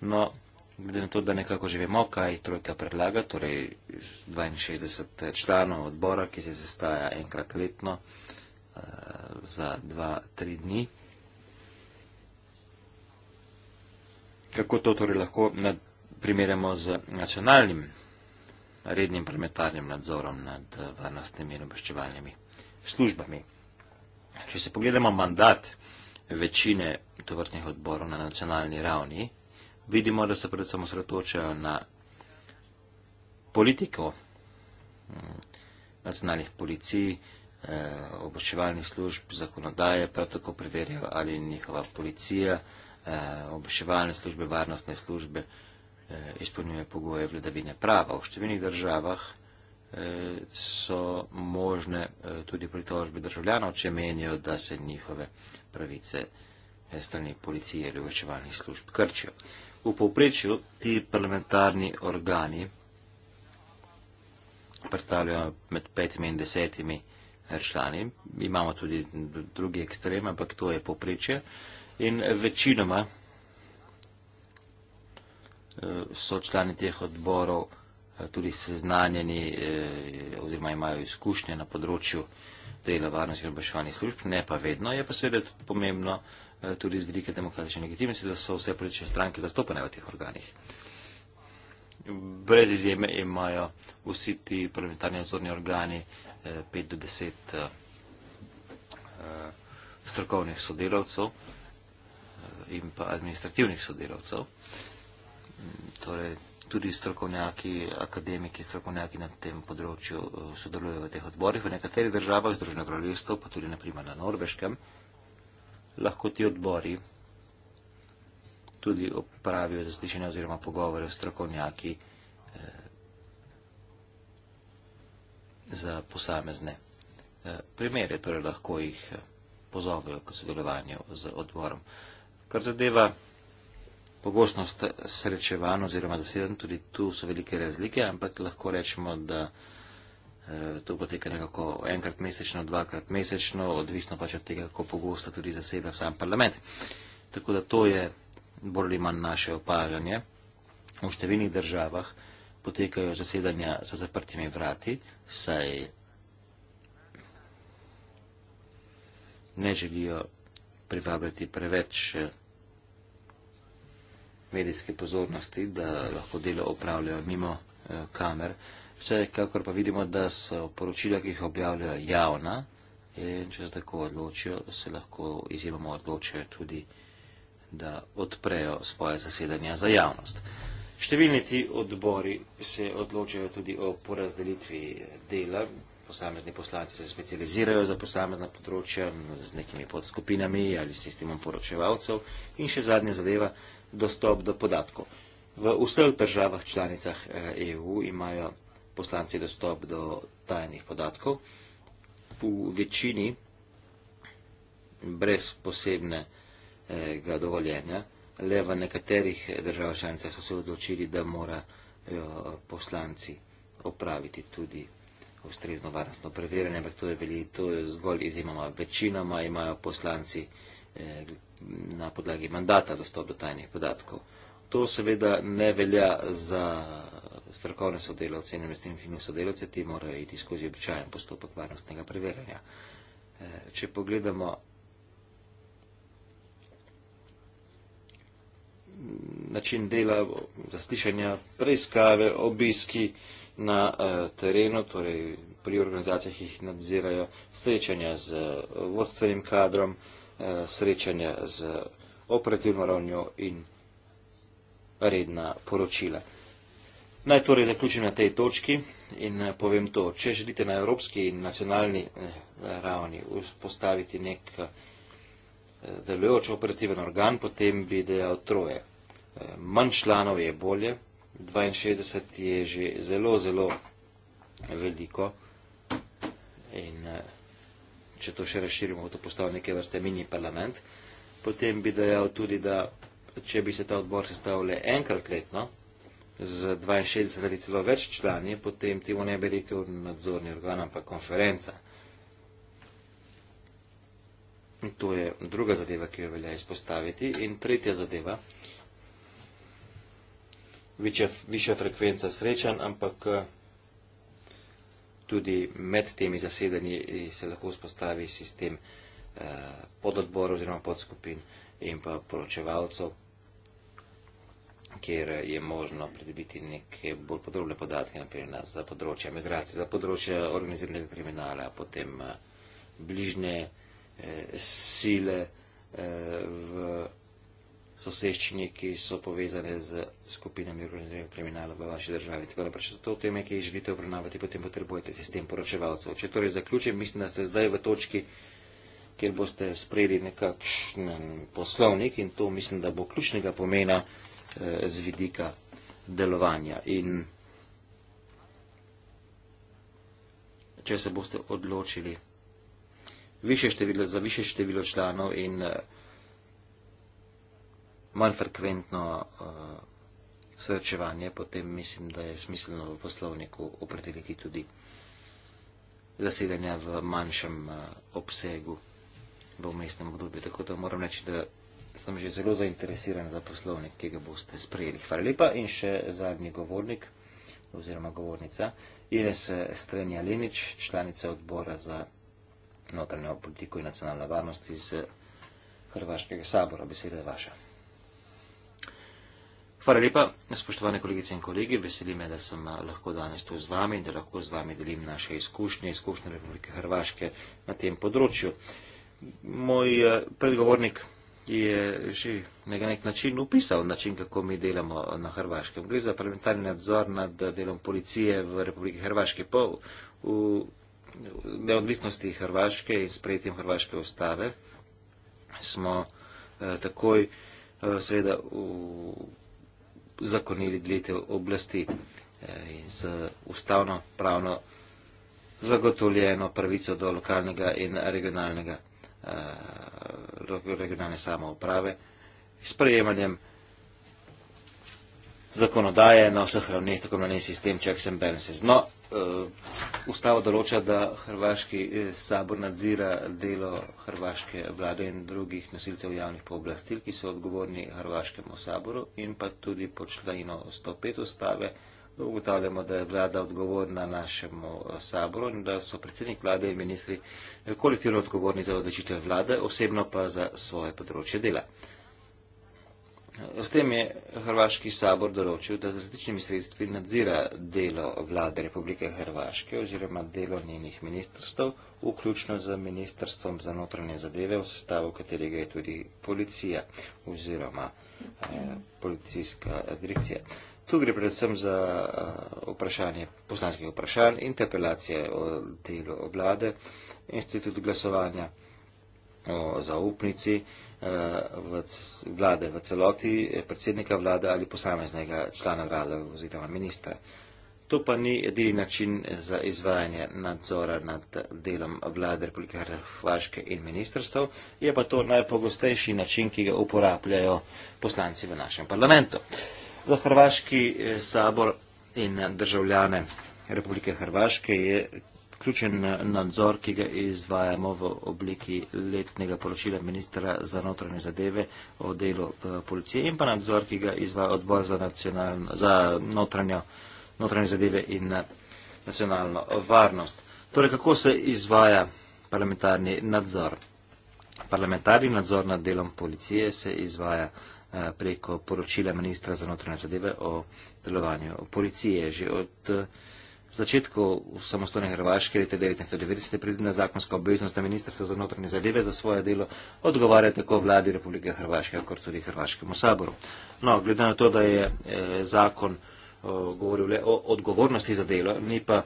S2: No, glede na to, da nekako že vemo, kaj trojka predlaga, torej 62 članov odbora, ki se sestaja enkrat letno eh, za dva, tri dni. Kako to torej lahko primerjamo z nacionalnim rednim parlamentarnim nadzorom nad eh, varnostnimi in obveščevalnimi službami? Če se pogledamo mandat večine tovrstnih odborov na nacionalni ravni, vidimo, da se predvsem osredotočajo na politiko mm, nacionalnih policij, eh, obveščevalnih služb, zakonodaje, prav tako preverjajo, ali njihova policija, eh, obveščevalne službe, varnostne službe eh, izpolnjuje pogoje vladavine prava. V številnih državah so možne tudi pritožbe državljanov, če menijo, da se njihove pravice strani policije ali obveščevalnih služb krčijo v povprečju ti parlamentarni organi predstavljajo med petimi in desetimi eh, člani. Imamo tudi drugi ekstrem, ampak to je povprečje. In večinoma eh, so člani teh odborov eh, tudi seznanjeni oziroma imajo izkušnje na področju dela varnosti in obveščevalnih služb, ne pa vedno. Je pa seveda tudi pomembno, Eh, tudi z vidike demokratične legitimnosti, da so vse politične stranke zastopene v teh organih. Brez izjeme imajo vsi ti parlamentarni nadzorni organi 5 eh, do 10 eh, strokovnih sodelavcev in pa administrativnih sodelavcev. Torej, tudi strokovnjaki, akademiki, strokovnjaki na tem področju sodelujejo v teh odborih. V nekaterih državah, Združeno kraljestvo, pa tudi naprimer na Norveškem, lahko ti odbori tudi opravijo zaslišanje oziroma pogovore s trokovnjaki eh, za posamezne eh, primere, torej lahko jih eh, pozovejo k sodelovanju z odborom. Kar zadeva pogostnost srečevanj oziroma zasedanj, tudi tu so velike razlike, ampak lahko rečemo, da eh, Eh, to poteka nekako enkrat mesečno, dvakrat mesečno, odvisno pač od tega, kako pogosto tudi zaseda sam parlament. Tako da to je bolj ali manj naše opažanje. V številnih državah potekajo zasedanja za zaprtimi vrati, saj ne želijo privabljati preveč eh, medijske pozornosti, da lahko delo opravljajo mimo eh, kamer. Vsekakor pa vidimo, da so poročila, ki jih objavljajo, javna in če se tako odločijo, se lahko izjemoma odločijo tudi, da odprejo svoje zasedanja za javnost. Številni ti odbori se odločajo tudi o porazdelitvi dela. Posamezni poslanci se specializirajo za posamezna področja z nekimi podskupinami ali sistemom poročevalcev in še zadnja zadeva dostop do podatkov. V vseh državah članicah EU eh, e imajo poslanci dostop do tajnih podatkov. V večini, brez posebnega dovoljenja, le v nekaterih državah članicah so se odločili, da morajo poslanci opraviti tudi ustrezno varnostno preverjanje, ampak to je, veli, to je zgolj izjemoma. Večinoma imajo poslanci eh, na podlagi mandata dostop do tajnih podatkov. To seveda ne velja za strokovne sodelavce in investitivne sodelavce, ti morajo iti skozi običajen postopek varnostnega preverjanja. Eh, če pogledamo način dela, zaslišanja, preiskave, obiski na eh, terenu, torej pri organizacijah jih nadzirajo, srečanja z eh, vodstvenim kadrom, srečanja z operativno ravnjo in redna poročila. Naj torej zaključim na tej točki in eh, povem to, če želite na evropski in nacionalni eh, ravni vzpostaviti nek eh, delujoč operativen organ, potem bi dejal troje. Manj članov je bolje, 62 je že zelo, zelo veliko in če to še razširimo, bo to postal neke vrste mini parlament. Potem bi dejal tudi, da če bi se ta odbor sestavil le enkrat letno, no? z 62 ali celo več člani, potem temu ne bi rekel nadzorni organ, ampak konferenca. In to je druga zadeva, ki jo velja izpostaviti. In tretja zadeva, višja, višja frekvenca srečanj, ampak tudi med temi zasedanji se lahko vzpostavi sistem eh, pododborov oziroma podskupin in pa poročevalcev, kjer je možno pridobiti neke bolj podrobne podatke, naprimer za področje migracije, za področje organiziranega kriminala, potem eh, bližnje eh, sile eh, v soseščini, ki so povezane z skupinami organiziranega kriminala v vaši državi. Tako da, če pač so to teme, ki jih želite obravnavati, potem potrebujete sistem poročevalcev. Če torej zaključim, mislim, da ste zdaj v točki, kjer boste sprejeli nekakšen poslovnik in to mislim, da bo ključnega pomena. Eh, z vidika delovanja. In če se boste odločili više število, za više število članov in eh, manj frekventno eh, srečevanje, potem mislim, da je smiselno v poslovniku opredeliti tudi zasedanja v manjšem obsegu v umestnem obdobju. Tako da moram reči, da sem že zelo zainteresiran za poslovnik, ki ga boste sprejeli. Hvala lepa in še zadnji govornik oziroma govornica Ines Strenja Linič, članica odbora za notranjo politiko in nacionalno varnost iz eh, Hrvaškega sabora. Beseda je vaša. Hvala lepa, spoštovane kolegice in kolegi, veseli me, da sem eh, lahko danes tu z vami in da lahko z vami delim naše izkušnje, izkušnje Republike Hrvaške na tem področju. Moj eh, predgovornik je že na nek način upisal način, kako mi delamo na Hrvaškem. Gre za parlamentarni nadzor nad delom policije v Republiki Hrvaške po neodvisnosti Hrvaške in sprejetjem Hrvaške ustave. Smo eh, takoj eh, seveda zakonili delitev oblasti eh, in z ustavno pravno zagotovljeno pravico do lokalnega in regionalnega Eh, regionalne samouprave s prejemanjem zakonodaje na vseh ravnih, tako imenovani sistem checks and balances. No, uh, ustava določa, da hrvaški eh, sabor nadzira delo hrvaške vlade in drugih nosilcev javnih pooblastil, ki so odgovorni hrvaškemu saboru in pa tudi po členu 105 ustave ugotavljamo, da je vlada odgovorna našemu eh, saboru in da so predsednik vlade in ministri eh, kolektivno odgovorni za odločitev vlade, osebno pa za svoje področje dela. S tem je Hrvaški sabor določil, da z različnimi sredstvi nadzira delo vlade Republike Hrvaške oziroma delo njenih ministrstv, vključno z ministrstvom za notranje zadeve, v sestavu katerega je tudi policija oziroma
S1: eh,
S2: policijska eh, direkcija. Eh, Tu gre predvsem za eh, vprašanje poslanskih vprašanj, interpelacije o delu vlade, institut glasovanja o zaupnici eh, v vlade v celoti, eh, predsednika vlade ali posameznega člana vlade oziroma ministra. To pa ni edini način za izvajanje nadzora nad delom vlade Republike Hrvaške in ministrstv, je pa to najpogostejši način, ki ga uporabljajo poslanci v našem parlamentu. Za Hrvaški eh, sabor in eh, državljane Republike Hrvaške je ključen eh, nadzor, ki ga izvajamo v obliki letnega poročila ministra za notranje zadeve o delu policije in pa nadzor, ki ga izvaja odbor za, za notranje, notranje zadeve in nacionalno varnost. Torej, kako se izvaja parlamentarni nadzor? Parlamentarni nadzor nad delom policije se izvaja. Eh, preko poročila ministra za notranje zadeve o delovanju policije. Že od eh, začetku samostalne Hrvaške leta 1990 je predvidena zakonska obveznost, da ministrstvo za notranje zadeve za svoje delo odgovarja tako vladi Republike Hrvaške, kot tudi Hrvaškemu saboru. No, glede na to, da je eh, zakon govoril le o odgovornosti za delo, ni pa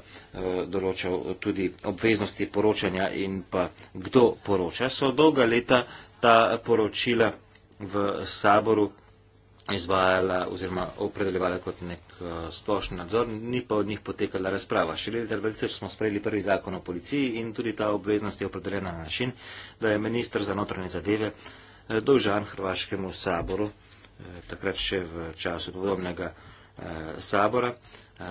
S2: določal tudi obveznosti poročanja in pa kdo poroča, so dolga leta ta poročila v saboru izvajala oziroma opredeljevala kot nek eh, splošni nadzor, ni pa od njih potekala razprava. Šele leta 2020 smo sprejeli prvi zakon o policiji in tudi ta obveznost je opredeljena na način, da je ministr za notranje zadeve eh, dolžan Hrvaškemu saboru, eh, takrat še v času podobnega sabora,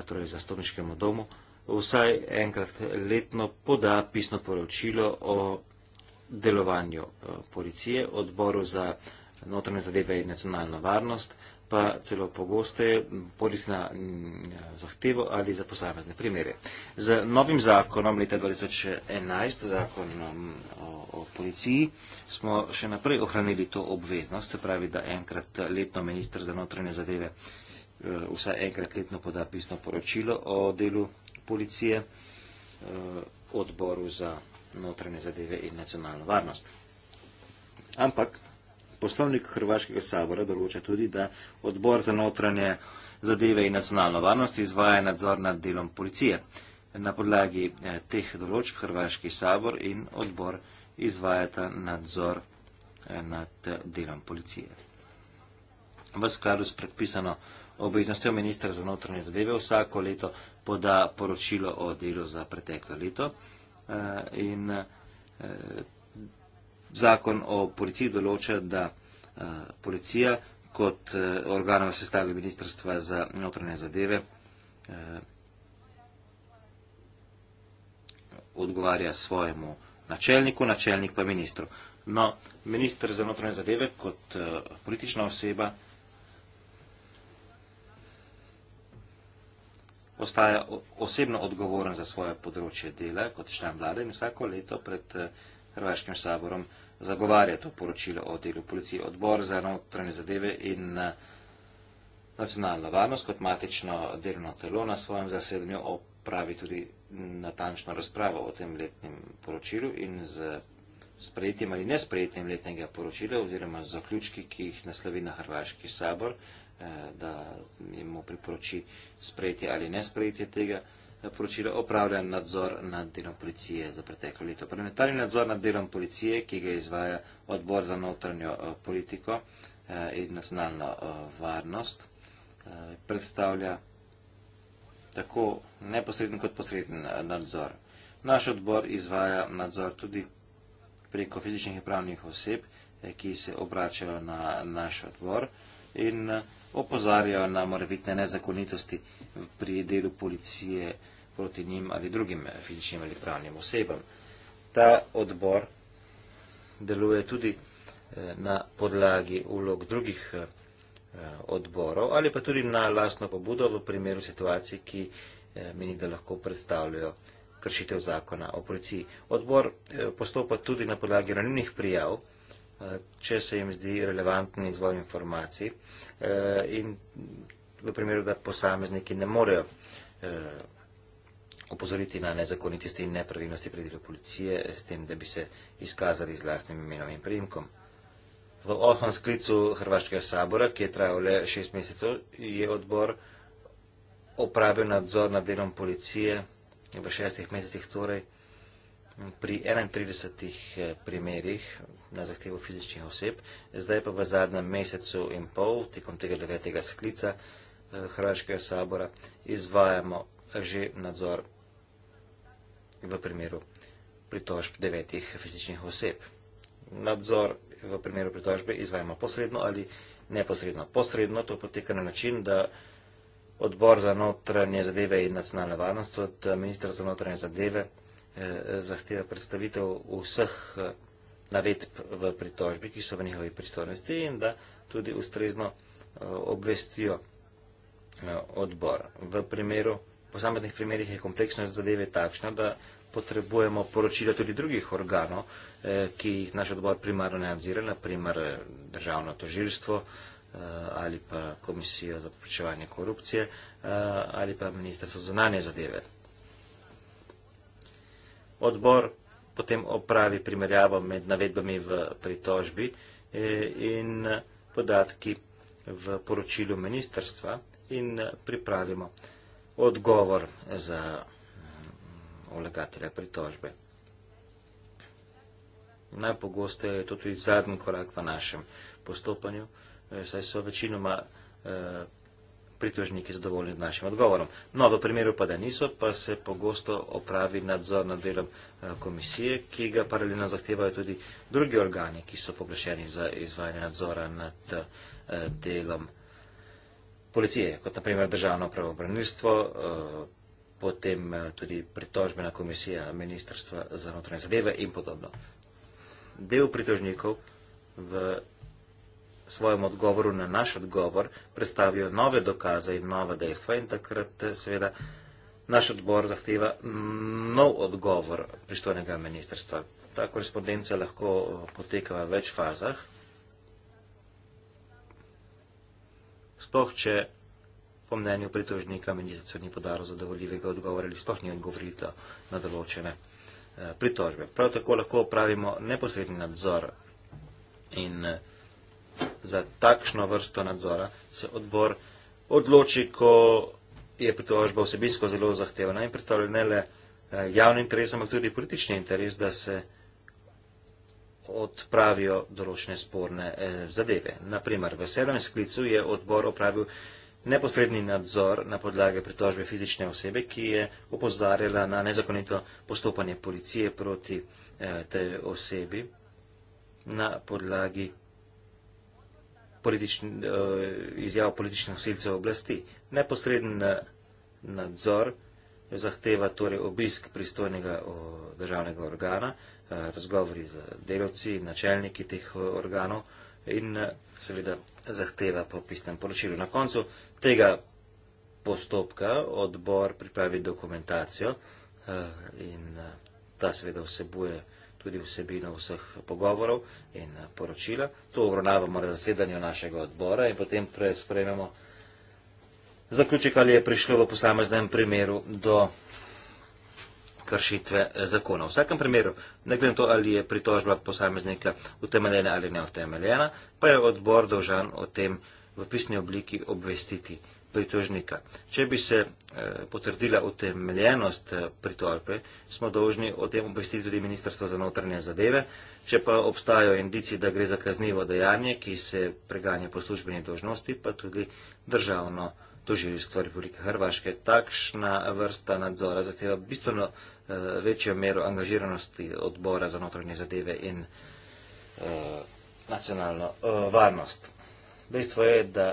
S2: torej zastopniškemu domu, vsaj enkrat letno poda pisno poročilo o delovanju policije, odboru za notranje zadeve in nacionalno varnost, pa celo pogosteje, bodi si na mm, zahtevo ali za posamezne primere. Z novim zakonom leta 2011, zakonom mm, o, o policiji, smo še naprej ohranili to obveznost, se pravi, da enkrat letno ministr za notranje zadeve eh, vsaj enkrat letno poda pisno poročilo o delu policije eh, odboru za notranje zadeve in nacionalno varnost. Ampak Poslovnik Hrvaškega sabora določa tudi, da odbor za notranje zadeve in nacionalno varnost izvaja nadzor nad delom policije. Na podlagi eh, teh določb Hrvaški sabor in odbor izvajata nadzor eh, nad eh, delom policije. V skladu s predpisano obveznostjo ministra za notranje zadeve vsako leto poda poročilo o delu za preteklo leto in zakon o policiji določa, da eh, policija kot eh, organ v sestavi Ministrstva za notranje zadeve eh, odgovarja svojemu načelniku, načelnik pa ministru. No, ministr za notranje zadeve kot politična oseba ostaja osebno odgovoren za svoje področje dela kot član vlade in vsako leto pred Hrvaškim saborom vsega zagovarja to poročilo o delu policije. Odbor za notranje zadeve in eh, nacionalno varnost kot matično delovno telo na svojem zasedanju opravi tudi natančno razpravo o tem letnem poročilu in z sprejetjem ali nesprejetjem letnega poročila oziroma zaključki, ki jih naslovi na Hrvaški sabor, eh, da jim priporoči sprejetje ali nesprejetje tega poročilo opravlja nadzor nad delom policije za preteklo leto. Parlamentarni nadzor nad delom policije, ki ga izvaja odbor za notranjo eh, politiko eh, in nacionalno eh, varnost, predstavlja tako neposreden kot posreden nadzor. Naš odbor izvaja nadzor tudi preko fizičnih in pravnih oseb, ki se obračajo na naš odbor in vsega, opozarjajo na morebitne nezakonitosti pri delu policije proti njim ali drugim fizičnim ali pravnim osebam. Ta odbor deluje tudi eh, na podlagi ulog drugih eh, odborov ali pa tudi na lastno pobudo v primeru situacij, ki eh, meni, da lahko predstavljajo kršitev zakona o policiji. Odbor postopa tudi na podlagi ranjenih prijav, Eh, če se jim zdi relevanten izvor informacij eh, in v primeru, da posamezniki ne morejo eh, opozoriti na nezakonitosti in nepravilnosti pri delu policije s tem, da bi se izkazali z lastnim imenom in prijimkom. V osmem sklicu Hrvaškega sabora, ki je trajal le šest mesecev, je odbor opravil nadzor nad delom policije v šestih mesecih torej pri 31 eh, primerjih na zahtevo fizičnih oseb, zdaj pa v zadnjem mesecu in pol tekom tega devetega sklica eh, Hrvaškega sabora izvajamo že nadzor v primeru pritožb devetih fizičnih oseb. Nadzor v primeru pritožbe izvajamo posredno ali neposredno. Posredno to poteka na način, da odbor za notranje zadeve in nacionalne varnost od eh, ministra za notranje zadeve Eh, zahteva predstavitev vseh eh, navedb v pritožbi, ki so v njihovi pristojnosti in da tudi ustrezno eh, obvestijo odbor. V primeru, posameznih primerih je kompleksnost zadeve takšna, da potrebujemo poročila tudi drugih organov, ki jih naš odbor primarno ne nadzira, naprimer državno tožilstvo ali pa komisijo za preprečevanje korupcije ali pa ministrstvo zunanje zadeve odbor potem opravi primerjavo med navedbami v pritožbi eh, in eh, podatki v poročilu ministerstva in eh, pripravimo odgovor za mm, vlagatelja pritožbe. Najpogosteje je to tudi zadnji korak v našem postopanju, saj so večinoma pritožniki zadovoljni z našim odgovorom. No, v primeru pa da niso, pa se pogosto opravi nadzor nad delom eh, komisije, ki ga paralelno zahtevajo tudi drugi organi, ki so poglašeni za izvajanje nadzora nad eh, delom policije, kot naprimer državno pravobranilstvo, eh, potem tudi pritožbena komisija ministrstva za notranje zadeve in podobno. Del pritožnikov v svojem odgovoru na naš odgovor predstavijo nove dokaze in nove dejstva in takrat eh, seveda naš odbor zahteva nov odgovor pristojnega ministrstva. Ta korespondenca lahko eh, poteka v več fazah. Sploh, če po mnenju pritožnika ministrstvo ni podaro zadovoljivega odgovora ali sploh ni odgovorito na določene eh, pritožbe. Prav tako lahko opravimo neposredni nadzor in za takšno vrsto nadzora, se odbor odloči, ko je pritožba vsebinsko zelo zahtevna in predstavlja ne le eh, javni interes, ampak tudi politični interes, da se odpravijo določene sporne eh, zadeve. Naprimer, v sedmem sklicu je odbor opravil neposredni nadzor na podlage pritožbe fizične osebe, ki je opozarjala na nezakonito postopanje policije proti eh, tej osebi na podlagi politični, eh, izjavo političnih nosilcev oblasti. Neposreden eh, nadzor zahteva torej obisk pristojnega državnega organa, eh, razgovori z delavci, načelniki teh organov in seveda zahteva po pisnem poročilu. Na koncu tega postopka odbor pripravi dokumentacijo in ta seveda vsebuje tudi vsebino vseh pogovorov in eh, poročila. To obravnavamo na zasedanju našega odbora in potem sprejmemo zaključek, ali je prišlo v posameznem primeru do kršitve eh, zakona. V vsakem primeru, ne glede na to, ali je pritožba posameznika utemeljena ali neutemeljena, pa je odbor dolžan o tem v pisni obliki obvestiti pritožnika. Če bi se eh, potrdila utemeljenost eh, pritožbe, smo dolžni o tem obvestiti tudi Ministrstvo za notranje zadeve. Če pa obstajajo indici, da gre za kaznivo dejanje, ki se preganja po službeni dožnosti, pa tudi državno toživstvo Republike Hrvaške. Takšna vrsta nadzora zahteva bistveno eh, večjo mero angažiranosti odbora za notranje zadeve in nacionalno varnost. Dejstvo je, da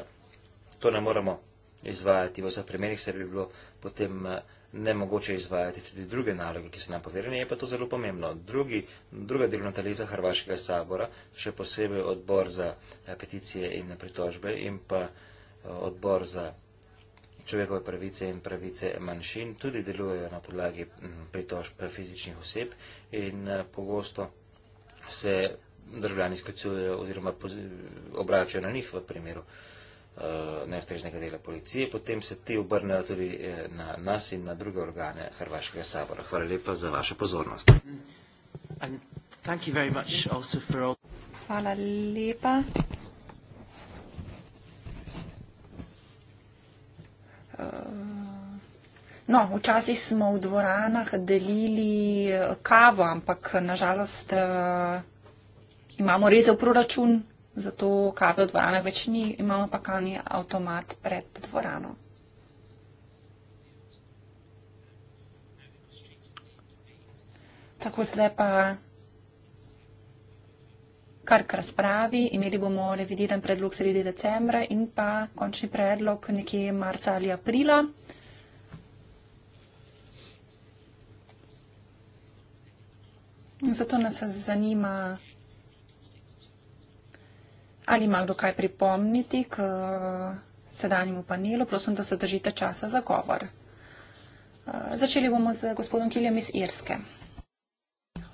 S2: to ne moremo izvajati v vseh primerih, se bi bilo potem eh, ne mogoče izvajati tudi druge naloge, ki so nam poverjene, je pa to zelo pomembno. Drugi, druga delovna taliza Hrvaškega sabora, še posebej odbor za eh, peticije in pritožbe in pa eh, odbor za človekove pravice in pravice manjšin, tudi delujejo na podlagi mm, pritožb fizičnih oseb in pogosto se državljani sklicujejo oziroma obračajo na njih v primeru uh, Eh, neustreznega dela policije, potem se ti obrnejo tudi eh, na nas in na druge organe Hrvaškega sabora. Hvala lepa za vašo
S1: pozornost.
S3: Hvala lepa. Eh, no, včasih smo v dvoranah delili kavo, ampak nažalost imamo rezov proračun zato kave v dvorane več ni, imamo pa kavni avtomat pred dvorano. Tako zdaj pa kar k razpravi, imeli bomo revidiran predlog sredi decembra in pa končni predlog nekje marca ali aprila. Zato nas zanima. Ali ima kdo kaj pripomniti k eh, sedanjemu panelu? Prosim, da se držite časa za govor. Eh, začeli bomo z gospodom Kiljem iz Irske.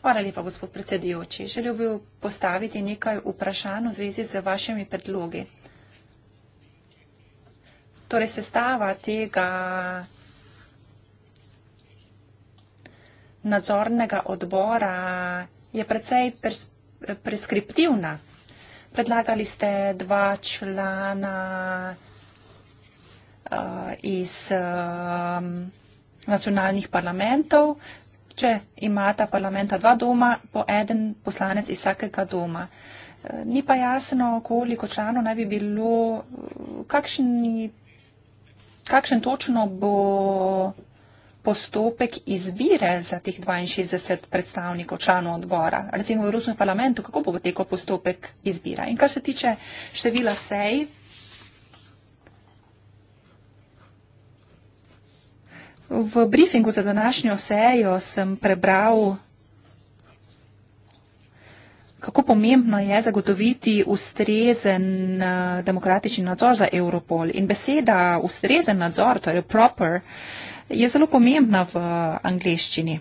S3: Hvala lepa, gospod predsedujoči. Želel bi postaviti nekaj vprašanj v zvezi z vašimi predlogi. Torej, sestava tega nadzornega odbora je precej pres preskriptivna. Predlagali ste dva člana uh, iz uh, nacionalnih parlamentov. Če imata parlamenta dva doma, po eden poslanec iz vsakega doma. Eh, ni pa jasno, koliko članov naj bi bilo, kakšen, kakšen točno bo postopek izbire za teh 62 predstavnikov članov odbora, recimo v Evropskem parlamentu, kako bo potekal postopek izbira. In kar se tiče števila sej, v briefingu za današnjo sejo sem prebral, kako pomembno je zagotoviti ustrezen eh, demokratični nadzor za Europol. In beseda ustrezen nadzor, torej proper, je zelo pomembna v angleščini.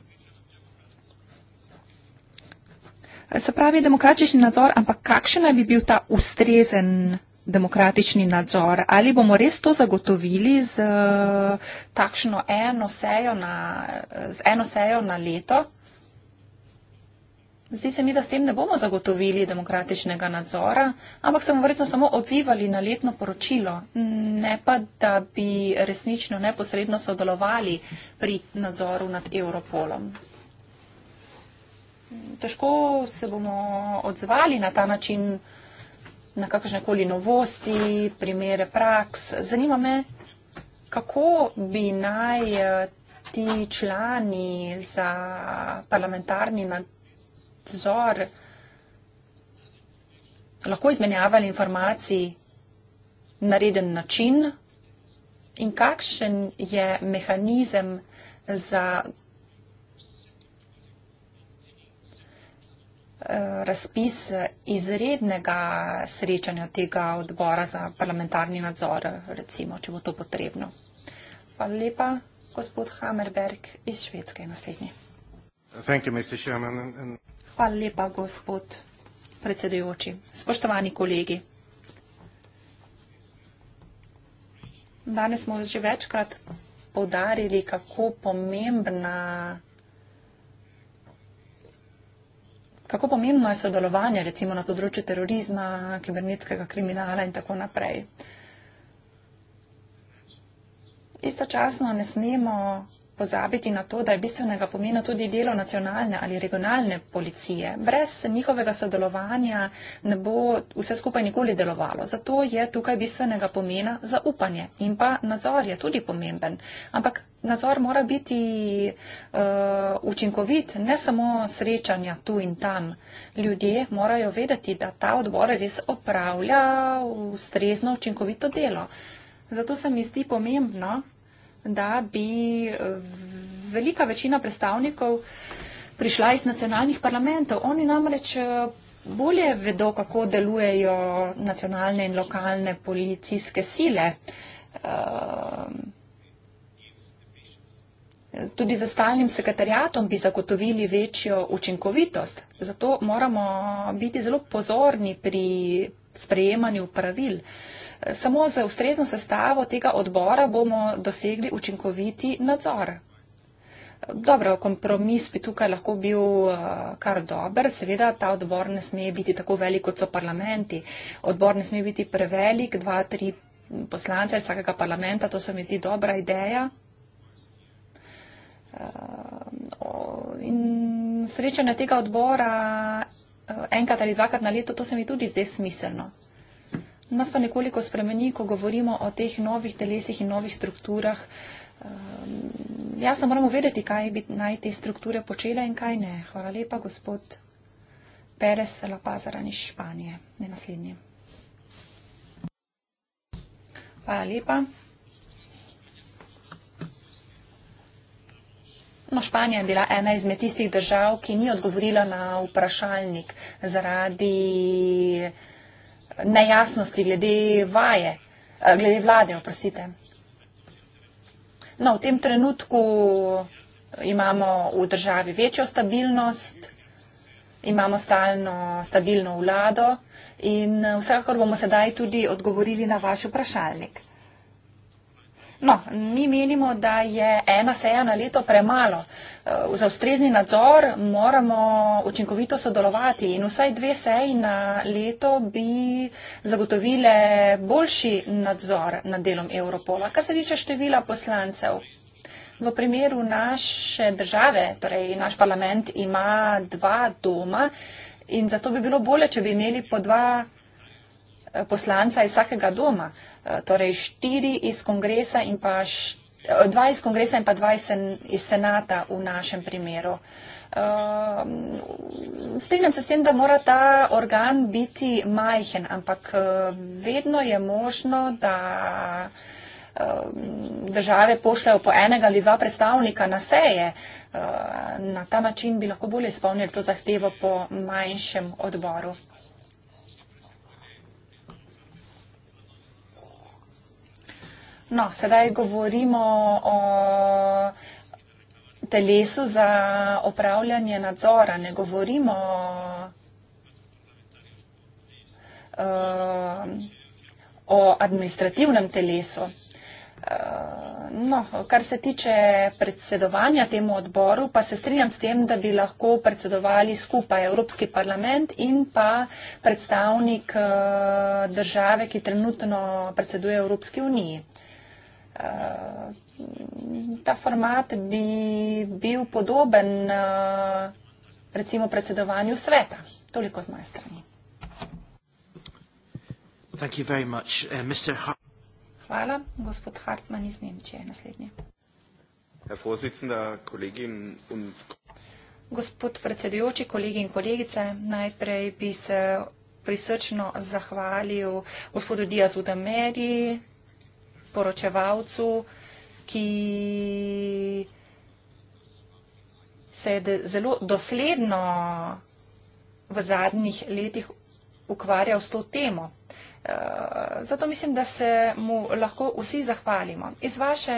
S3: Se pravi, demokratični nadzor, ampak kakšen naj bi bil ta ustrezen demokratični nadzor? Ali bomo res to zagotovili z eh, takšno eno sejo na, z eno sejo na leto? Zdi se mi, da s tem ne bomo zagotovili demokratičnega nadzora, ampak se bomo verjetno samo odzivali na letno poročilo, ne pa, da bi resnično neposredno sodelovali pri nadzoru nad Europolom. Težko se bomo odzvali na ta način na kakršne koli novosti, primere praks. Zanima me, kako bi naj eh, ti člani za parlamentarni nadzor nadzor, lahko izmenjavali informacij na reden način in kakšen je mehanizem za eh, razpis izrednega srečanja tega odbora za parlamentarni nadzor, recimo, če bo to potrebno. Hvala lepa, gospod Hammerberg iz Švedske, naslednji.
S1: Thank you, Mr. Chairman. And, and...
S3: Hvala lepa, gospod predsedujoči. Spoštovani kolegi. Danes smo že večkrat podarili, kako pomembna kako pomembno je sodelovanje recimo na področju terorizma, kibernetskega kriminala in tako naprej. Istočasno ne smemo pozabiti na to, da je bistvenega pomena tudi delo nacionalne ali regionalne policije. Brez njihovega sodelovanja ne bo vse skupaj nikoli delovalo. Zato je tukaj bistvenega pomena zaupanje in pa nadzor je tudi pomemben. Ampak nadzor mora biti uh, učinkovit, ne samo srečanja tu in tam. Ljudje morajo vedeti, da ta odbor res opravlja ustrezno učinkovito delo. Zato se mi zdi pomembno, da bi eh, velika večina predstavnikov prišla iz nacionalnih parlamentov. Oni namreč eh, bolje vedo, kako delujejo nacionalne in lokalne policijske sile. Eh, tudi za stalnim sekretarjatom bi zagotovili večjo učinkovitost. Zato moramo biti zelo pozorni pri sprejemanju pravil. Uh, samo z ustrezno sestavo tega odbora bomo dosegli učinkoviti nadzor. Dobro, kompromis bi tukaj lahko bil eh, kar dober. Seveda, ta odbor ne sme biti tako velik, kot so parlamenti. Odbor ne sme biti prevelik, dva, tri poslance iz vsakega parlamenta, to se mi zdi dobra ideja. Eh, in srečanje tega odbora eh, enkrat ali dvakrat na leto, to se mi tudi zdi smiselno nas pa nekoliko spremeni, ko govorimo o teh novih telesih in novih strukturah. Ehm, jasno moramo vedeti, kaj bi naj te strukture počele in kaj ne. Hvala lepa, gospod Perez Lapazaran iz Španije. Ne naslednji. Hvala lepa. No, Španija je bila ena izmed tistih držav, ki ni odgovorila na vprašalnik zaradi nejasnosti glede vaje, eh, glede vlade, oprostite. No, v tem trenutku imamo v državi večjo stabilnost, imamo stalno stabilno vlado in eh, vsekakor bomo sedaj tudi odgovorili na vaš vprašalnik. No, mi menimo, da je ena seja na leto premalo. Eh, za ustrezni nadzor moramo učinkovito sodelovati in vsaj dve seji na leto bi zagotovile boljši nadzor nad delom Europola. Kar se tiče števila poslancev, v primeru naše države, torej naš parlament ima dva doma in zato bi bilo bolje, če bi imeli po dva poslanca iz vsakega doma, eh, torej štiri iz kongresa in pa štiri. Eh, dva iz kongresa in pa dva iz senata v našem primeru. Eh, strinjam se s tem, da mora ta organ biti majhen, ampak vedno je možno, da države pošljajo po enega ali dva predstavnika na seje. Na ta način bi lahko bolje izpolnili to zahtevo po manjšem odboru. No, sedaj govorimo o telesu za opravljanje nadzora. Ne govorimo uh, o administrativnem telesu. Eh, no, kar se tiče predsedovanja temu odboru, pa se strinjam s tem, da bi lahko predsedovali skupaj Evropski parlament in pa predstavnik eh, države, ki trenutno predseduje Evropski uniji. Eh, ta format bi bil podoben eh, recimo predsedovanju sveta. Toliko z moje strani.
S1: Thank you very much, uh, eh, Mr.
S3: Hvala, gospod Hartmann iz Nemčije. Naslednje. Gospod predsedujoči, kolegi in kolegice, najprej bi se prisrčno zahvalil gospodu Diazu Dameri, poročevalcu, ki se je zelo dosledno v zadnjih letih ukvarjal s to temo. Eh, zato mislim, da se mu lahko vsi zahvalimo. Iz vaše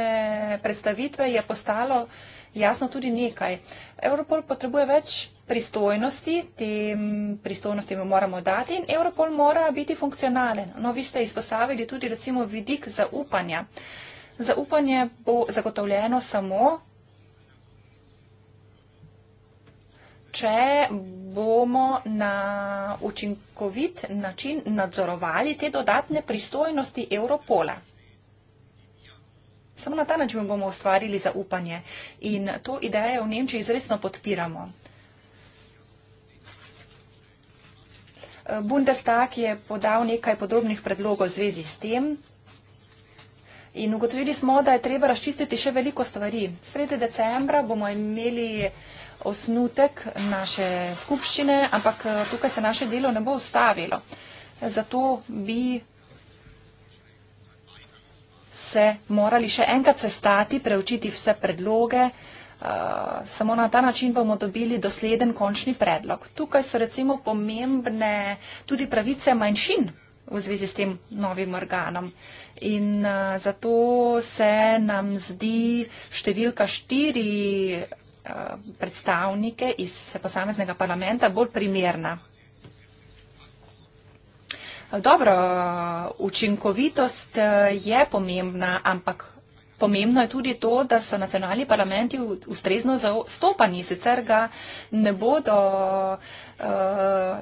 S3: predstavitve je postalo jasno tudi nekaj. Evropol potrebuje več pristojnosti, tem pristojnosti mi moramo dati in Europol mora biti funkcionalen. No, vi ste izpostavili tudi recimo vidik zaupanja. Zaupanje bo zagotovljeno samo, če bomo na učinkovit način nadzorovali te dodatne pristojnosti Europola. Samo na ta način bomo ustvarili zaupanje in to idejo v Nemčiji izresno podpiramo. Bundestag je podal nekaj podrobnih predlogov v zvezi s tem. In ugotovili smo, da je treba razčistiti še veliko stvari. Sredi decembra bomo imeli osnutek naše skupščine, ampak eh, tukaj se naše delo ne bo ustavilo. Zato bi se morali še enkrat sestati, preučiti vse predloge. Eh, samo na ta način bomo dobili dosleden končni predlog. Tukaj so recimo pomembne tudi pravice manjšin v zvezi s tem novim organom. In uh, zato se nam zdi številka štiri uh, predstavnike iz posameznega parlamenta bolj primerna. Dobro, učinkovitost je pomembna, ampak Pomembno je tudi to, da so nacionalni parlamenti ustrezno zastopani, sicer ga ne bodo. Uh,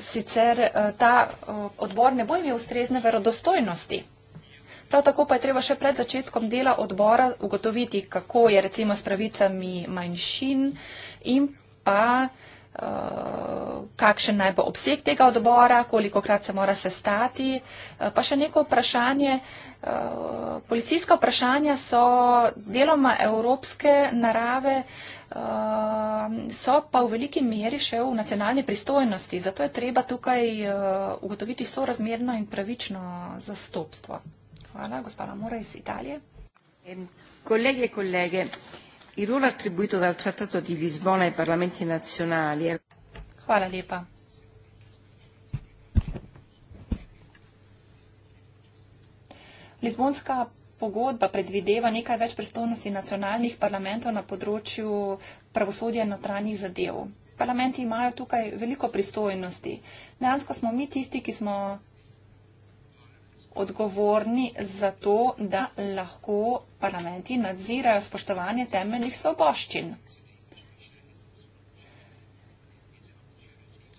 S3: sicer eh, ta eh, odbor ne bo imel ustrezne verodostojnosti. Prav tako pa je treba še pred začetkom dela odbora ugotoviti, kako je recimo s pravicami manjšin in pa uh, Eh, kakšen naj bo obseg tega odbora, koliko krat se mora sestati. Eh, pa še neko vprašanje. Eh, policijska vprašanja so deloma evropske narave, so pa v veliki meri še v nacionalni pristojnosti. Zato je treba tukaj ugotoviti sorazmerno in pravično zastopstvo. Hvala, gospoda Mora iz Italije. Kolege, kolege. Il ruolo attribuito dal Trattato di Lisbona ai Parlamenti nazionali è... Hvala lepa. Lisbonska pogodba predvideva nekaj več pristojnosti nacionalnih parlamentov na področju pravosodja in notranjih zadev. Parlamenti imajo tukaj veliko pristojnosti. Dejansko smo mi tisti, ki smo odgovorni za to, da lahko parlamenti nadzirajo spoštovanje temeljnih svoboščin.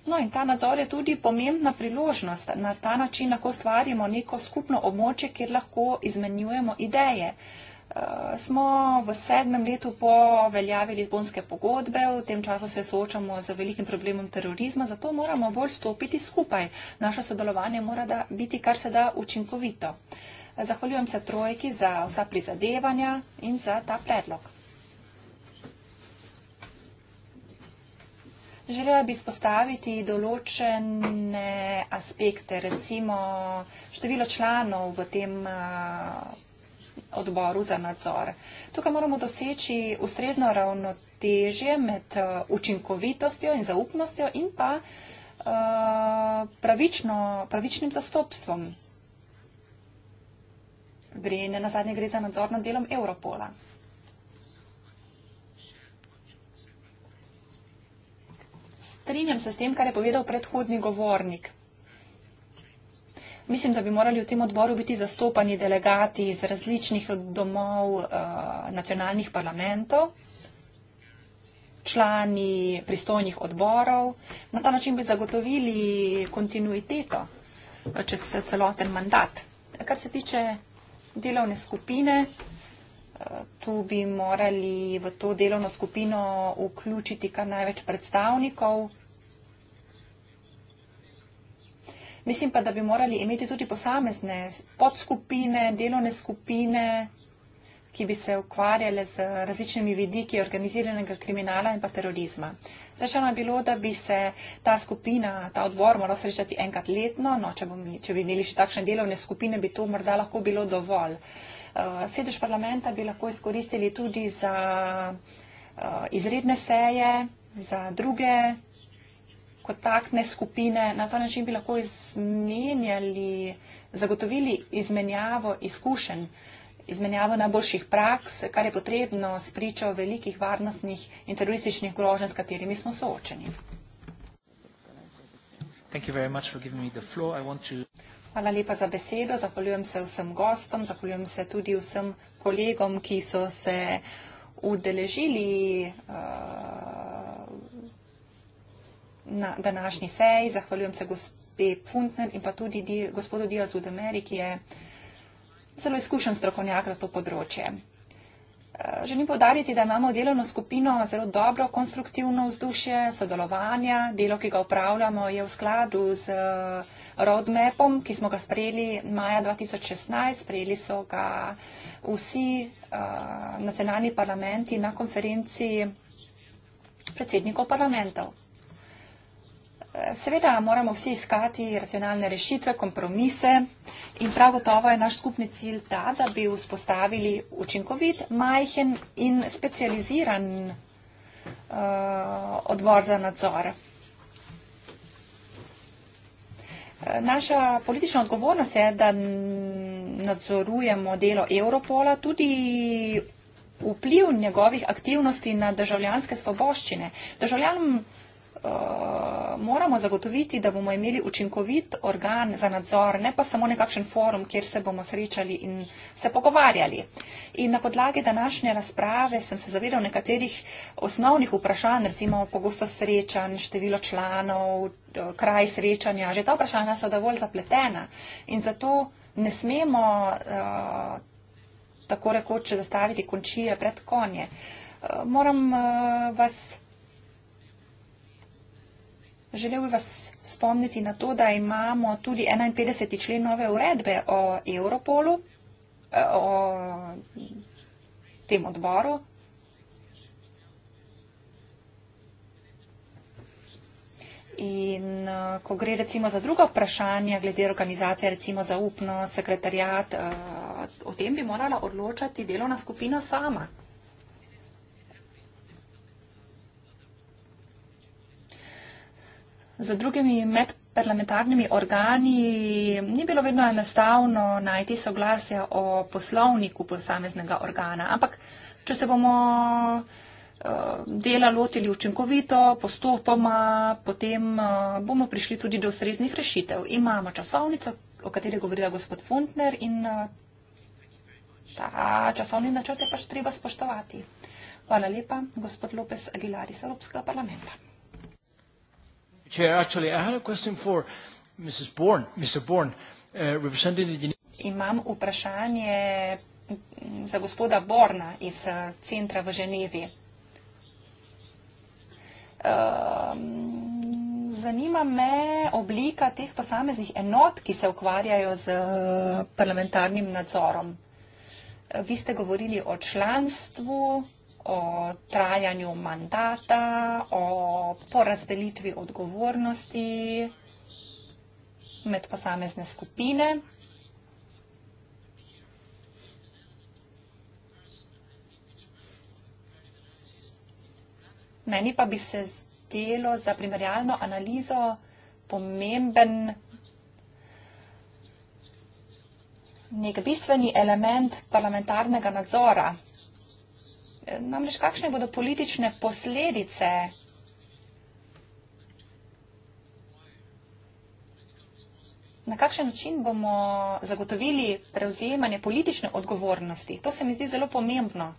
S3: No in ta nadzor je tudi pomembna priložnost. Na ta način lahko stvarimo neko skupno območje, kjer lahko izmenjujemo ideje. Uh, Eh, smo v sedmem letu po veljavi Lizbonske pogodbe, v tem času se soočamo z velikim problemom terorizma, zato moramo bolj stopiti skupaj. Naše sodelovanje mora biti kar se da učinkovito. Eh, zahvaljujem se trojki za vsa prizadevanja in za ta predlog. Želela bi spostaviti določene aspekte, recimo število članov v tem eh, odboru za nadzor. Tukaj moramo doseči ustrezno ravnotežje med eh, učinkovitostjo in zaupnostjo in pa eh, pravično, pravičnim zastopstvom. Gre, ne na zadnje gre za nadzor nad delom Europola. Strinjam se s tem, kar je povedal predhodni govornik mislim, da bi morali v tem odboru biti zastopani delegati iz različnih domov eh, nacionalnih parlamentov, člani pristojnih odborov. Na ta način bi zagotovili kontinuiteto eh, čez celoten mandat. Kar se tiče delovne skupine, eh, tu bi morali v to delovno skupino vključiti kar največ predstavnikov Mislim pa, da bi morali imeti tudi posamezne podskupine, delovne skupine, ki bi se ukvarjale z različnimi vidiki organiziranega kriminala in pa terorizma. Rečeno je bilo, da bi se ta skupina, ta odbor moral srečati enkrat letno, no, če, mi, če bi imeli še takšne delovne skupine, bi to morda lahko bilo dovolj. Uh, sedež parlamenta bi lahko izkoristili tudi za uh, izredne seje, za druge kontaktne skupine, na ta način bi lahko izmenjali, zagotovili izmenjavo izkušenj, izmenjavo najboljših praks, kar je potrebno spričo velikih varnostnih in terorističnih groženj, s katerimi smo soočeni. Hvala lepa za besedo, zahvaljujem se vsem gostom, zahvaljujem se tudi vsem kolegom, ki so se udeležili uh, na današnji seji. Zahvaljujem se gospe Funtner in pa tudi di, gospodu Diazu Demeri, ki je zelo izkušen strokovnjak za to področje. Eh, želim povdariti, da imamo v delovno skupino zelo dobro konstruktivno vzdušje sodelovanja. Delo, ki ga upravljamo, je v skladu z eh, roadmapom, ki smo ga sprejeli maja 2016. Sprejeli so ga vsi uh, nacionalni parlamenti na konferenci predsednikov parlamentov. Seveda moramo vsi iskati racionalne rešitve, kompromise in prav gotovo je naš skupni cilj ta, da bi vzpostavili učinkovit, majhen in specializiran uh, odbor za nadzor. Eh, naša politična odgovornost je, da nadzorujemo delo Europola, tudi vpliv njegovih aktivnosti na državljanske svoboščine. Državljanom Eh, moramo zagotoviti, da bomo imeli učinkovit organ za nadzor, ne pa samo nekakšen forum, kjer se bomo srečali in se pogovarjali. In na podlagi današnje razprave sem se zavedal nekaterih osnovnih vprašanj, recimo pogosto srečanj, število članov, kraj srečanja. Že ta vprašanja so dovolj zapletena in zato ne smemo uh, tako rekoč zastaviti končije pred konje. Uh, moram uh, vas želel bi vas spomniti na to, da imamo tudi 51. člen nove uredbe o Europolu, eh, o tem odboru. In eh, ko gre recimo za druga vprašanja glede organizacije, recimo za upno sekretarjat, eh, o tem bi morala odločati delovna skupina sama. z drugimi medparlamentarnimi organi ni bilo vedno enostavno najti soglasja o poslovniku posameznega organa. Ampak, če se bomo eh, dela lotili učinkovito, postopoma, potem eh, bomo prišli tudi do ustreznih rešitev. Imamo časovnico, o kateri je govorila gospod Funtner in eh, ta časovni načrt je pač treba spoštovati. Hvala lepa, gospod Lopes Aguilar iz Evropskega parlamenta.
S1: Chair, actually, I had a question for Mrs. Bourne, Mr. Bourne, uh, representing the.
S3: Imam vprašanje za gospoda Borna iz uh, centra v Ženevi.
S1: Um,
S3: zanima me oblika teh posameznih enot, ki se ukvarjajo z uh, parlamentarnim nadzorom. Vi ste govorili o članstvu o trajanju mandata, o porazdelitvi odgovornosti med posamezne skupine. Meni pa bi se zdelo za primerjalno analizo pomemben nek bistveni element parlamentarnega nadzora. Namreč kakšne bodo politične posledice? Na kakšen način bomo zagotovili prevzemanje politične odgovornosti? To se mi zdi zelo pomembno.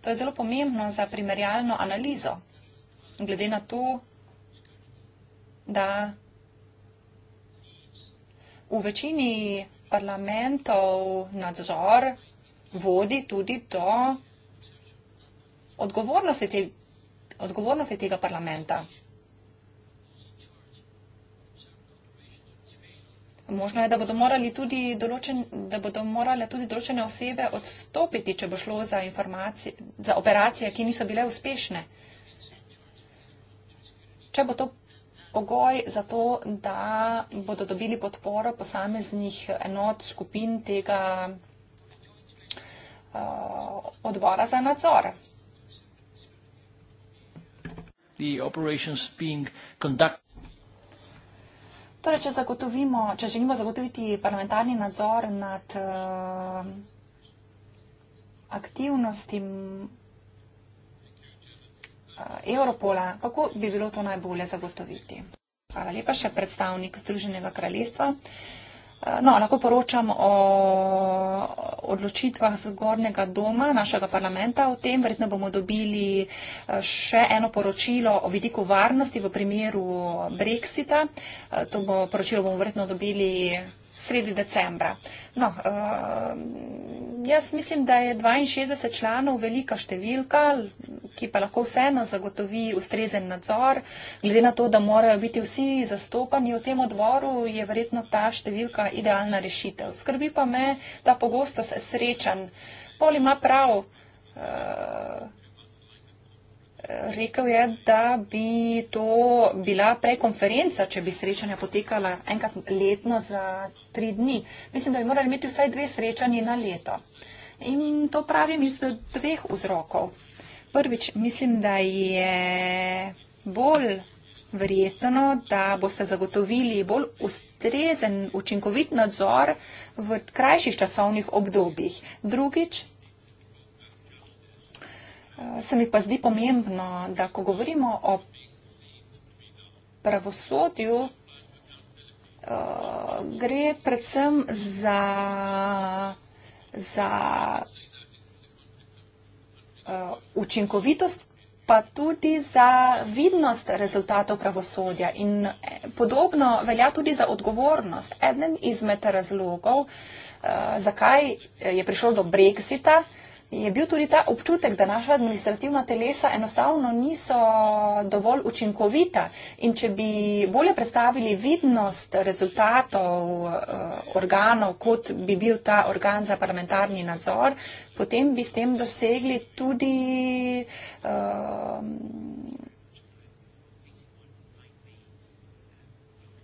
S3: To je zelo pomembno za primerjalno analizo. Glede na to, da v večini parlamentov nadzor vodi tudi do odgovornost je, te, odgovornost je tega parlamenta. Možno je, da bodo, tudi določen, da bodo morale tudi določene osebe odstopiti, če bo šlo za, za operacije, ki niso bile uspešne. Če bo to pogoj za to, da bodo dobili podporo posameznih enot, skupin tega uh, odbora za nadzor
S1: the operations being conducted.
S3: Torej, če, če želimo zagotoviti parlamentarni nadzor nad uh, aktivnosti uh, Europola, kako bi bilo to najbolje zagotoviti? Hvala lepa še predstavnik Združenega kraljestva. Uh, No, lahko poročam o odločitvah zgornjega doma našega parlamenta o tem. Verjetno bomo dobili eh, še eno poročilo o vidiku varnosti v primeru Brexita. Eh, to bo, poročilo bomo verjetno dobili sredi decembra. No, uh, jaz mislim, da je 62 članov velika številka, ki pa lahko vseeno zagotovi ustrezen nadzor. Glede na to, da morajo biti vsi zastopani v tem odboru, je verjetno ta številka idealna rešitev. Skrbi pa me, da pogosto se srečan. Pol ima prav. Uh, rekel je, da bi to bila prej konferenca, če bi srečanja potekala enkrat letno za tri dni. Mislim, da bi morali imeti vsaj dve srečanji na leto. In to pravim iz dveh vzrokov. Prvič, mislim, da je bolj verjetno, da boste zagotovili bolj ustrezen, učinkovit nadzor v krajših časovnih obdobjih. Drugič, se mi pa zdi pomembno, da ko govorimo o pravosodju, eh, gre predvsem za, za eh, učinkovitost, pa tudi za vidnost rezultatov pravosodja. In eh, podobno velja tudi za odgovornost. Eden izmed razlogov, zakaj je prišlo do brexita, je bil tudi ta občutek, da naša administrativna telesa enostavno niso dovolj učinkovita. In če bi bolje predstavili vidnost rezultatov eh, organov, kot bi bil ta organ za parlamentarni nadzor, potem bi s tem dosegli tudi. Eh,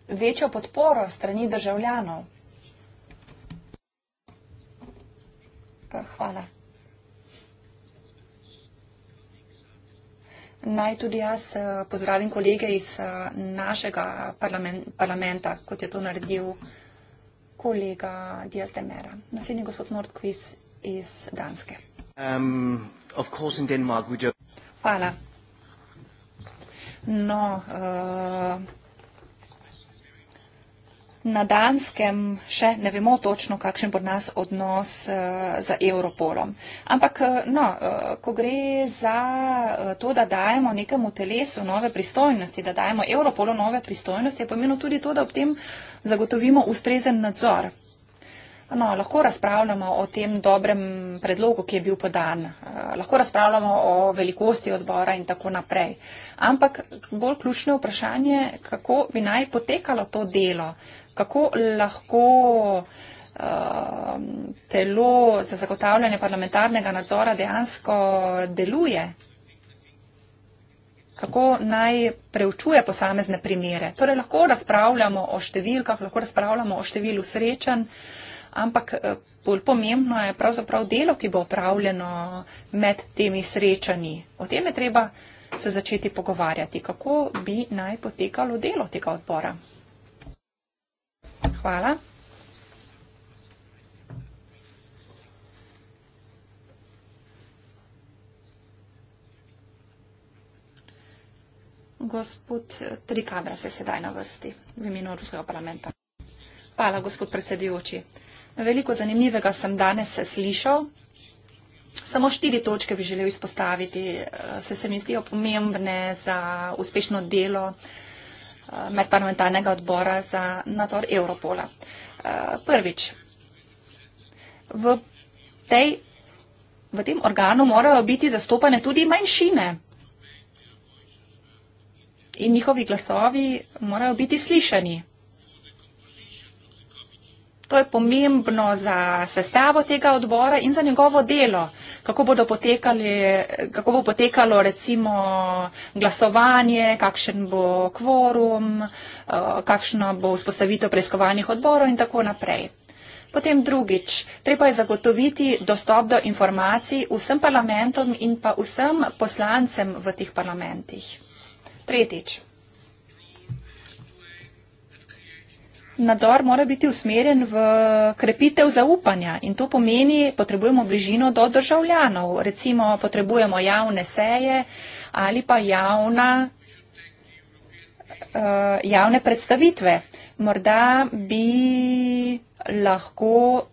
S3: večjo podporo strani državljanov. Hvala. Naj tudi jaz eh, pozdravim kolege iz eh, našega parlamen, parlamenta, kot je to naredil kolega Dias de Mera. Naslednji gospod Nordquist iz Danske. Um, Hvala. No, uh, na danskem še ne vemo točno, kakšen bo nas odnos eh, z Europolom. Ampak, eh, no, eh, ko gre za to, da dajemo nekemu telesu nove pristojnosti, da dajemo Europolu nove pristojnosti, je pomenilo tudi to, da ob tem zagotovimo ustrezen nadzor. No, lahko razpravljamo o tem dobrem predlogu, ki je bil podan, lahko razpravljamo o velikosti odbora in tako naprej. Ampak bolj ključno vprašanje, kako bi naj potekalo to delo, kako lahko uh, telo za zagotavljanje parlamentarnega nadzora dejansko deluje, kako naj preučuje posamezne primere. Torej lahko razpravljamo o številkah, lahko razpravljamo o številu srečen, ampak. Eh, bolj pomembno je pravzaprav delo, ki bo opravljeno med temi srečanji. O tem je treba se začeti pogovarjati, kako bi naj potekalo delo tega odbora. Hvala. Gospod Trikabra se sedaj na vrsti v imenu Ruskega parlamenta. Hvala, gospod predsedujoči. Veliko zanimivega sem danes slišal. Samo štiri točke bi želel izpostaviti. Eh, se se mi zdijo pomembne za uspešno delo uh, medparlamentarnega odbora za nadzor Europola. Eh, prvič, v, tej, v tem organu morajo biti zastopane tudi manjšine in njihovi glasovi morajo biti slišani. To je pomembno za sestavo tega odbora in za njegovo delo, kako, kako bo potekalo recimo glasovanje, kakšen bo kvorum, eh, kakšno bo vzpostavitev preiskovalnih odborov in tako naprej. Potem drugič, treba je zagotoviti dostop do informacij vsem parlamentom in pa vsem poslancem v teh parlamentih. Tretjič. nadzor mora biti usmerjen v krepitev zaupanja in to pomeni, potrebujemo bližino do državljanov, recimo potrebujemo javne seje ali pa javna, uh, javne predstavitve. Morda bi lahko uh,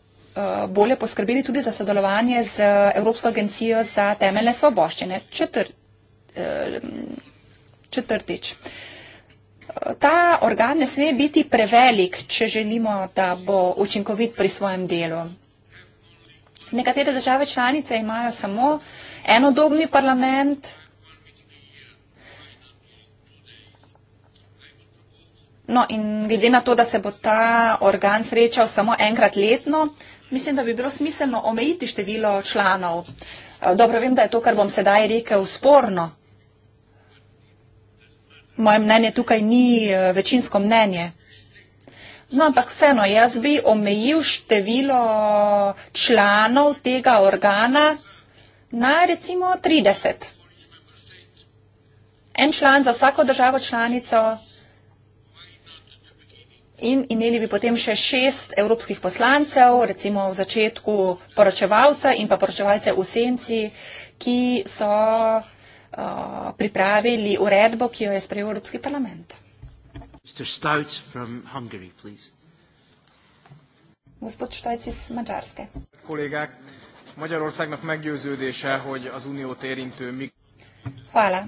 S3: bolje poskrbeli tudi za sodelovanje z Evropsko agencijo za temeljne svoboščine. Četr, uh, četrtič ta organ ne sme biti prevelik, če želimo, da bo učinkovit pri svojem delu. Nekatere države članice imajo samo enodobni parlament. No in glede na to, da se bo ta organ srečal samo enkrat letno, mislim, da bi bilo smiselno omejiti število članov. Dobro vem, da je to, kar bom sedaj rekel, sporno, moje mnenje tukaj ni eh, večinsko mnenje. No, ampak vseeno, jaz bi omejil število članov tega organa na recimo 30. En član za vsako državo članico in imeli bi potem še šest evropskih poslancev, recimo v začetku poročevalca in pa poročevalce v senci, ki so uh, uh, pripravili uredbo, ki jo je sprejel Evropski parlament. Hungary, Gospod Štajc iz Mačarske.
S1: Kolegák, Magyarországnak meggyőződése,
S4: hogy az uniót érintő mig...
S3: Hvala.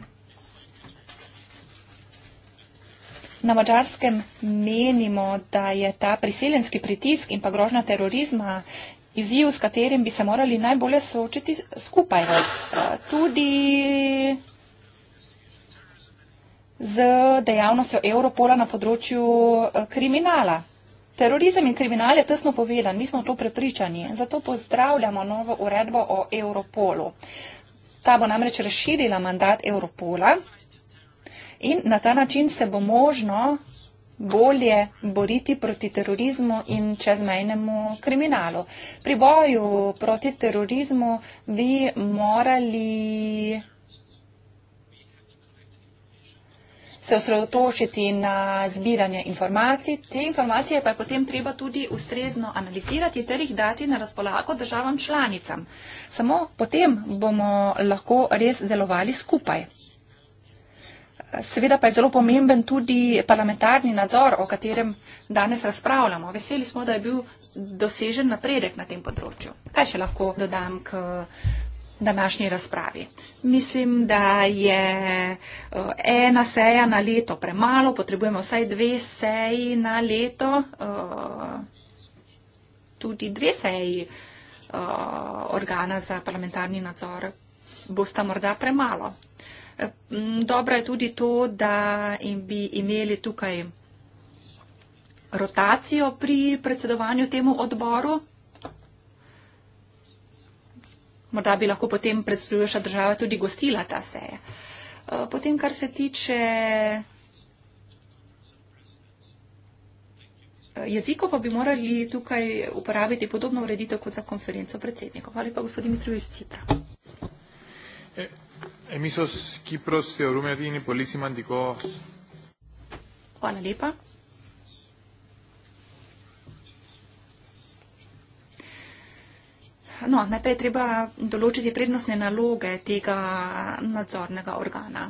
S3: Na mačarskem menimo, da je ta priseljenski pritisk in pa grožnja terorizma, izziv, s katerim bi se morali najbolje soočiti skupaj. Eh, tudi z dejavnostjo Europola na področju eh, kriminala. Terorizem in kriminal je tesno povedan, mi smo to prepričani. Zato pozdravljamo novo uredbo o Europolu. Ta bo namreč razširila mandat Europola in na ta način se bo možno bolje boriti proti terorizmu in čezmejnemu kriminalu. Pri boju proti terorizmu bi morali se osredotočiti na zbiranje informacij. Te informacije pa je potem treba tudi ustrezno analizirati ter jih dati na razpolago državam članicam. Samo potem bomo lahko res delovali skupaj. Seveda pa je zelo pomemben tudi parlamentarni nadzor, o katerem danes razpravljamo. Veseli smo, da je bil dosežen napredek na tem področju. Kaj še lahko dodam k današnji razpravi? Mislim, da je eh, ena seja na leto premalo, potrebujemo vsaj dve seji na leto, eh, tudi dve seji eh, organa za parlamentarni nadzor bosta morda premalo. Mm, dobro je tudi to, da jim bi imeli tukaj rotacijo pri predsedovanju temu odboru. Morda bi lahko potem predsedujoča država tudi gostila ta seje. Eh, potem, kar se tiče eh, jezikov, pa bi morali tukaj uporabiti podobno ureditev kot za konferenco predsednikov. Hvala lepa, gospod Dimitrov iz Cipra.
S2: Eh, Emiso Kipros θεωρούμε ότι είναι πολύ σημαντικό.
S3: Παναλείπα. No, najprej je treba določiti prednostne naloge tega nadzornega organa.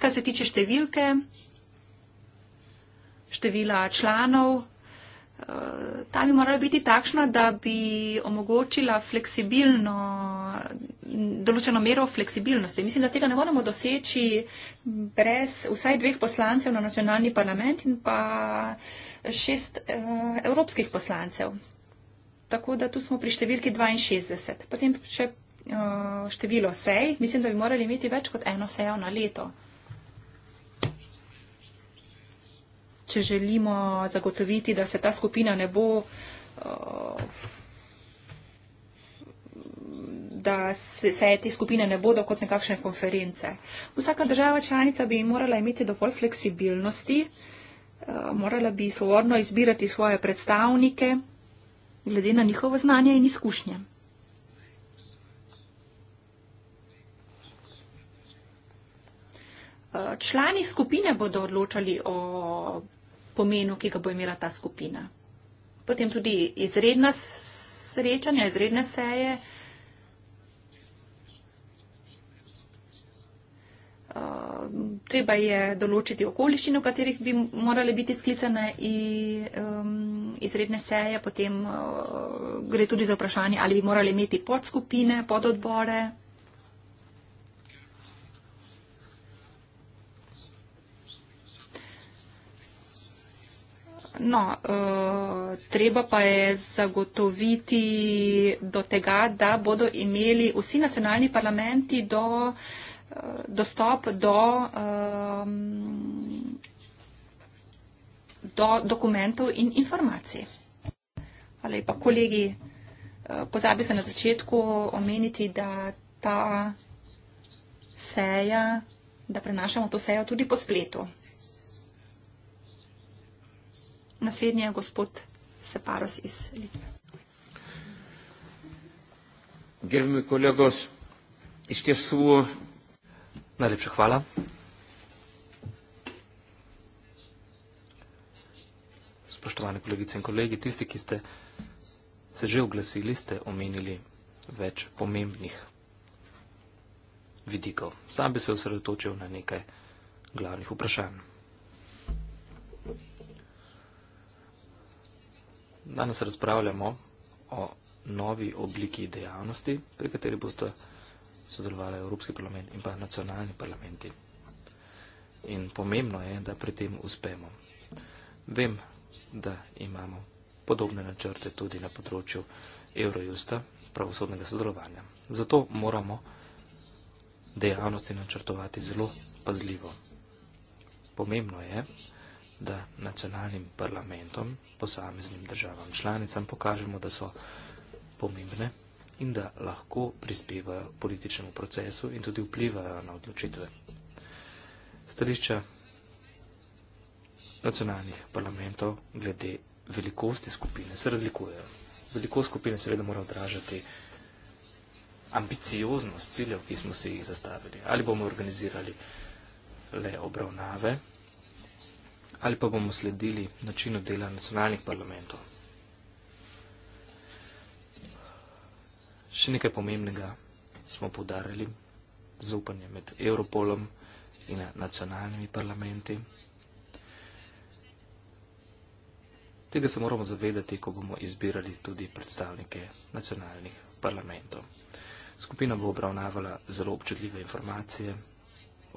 S3: Kaj se tiče številke, števila članov, ta bi morala biti takšna, da bi omogočila fleksibilno, določeno mero fleksibilnosti. Mislim, da tega ne moramo doseči brez vsaj dveh poslancev na nacionalni parlament in pa šest uh, evropskih poslancev. Tako da tu smo pri številki 62. Potem še uh, število sej. Mislim, da bi morali imeti več kot eno sejo na leto. če želimo zagotoviti, da se ta skupina ne bo, uh, da se te skupine ne bodo kot nekakšne konference. Vsaka država članica bi morala imeti dovolj fleksibilnosti, uh, morala bi svobodno izbirati svoje predstavnike glede na njihovo znanje in izkušnje. Eh, člani skupine bodo odločali o pomenu, ki ga bo imela ta skupina. Potem tudi izredna srečanja, izredne seje. Eh, treba je določiti okoliščine, v katerih bi morale biti sklicane izredne seje. Potem eh, gre tudi za vprašanje, ali bi morali imeti podskupine, pododbore. No, uh, treba pa je zagotoviti do tega, da bodo imeli vsi nacionalni parlamenti do, uh, dostop do, uh, do dokumentov in informacij. Hvala lepa, kolegi. Eh, pozabil sem na začetku omeniti, da ta seja, da prenašamo to sejo tudi po spletu. Naslednji je gospod Separos iz Litve.
S4: Gerbimi kolegos, iz tiesų. Najlepša hvala. Spoštovane kolegice in kolegi, tisti, ki ste se že oglasili, ste omenili več pomembnih vidikov. Sam bi se osredotočil na nekaj glavnih vprašanj. Danes razpravljamo o novi obliki dejavnosti, pri kateri boste sodelovali Evropski parlament in pa nacionalni parlamenti. In pomembno je, da pri tem uspemo. Vem, da imamo podobne načrte tudi na področju Eurojusta, pravosodnega sodelovanja. Zato moramo dejavnosti načrtovati zelo pazljivo. Pomembno je, da nacionalnim parlamentom, posameznim državam članicam pokažemo, da so pomembne in da lahko prispevajo k političnemu procesu in tudi vplivajo na odločitve. Stališča nacionalnih parlamentov glede velikosti skupine se razlikujejo. Velikost skupine seveda mora odražati ambicioznost ciljev, ki smo si jih zastavili. Ali bomo organizirali le obravnave, ali pa bomo sledili načinu dela nacionalnih parlamentov. Še nekaj pomembnega smo povdarjali, zaupanje med Europolom in nacionalnimi parlamenti. Tega se moramo zavedati, ko bomo izbirali tudi predstavnike nacionalnih parlamentov. Skupina bo obravnavala zelo občutljive informacije,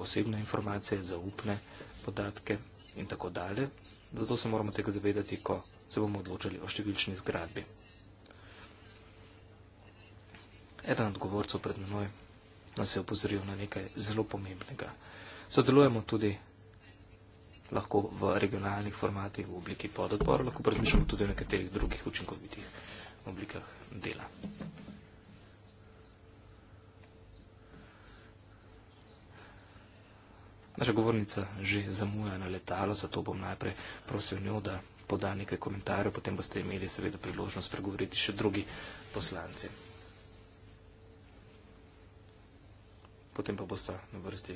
S4: osebne informacije, zaupne podatke in tako dalje, zato se moramo tega zavedati, ko se bomo odločili o številčni zgradbi. Eden od govorcev pred menoj nas je opozoril na nekaj zelo pomembnega. Sodelujemo tudi lahko v regionalnih formatih v obliki pododbora, lahko pa razmišljamo tudi o nekaterih drugih učinkovitih oblikah dela. Naša govornica že zamuja na letalo, zato bom najprej prosil njo, da poda nekaj komentarjev, potem boste imeli seveda priložnost pregovoriti še drugi poslanci. Potem pa boste na vrsti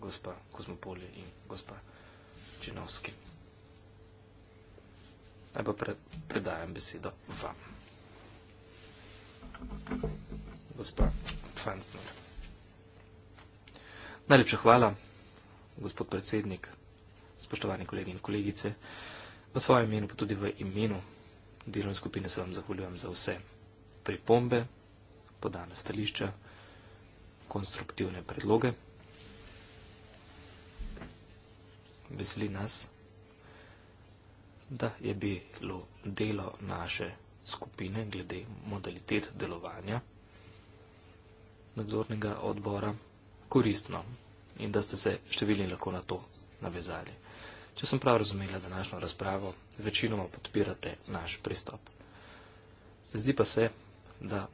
S4: gospa Kozmopolje in gospa Činovski. Naj pa predajam besedo vam. Gospa Fantner. Najlepša hvala gospod predsednik, spoštovani kolegi in kolegice, v svojem imenu pa tudi v imenu delovne skupine se vam zahvaljujem za vse pripombe, podane stališča, konstruktivne predloge. Veseli nas, da je bilo delo naše skupine glede modalitet delovanja nadzornega odbora koristno in da ste se številni lahko na to navezali. Če sem prav razumela današnjo razpravo, večinoma podpirate naš pristop. Zdi pa se, da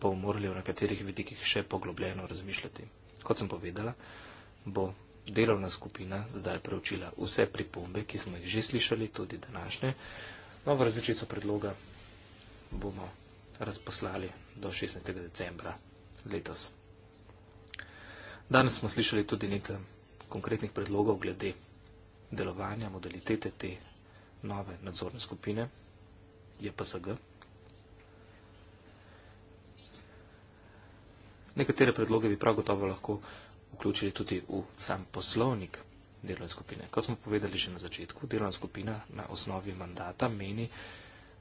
S4: pa bomo morali v nekaterih vidikih še poglobljeno razmišljati. Kot sem povedala, bo delovna skupina zdaj preučila vse pripombe, ki smo jih že slišali, tudi današnje. Novo različico predloga bomo razposlali do 16. decembra letos. Danes smo slišali tudi nekaj konkretnih predlogov glede delovanja, modalitete te nove nadzorne skupine, JPSG. Nekatere predloge bi prav gotovo lahko vključili tudi v sam poslovnik delovne skupine. Kot smo povedali že na začetku, delovna skupina na osnovi mandata meni,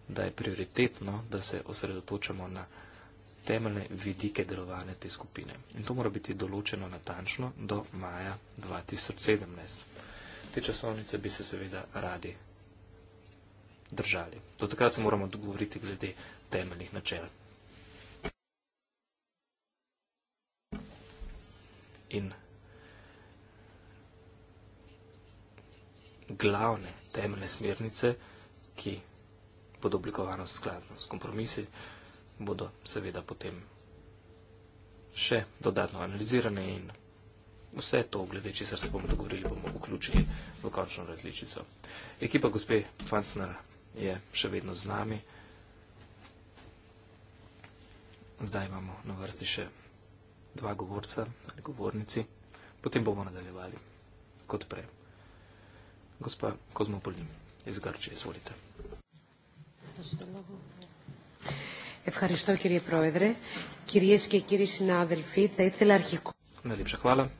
S4: da je prioritetno, da se osredotočamo na temeljne vidike delovanja te skupine. In to mora biti določeno natančno do maja 2017. Te časovnice bi se seveda radi držali. Do takrat se moramo dogovoriti glede temeljnih načel. In glavne temeljne smernice, ki bodo oblikovane skladno s kompromisi, bodo seveda potem še dodatno analizirane in vse to, glede česar se bomo dogovorili, bomo vključili v končno različico. Ekipa gospe Fantner je še vedno z nami. Zdaj imamo na vrsti še dva govorca ali govornici, potem bomo nadaljevali kot prej. Gospa Kozmopolin iz Grčije, izvolite.
S1: Hvala. Ευχαριστώ κύριε Πρόεδρε. Κυρίες και κύριοι συνάδελφοι, θα ήθελα αρχικό...
S4: Να λείψα χάλα.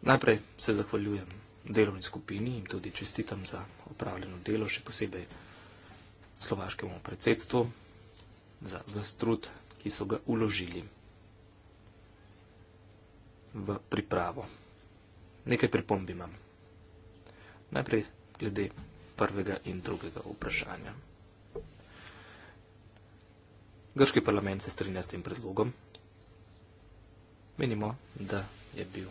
S4: Να σε ευχαριστώ delovni skupini in tudi čestitam za opravljeno delo, še posebej slovaškemu predsedstvu, za vse trud, ki so ga uložili v pripravo. Nekaj pripomb imam. Najprej glede prvega in drugega vprašanja. Grški parlament se strinja s tem predlogom. Menimo, da je bil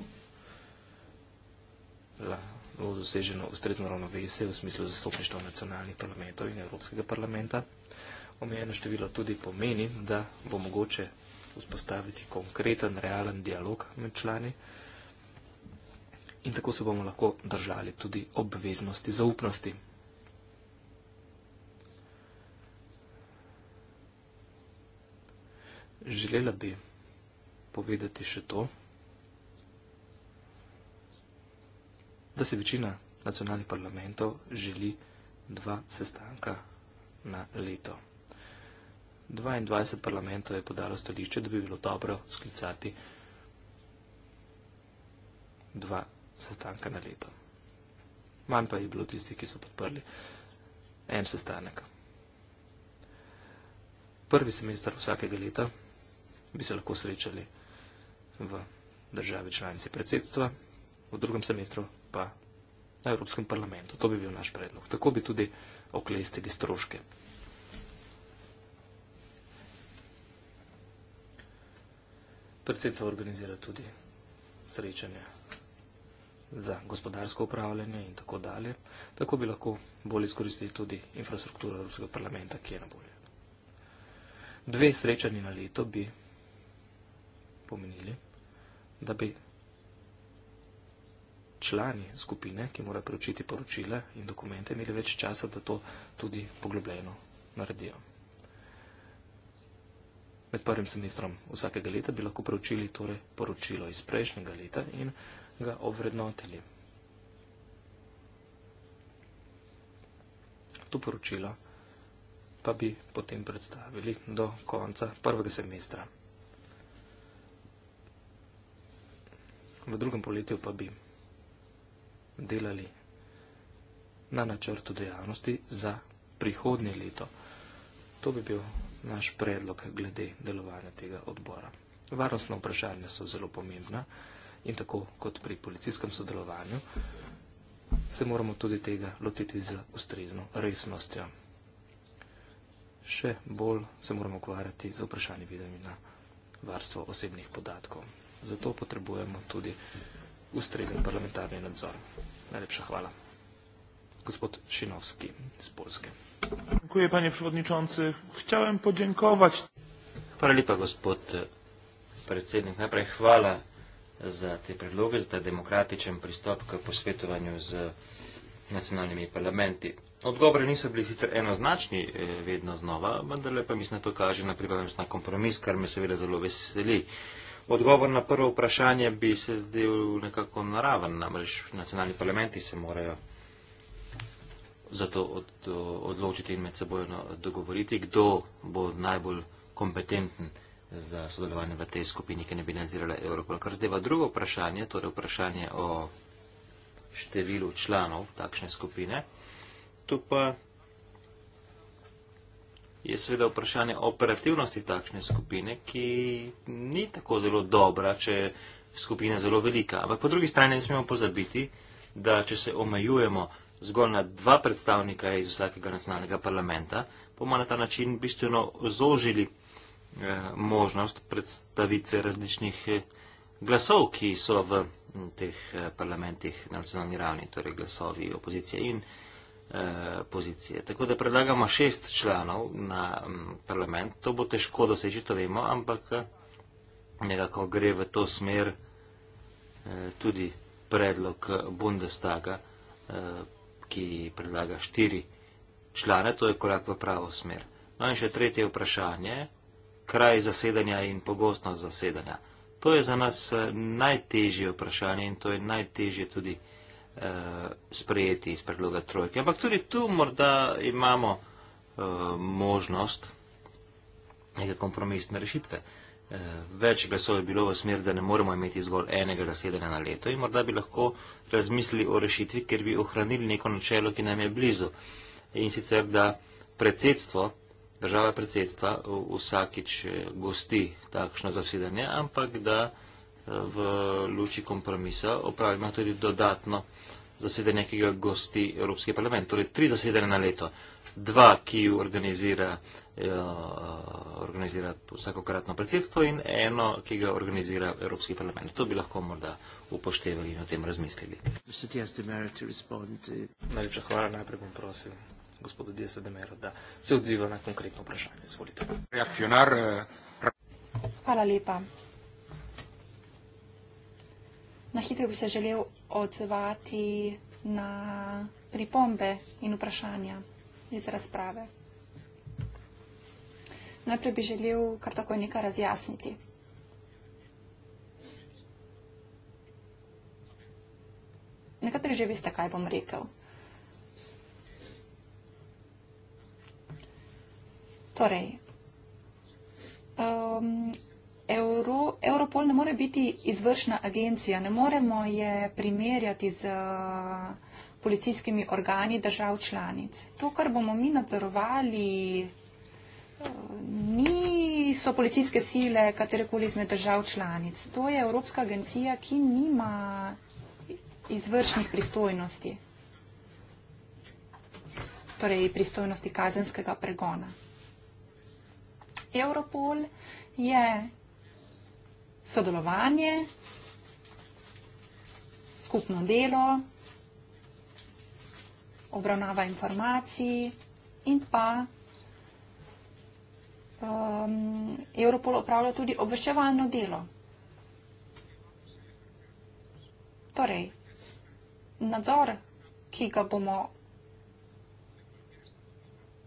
S4: la, doseženo ustrezno ravnovesje v smislu zastopništva nacionalnih parlamentov in Evropskega parlamenta. Omejeno število tudi pomeni, da bo mogoče vzpostaviti konkreten, realen dialog med člani in tako se bomo lahko držali tudi obveznosti zaupnosti. Želela bi povedati še to, da se večina nacionalnih parlamentov želi dva sestanka na leto. 22 parlamentov je podalo stališče, da bi bilo dobro sklicati dva sestanka na leto. Manj pa je bilo tistih, ki so podprli en sestanek. Prvi semester vsakega leta bi se lahko srečali v državi članici predsedstva, v drugem semestru pa na Evropskem parlamentu. To bi bil naš predlog. Tako bi tudi oklestili stroške. Predsedstvo organizira tudi srečanje za gospodarsko upravljanje in tako dalje. Tako bi lahko bolje izkoristili tudi infrastrukturo Evropskega parlamenta, ki je na bolje. Dve srečanji na leto bi pomenili, da bi člani skupine, ki mora preučiti poročile in dokumente, imeli več časa, da to tudi poglobljeno naredijo. Med prvim semestrom vsakega leta bi lahko preučili torej poročilo iz prejšnjega leta in ga ovrednotili. To poročilo pa bi potem predstavili do konca prvega semestra. v drugem poletju pa bi delali na načrtu dejavnosti za prihodnje leto. To bi bil naš predlog glede delovanja tega odbora. Varnostno vprašanje so zelo pomembna in tako kot pri policijskem sodelovanju se moramo tudi tega lotiti z ustrezno resnostjo. Še bolj se moramo ukvarjati z vprašanje vidami na varstvo osebnih podatkov. Zato potrebujemo tudi ustrezen parlamentarni nadzor. Najlepša hvala. Gospod Šinovski iz Polske.
S2: Dziękuję panie przewodniczący. Chciałem podziękować. Hvala gospod predsednik. Najprej hvala za te predloge, za ta demokratičen pristop k posvetovanju z nacionalnimi parlamenti. Odgovori niso bili sicer enoznačni eh, vedno znova, vendar pa mislim, da to kaže na pripravljenost na kompromis, kar me seveda zelo veseli. Odgovor na prvo vprašanje bi se zdel nekako naraven, namreč nacionalni parlamenti se morajo zato od, odločiti in med seboj no, dogovoriti, kdo bo najbolj kompetenten za sodelovanje v tej skupini, ki ne bi nadzirala Evropol. Kar zdaj drugo vprašanje, torej vprašanje o številu članov takšne skupine, tu pa je seveda vprašanje operativnosti takšne skupine, ki ni tako zelo dobra, če je skupina zelo velika. Ampak po drugi strani ne smemo pozabiti, da če se omejujemo zgolj na dva predstavnika iz vsakega nacionalnega parlamenta, bomo na ta način bistveno zožili eh, možnost predstavitve različnih eh, glasov, ki so v teh eh, parlamentih na nacionalni ravni, torej glasovi opozicije in eh, Eh, pozicije. Tako da predlagamo šest članov na mm, parlament, to bo težko doseči, to vemo, ampak eh, nekako gre v to smer eh, tudi predlog Bundestaga, ki predlaga štiri člane, to je korak v pravo smer. No in še tretje vprašanje, kraj zasedanja in pogostnost zasedanja. To je za nas najtežje vprašanje in to je najtežje tudi vprašanje. Eh, sprejeti iz predloga trojke. Ampak tudi tu morda imamo eh, možnost neke kompromisne rešitve. Eh, več glasov je bilo v smer, da ne moremo imeti zgolj enega zasedanja na leto in morda bi lahko razmislili o rešitvi, ker bi ohranili neko načelo, ki nam je blizu. In sicer, da predsedstvo, država predsedstva vsakič gosti takšno zasedanje, ampak da v luči kompromisa opravimo tudi dodatno zasedanja, ki ga gosti Evropski parlament. Torej, tri zasedanja na leto. Dva, ki jo organizira, eh, organizira vsakokratno predsedstvo in eno, ki ga organizira Evropski parlament. To bi lahko morda upoštevali in o tem razmislili.
S4: Najlepša hvala. Najprej bom prosil gospodu Diasa Demero, da se odziva na konkretno vprašanje. Zvolite. Eh,
S3: hvala lepa. Na hitro bi se želel odzvati na pripombe in vprašanja iz razprave. Najprej bi želel kar tako nekaj razjasniti. Nekateri že veste, kaj bom rekel. Torej, um, Euro, Europol ne more biti izvršna agencija, ne moremo je primerjati z uh, policijskimi organi držav članic. To, kar bomo mi nadzorovali, uh, niso policijske sile katerekoli izmed držav članic. To je Evropska agencija, ki nima izvršnih pristojnosti, torej pristojnosti kazenskega pregona. Europol je sodelovanje, skupno delo, obravnava informacij in pa um, Europol opravlja tudi obveščevalno delo. Torej, nadzor, ki ga bomo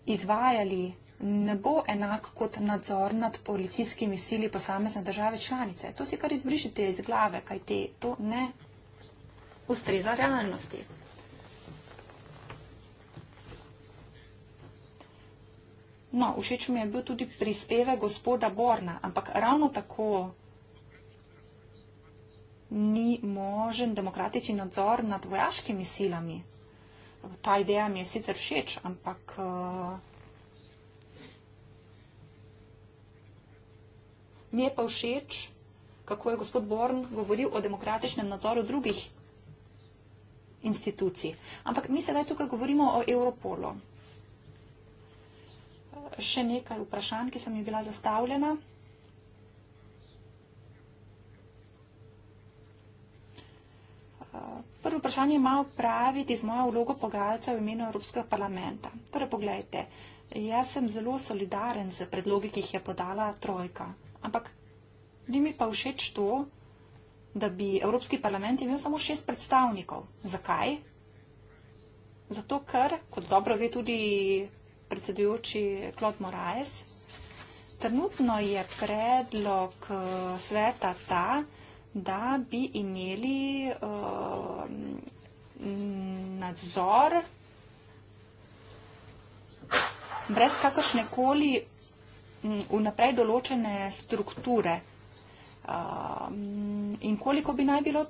S3: izvajali ne bo enak kot nadzor nad policijskimi sili posamezne države članice. To si kar izbrišite iz glave, kaj te to ne ustreza realnosti. No, všeč mi je bil tudi prispeve gospoda Borna, ampak ravno tako ni možen demokratični nadzor nad vojaškimi silami. Ta ideja mi je sicer všeč, ampak uh, Mi je pa všeč, kako je gospod Born govoril o demokratičnem nadzoru drugih institucij. Ampak mi sedaj tukaj govorimo o Europolu. Še nekaj vprašanj, ki sem jih bila zastavljena. Prvo vprašanje ima upraviti z mojo vlogo pogajalca v imenu Evropskega parlamenta. Torej, pogledajte, jaz sem zelo solidaren z predlogi, ki jih je podala trojka. Ampak ni mi pa všeč to, da bi Evropski parlament imel samo šest predstavnikov. Zakaj? Zato, ker, kot dobro ve tudi predsedujoči Klod Moraes, trenutno je predlog eh, sveta ta, da bi imeli uh, nadzor brez kakršne koli vnaprej določene strukture in koliko bi naj bilo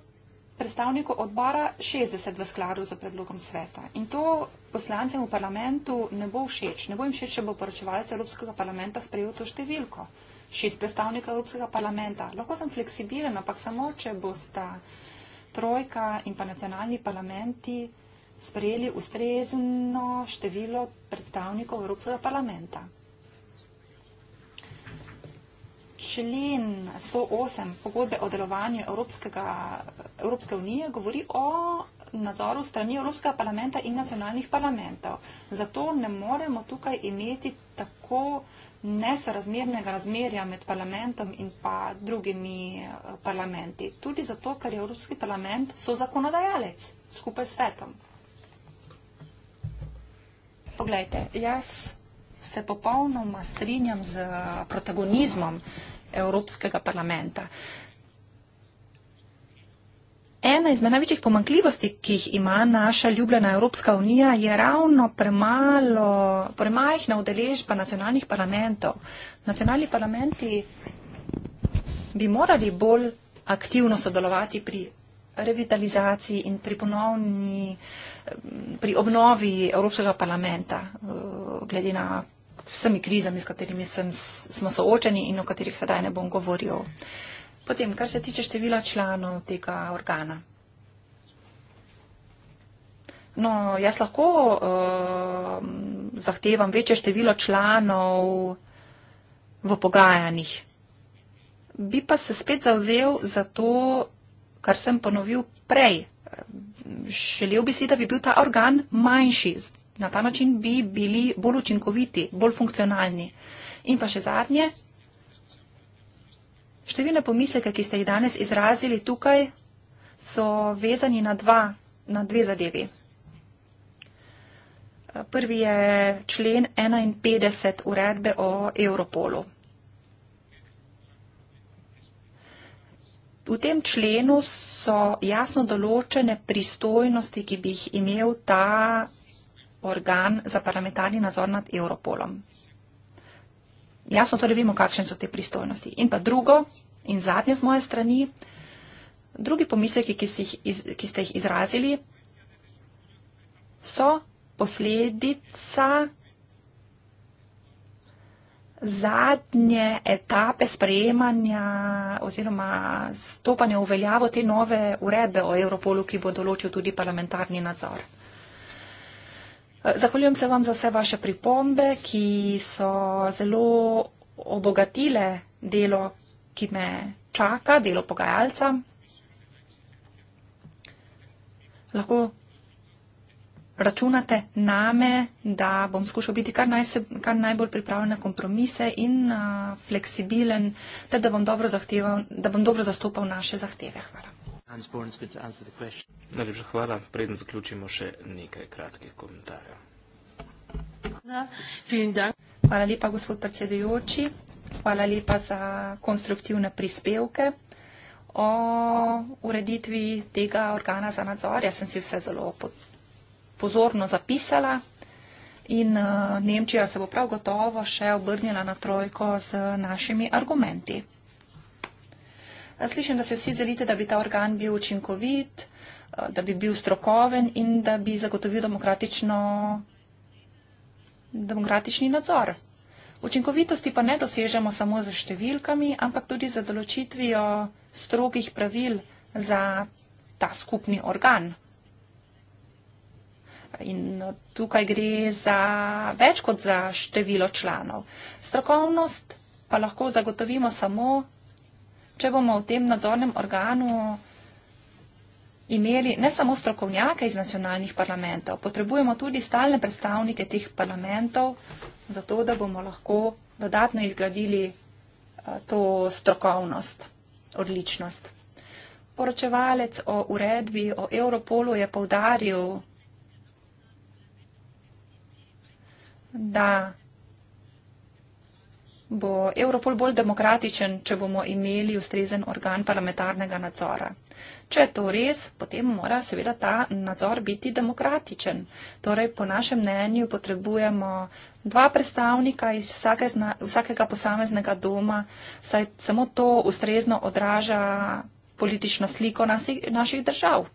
S3: predstavnikov odbora 60 v skladu za predlogom sveta. In to poslancem v parlamentu ne bo všeč. Ne bo jim všeč, če bo poročevalec Evropskega parlamenta sprejel to številko. Šest predstavnikov Evropskega parlamenta. Lahko sem fleksibilen, ampak samo, če bosta trojka in pa nacionalni parlamenti sprejeli ustrezno število predstavnikov Evropskega parlamenta člen 108 pogodbe o delovanju Evropske unije govori o nadzoru strani Evropskega parlamenta in nacionalnih parlamentov. Zato ne moremo tukaj imeti tako nesorazmernega razmerja med parlamentom in pa drugimi eh, parlamenti. Tudi zato, ker je Evropski parlament so zakonodajalec skupaj s svetom. Poglejte, jaz se popolnoma strinjam z protagonizmom Evropskega parlamenta. Ena izmed največjih pomankljivosti, ki jih ima naša ljubljena Evropska unija, je ravno premalo, premajhna udeležba nacionalnih parlamentov. Nacionalni parlamenti bi morali bolj aktivno sodelovati pri revitalizaciji in pri ponovni, pri obnovi Evropskega parlamenta, eh, glede na vsemi krizami, s katerimi sem, smo soočeni in o katerih sedaj ne bom govoril. Potem, kar se tiče števila članov tega organa. No, jaz lahko uh, zahtevam večje število članov v pogajanjih. Bi pa se spet zauzel za to, kar sem ponovil prej. Želel bi si, da bi bil ta organ manjši, Na ta način bi bili bolj učinkoviti, bolj funkcionalni. In pa še zadnje. Številne pomisleke, ki ste jih danes izrazili tukaj, so vezani na, dva, na dve zadevi. Prvi je člen 51 uredbe o Europolu. V tem členu so jasno določene pristojnosti, ki bi jih imel ta organ za parlamentarni nadzor nad Europolom. Jasno torej vemo, kakšne so te pristojnosti. In pa drugo in zadnje z moje strani, drugi pomisleki, ki, si, ki ste jih izrazili, so posledica zadnje etape sprejemanja oziroma stopanja v veljavo te nove uredbe o Europolu, ki bo določil tudi parlamentarni nadzor. Eh, zahvaljujem se vam za vse vaše pripombe, ki so zelo obogatile delo, ki me čaka, delo pogajalca. Lahko računate name, da bom skušal biti kar, naj se, kar najbolj pripravljen na kompromise in uh, fleksibilen, ter da bom, dobro zahteval, da bom dobro zastopal naše zahteve. Hvala.
S4: Hans Born is going to answer the question. Najlepša hvala. Preden zaključimo še nekaj kratkih komentarjev.
S3: Hvala lepa, gospod predsedujoči. Hvala lepa za konstruktivne prispevke. O ureditvi tega organa za nadzor, jaz sem si vse zelo pozorno zapisala in eh, Nemčija se bo prav gotovo še obrnila na trojko z našimi argumenti. Slišim, da se vsi želite, da bi ta organ bil učinkovit, eh, da bi bil strokoven in da bi zagotovil demokratični nadzor. Učinkovitosti pa ne dosežemo samo z številkami, ampak tudi z določitvijo strogih pravil za ta skupni organ. In eh, tukaj gre za več kot za število članov. Strokovnost pa lahko zagotovimo samo če bomo v tem nadzornem organu imeli ne samo strokovnjake iz nacionalnih parlamentov, potrebujemo tudi stalne predstavnike teh parlamentov, zato da bomo lahko dodatno izgradili eh, to strokovnost, odličnost. Poročevalec o uredbi o Europolu je povdaril, da bo Europol bolj demokratičen, če bomo imeli ustrezen organ parlamentarnega nadzora. Če je to res, potem mora seveda ta nadzor biti demokratičen. Torej, po našem mnenju potrebujemo dva predstavnika iz vsake zna, vsakega posameznega doma, saj samo to ustrezno odraža politično sliko nasi, naših držav.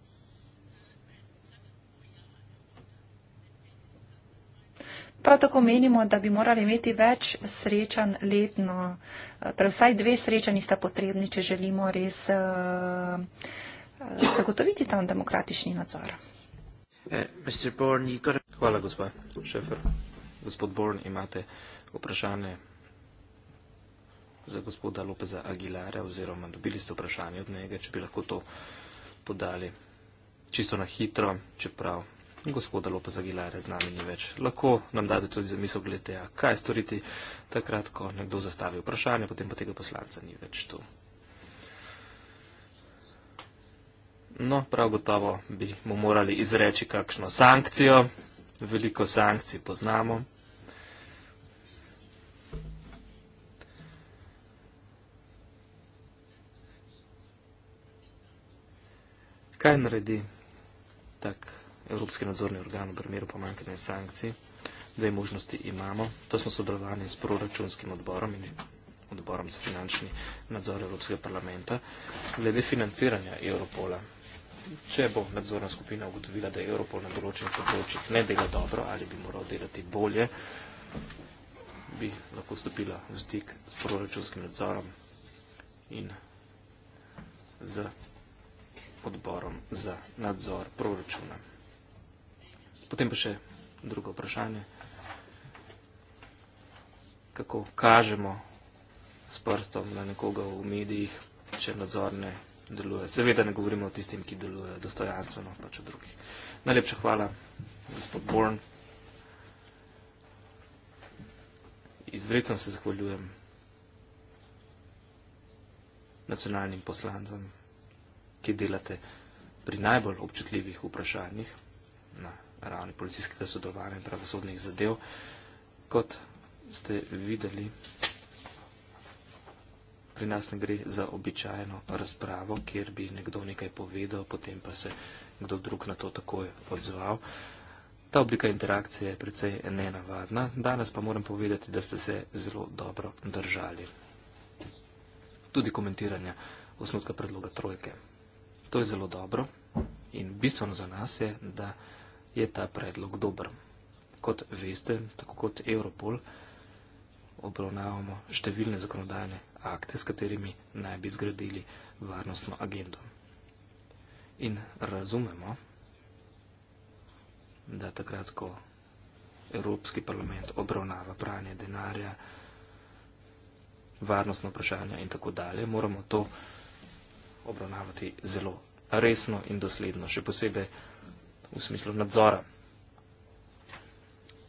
S3: Prav tako menimo, da bi morali imeti več srečanj letno. Prav eh, torej vsaj dve srečanji sta potrebni, če želimo res eh, eh, zagotoviti tam demokratični nadzor.
S4: Hvala, gospod Šefer. Gospod Born, imate vprašanje za gospoda Lopeza Aguilara oziroma dobili ste vprašanje od njega, če bi lahko to podali čisto na hitro, čeprav gospoda Lopeza Gilare z nami ni več. Lahko nam date tudi za misel glede tega, kaj storiti takrat, ko nekdo zastavi vprašanje, potem pa tega poslanca ni več tu. No, prav gotovo bi mu morali izreči kakšno sankcijo. Veliko sankcij poznamo. Kaj naredi tak Evropski nadzorni organ v primeru pomankanja sankcij. Dve možnosti imamo. To smo sodelovali s proračunskim odborom in odborom za finančni nadzor Evropskega parlamenta. Glede financiranja Europola, če bo nadzorna skupina ugotovila, da je Europol na določenih področjih ne dela dobro ali bi moral delati bolje, bi lahko stopila v stik s proračunskim nadzorom in z odborom za nadzor proračuna. Potem pa še drugo vprašanje. Kako kažemo s prstom na nekoga v medijih, če nadzor ne deluje? Seveda ne govorimo o tistim, ki delujejo dostojanstveno, pač o drugih. Najlepša hvala, gospod Born. Izrecno se zahvaljujem nacionalnim poslancem, ki delate pri najbolj občutljivih vprašanjih ravni policijskega sodelovanja in pravosodnih zadev. Kot ste videli, pri nas ne gre za običajno razpravo, kjer bi nekdo nekaj povedal, potem pa se kdo drug na to takoj odzval. Ta oblika interakcije je precej nenavadna, danes pa moram povedati, da ste se zelo dobro držali. Tudi komentiranja osnutka predloga trojke. To je zelo dobro in bistveno za nas je, da je ta predlog dober. Kot veste, tako kot Europol obravnavamo številne zakonodajne akte, s katerimi naj bi zgradili varnostno agendo. In razumemo, da takrat, ko Evropski parlament obravnava pranje denarja, varnostno vprašanje in tako dalje, moramo to obravnavati zelo resno in dosledno, še posebej v smislu nadzora.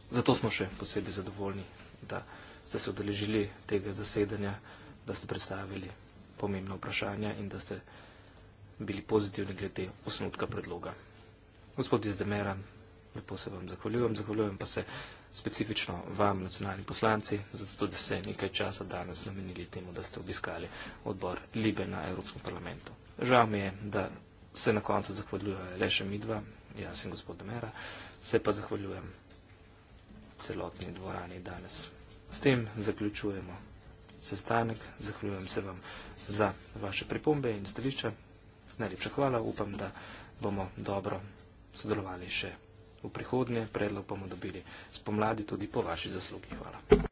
S4: Zato smo še posebej zadovoljni, da ste se odeležili tega zasedanja, da ste predstavili pomembna vprašanja in da ste bili pozitivni glede osnutka predloga. Gospod Jezdemera, lepo se vam zahvaljujem, zahvaljujem pa se specifično vam, nacionalni poslanci, zato da ste nekaj časa danes namenili temu, da ste obiskali odbor Libe na Evropskem parlamentu. Žal mi je, da se na koncu zahvaljujejo le še midva jaz in gospod Mera, se pa zahvaljujem celotni dvorani danes. S tem zaključujemo sestanek, zahvaljujem se vam za vaše pripombe in stališča. Najlepša hvala, upam, da bomo dobro sodelovali še v prihodnje, predlog bomo dobili spomladi tudi po vaši zaslugi. Hvala.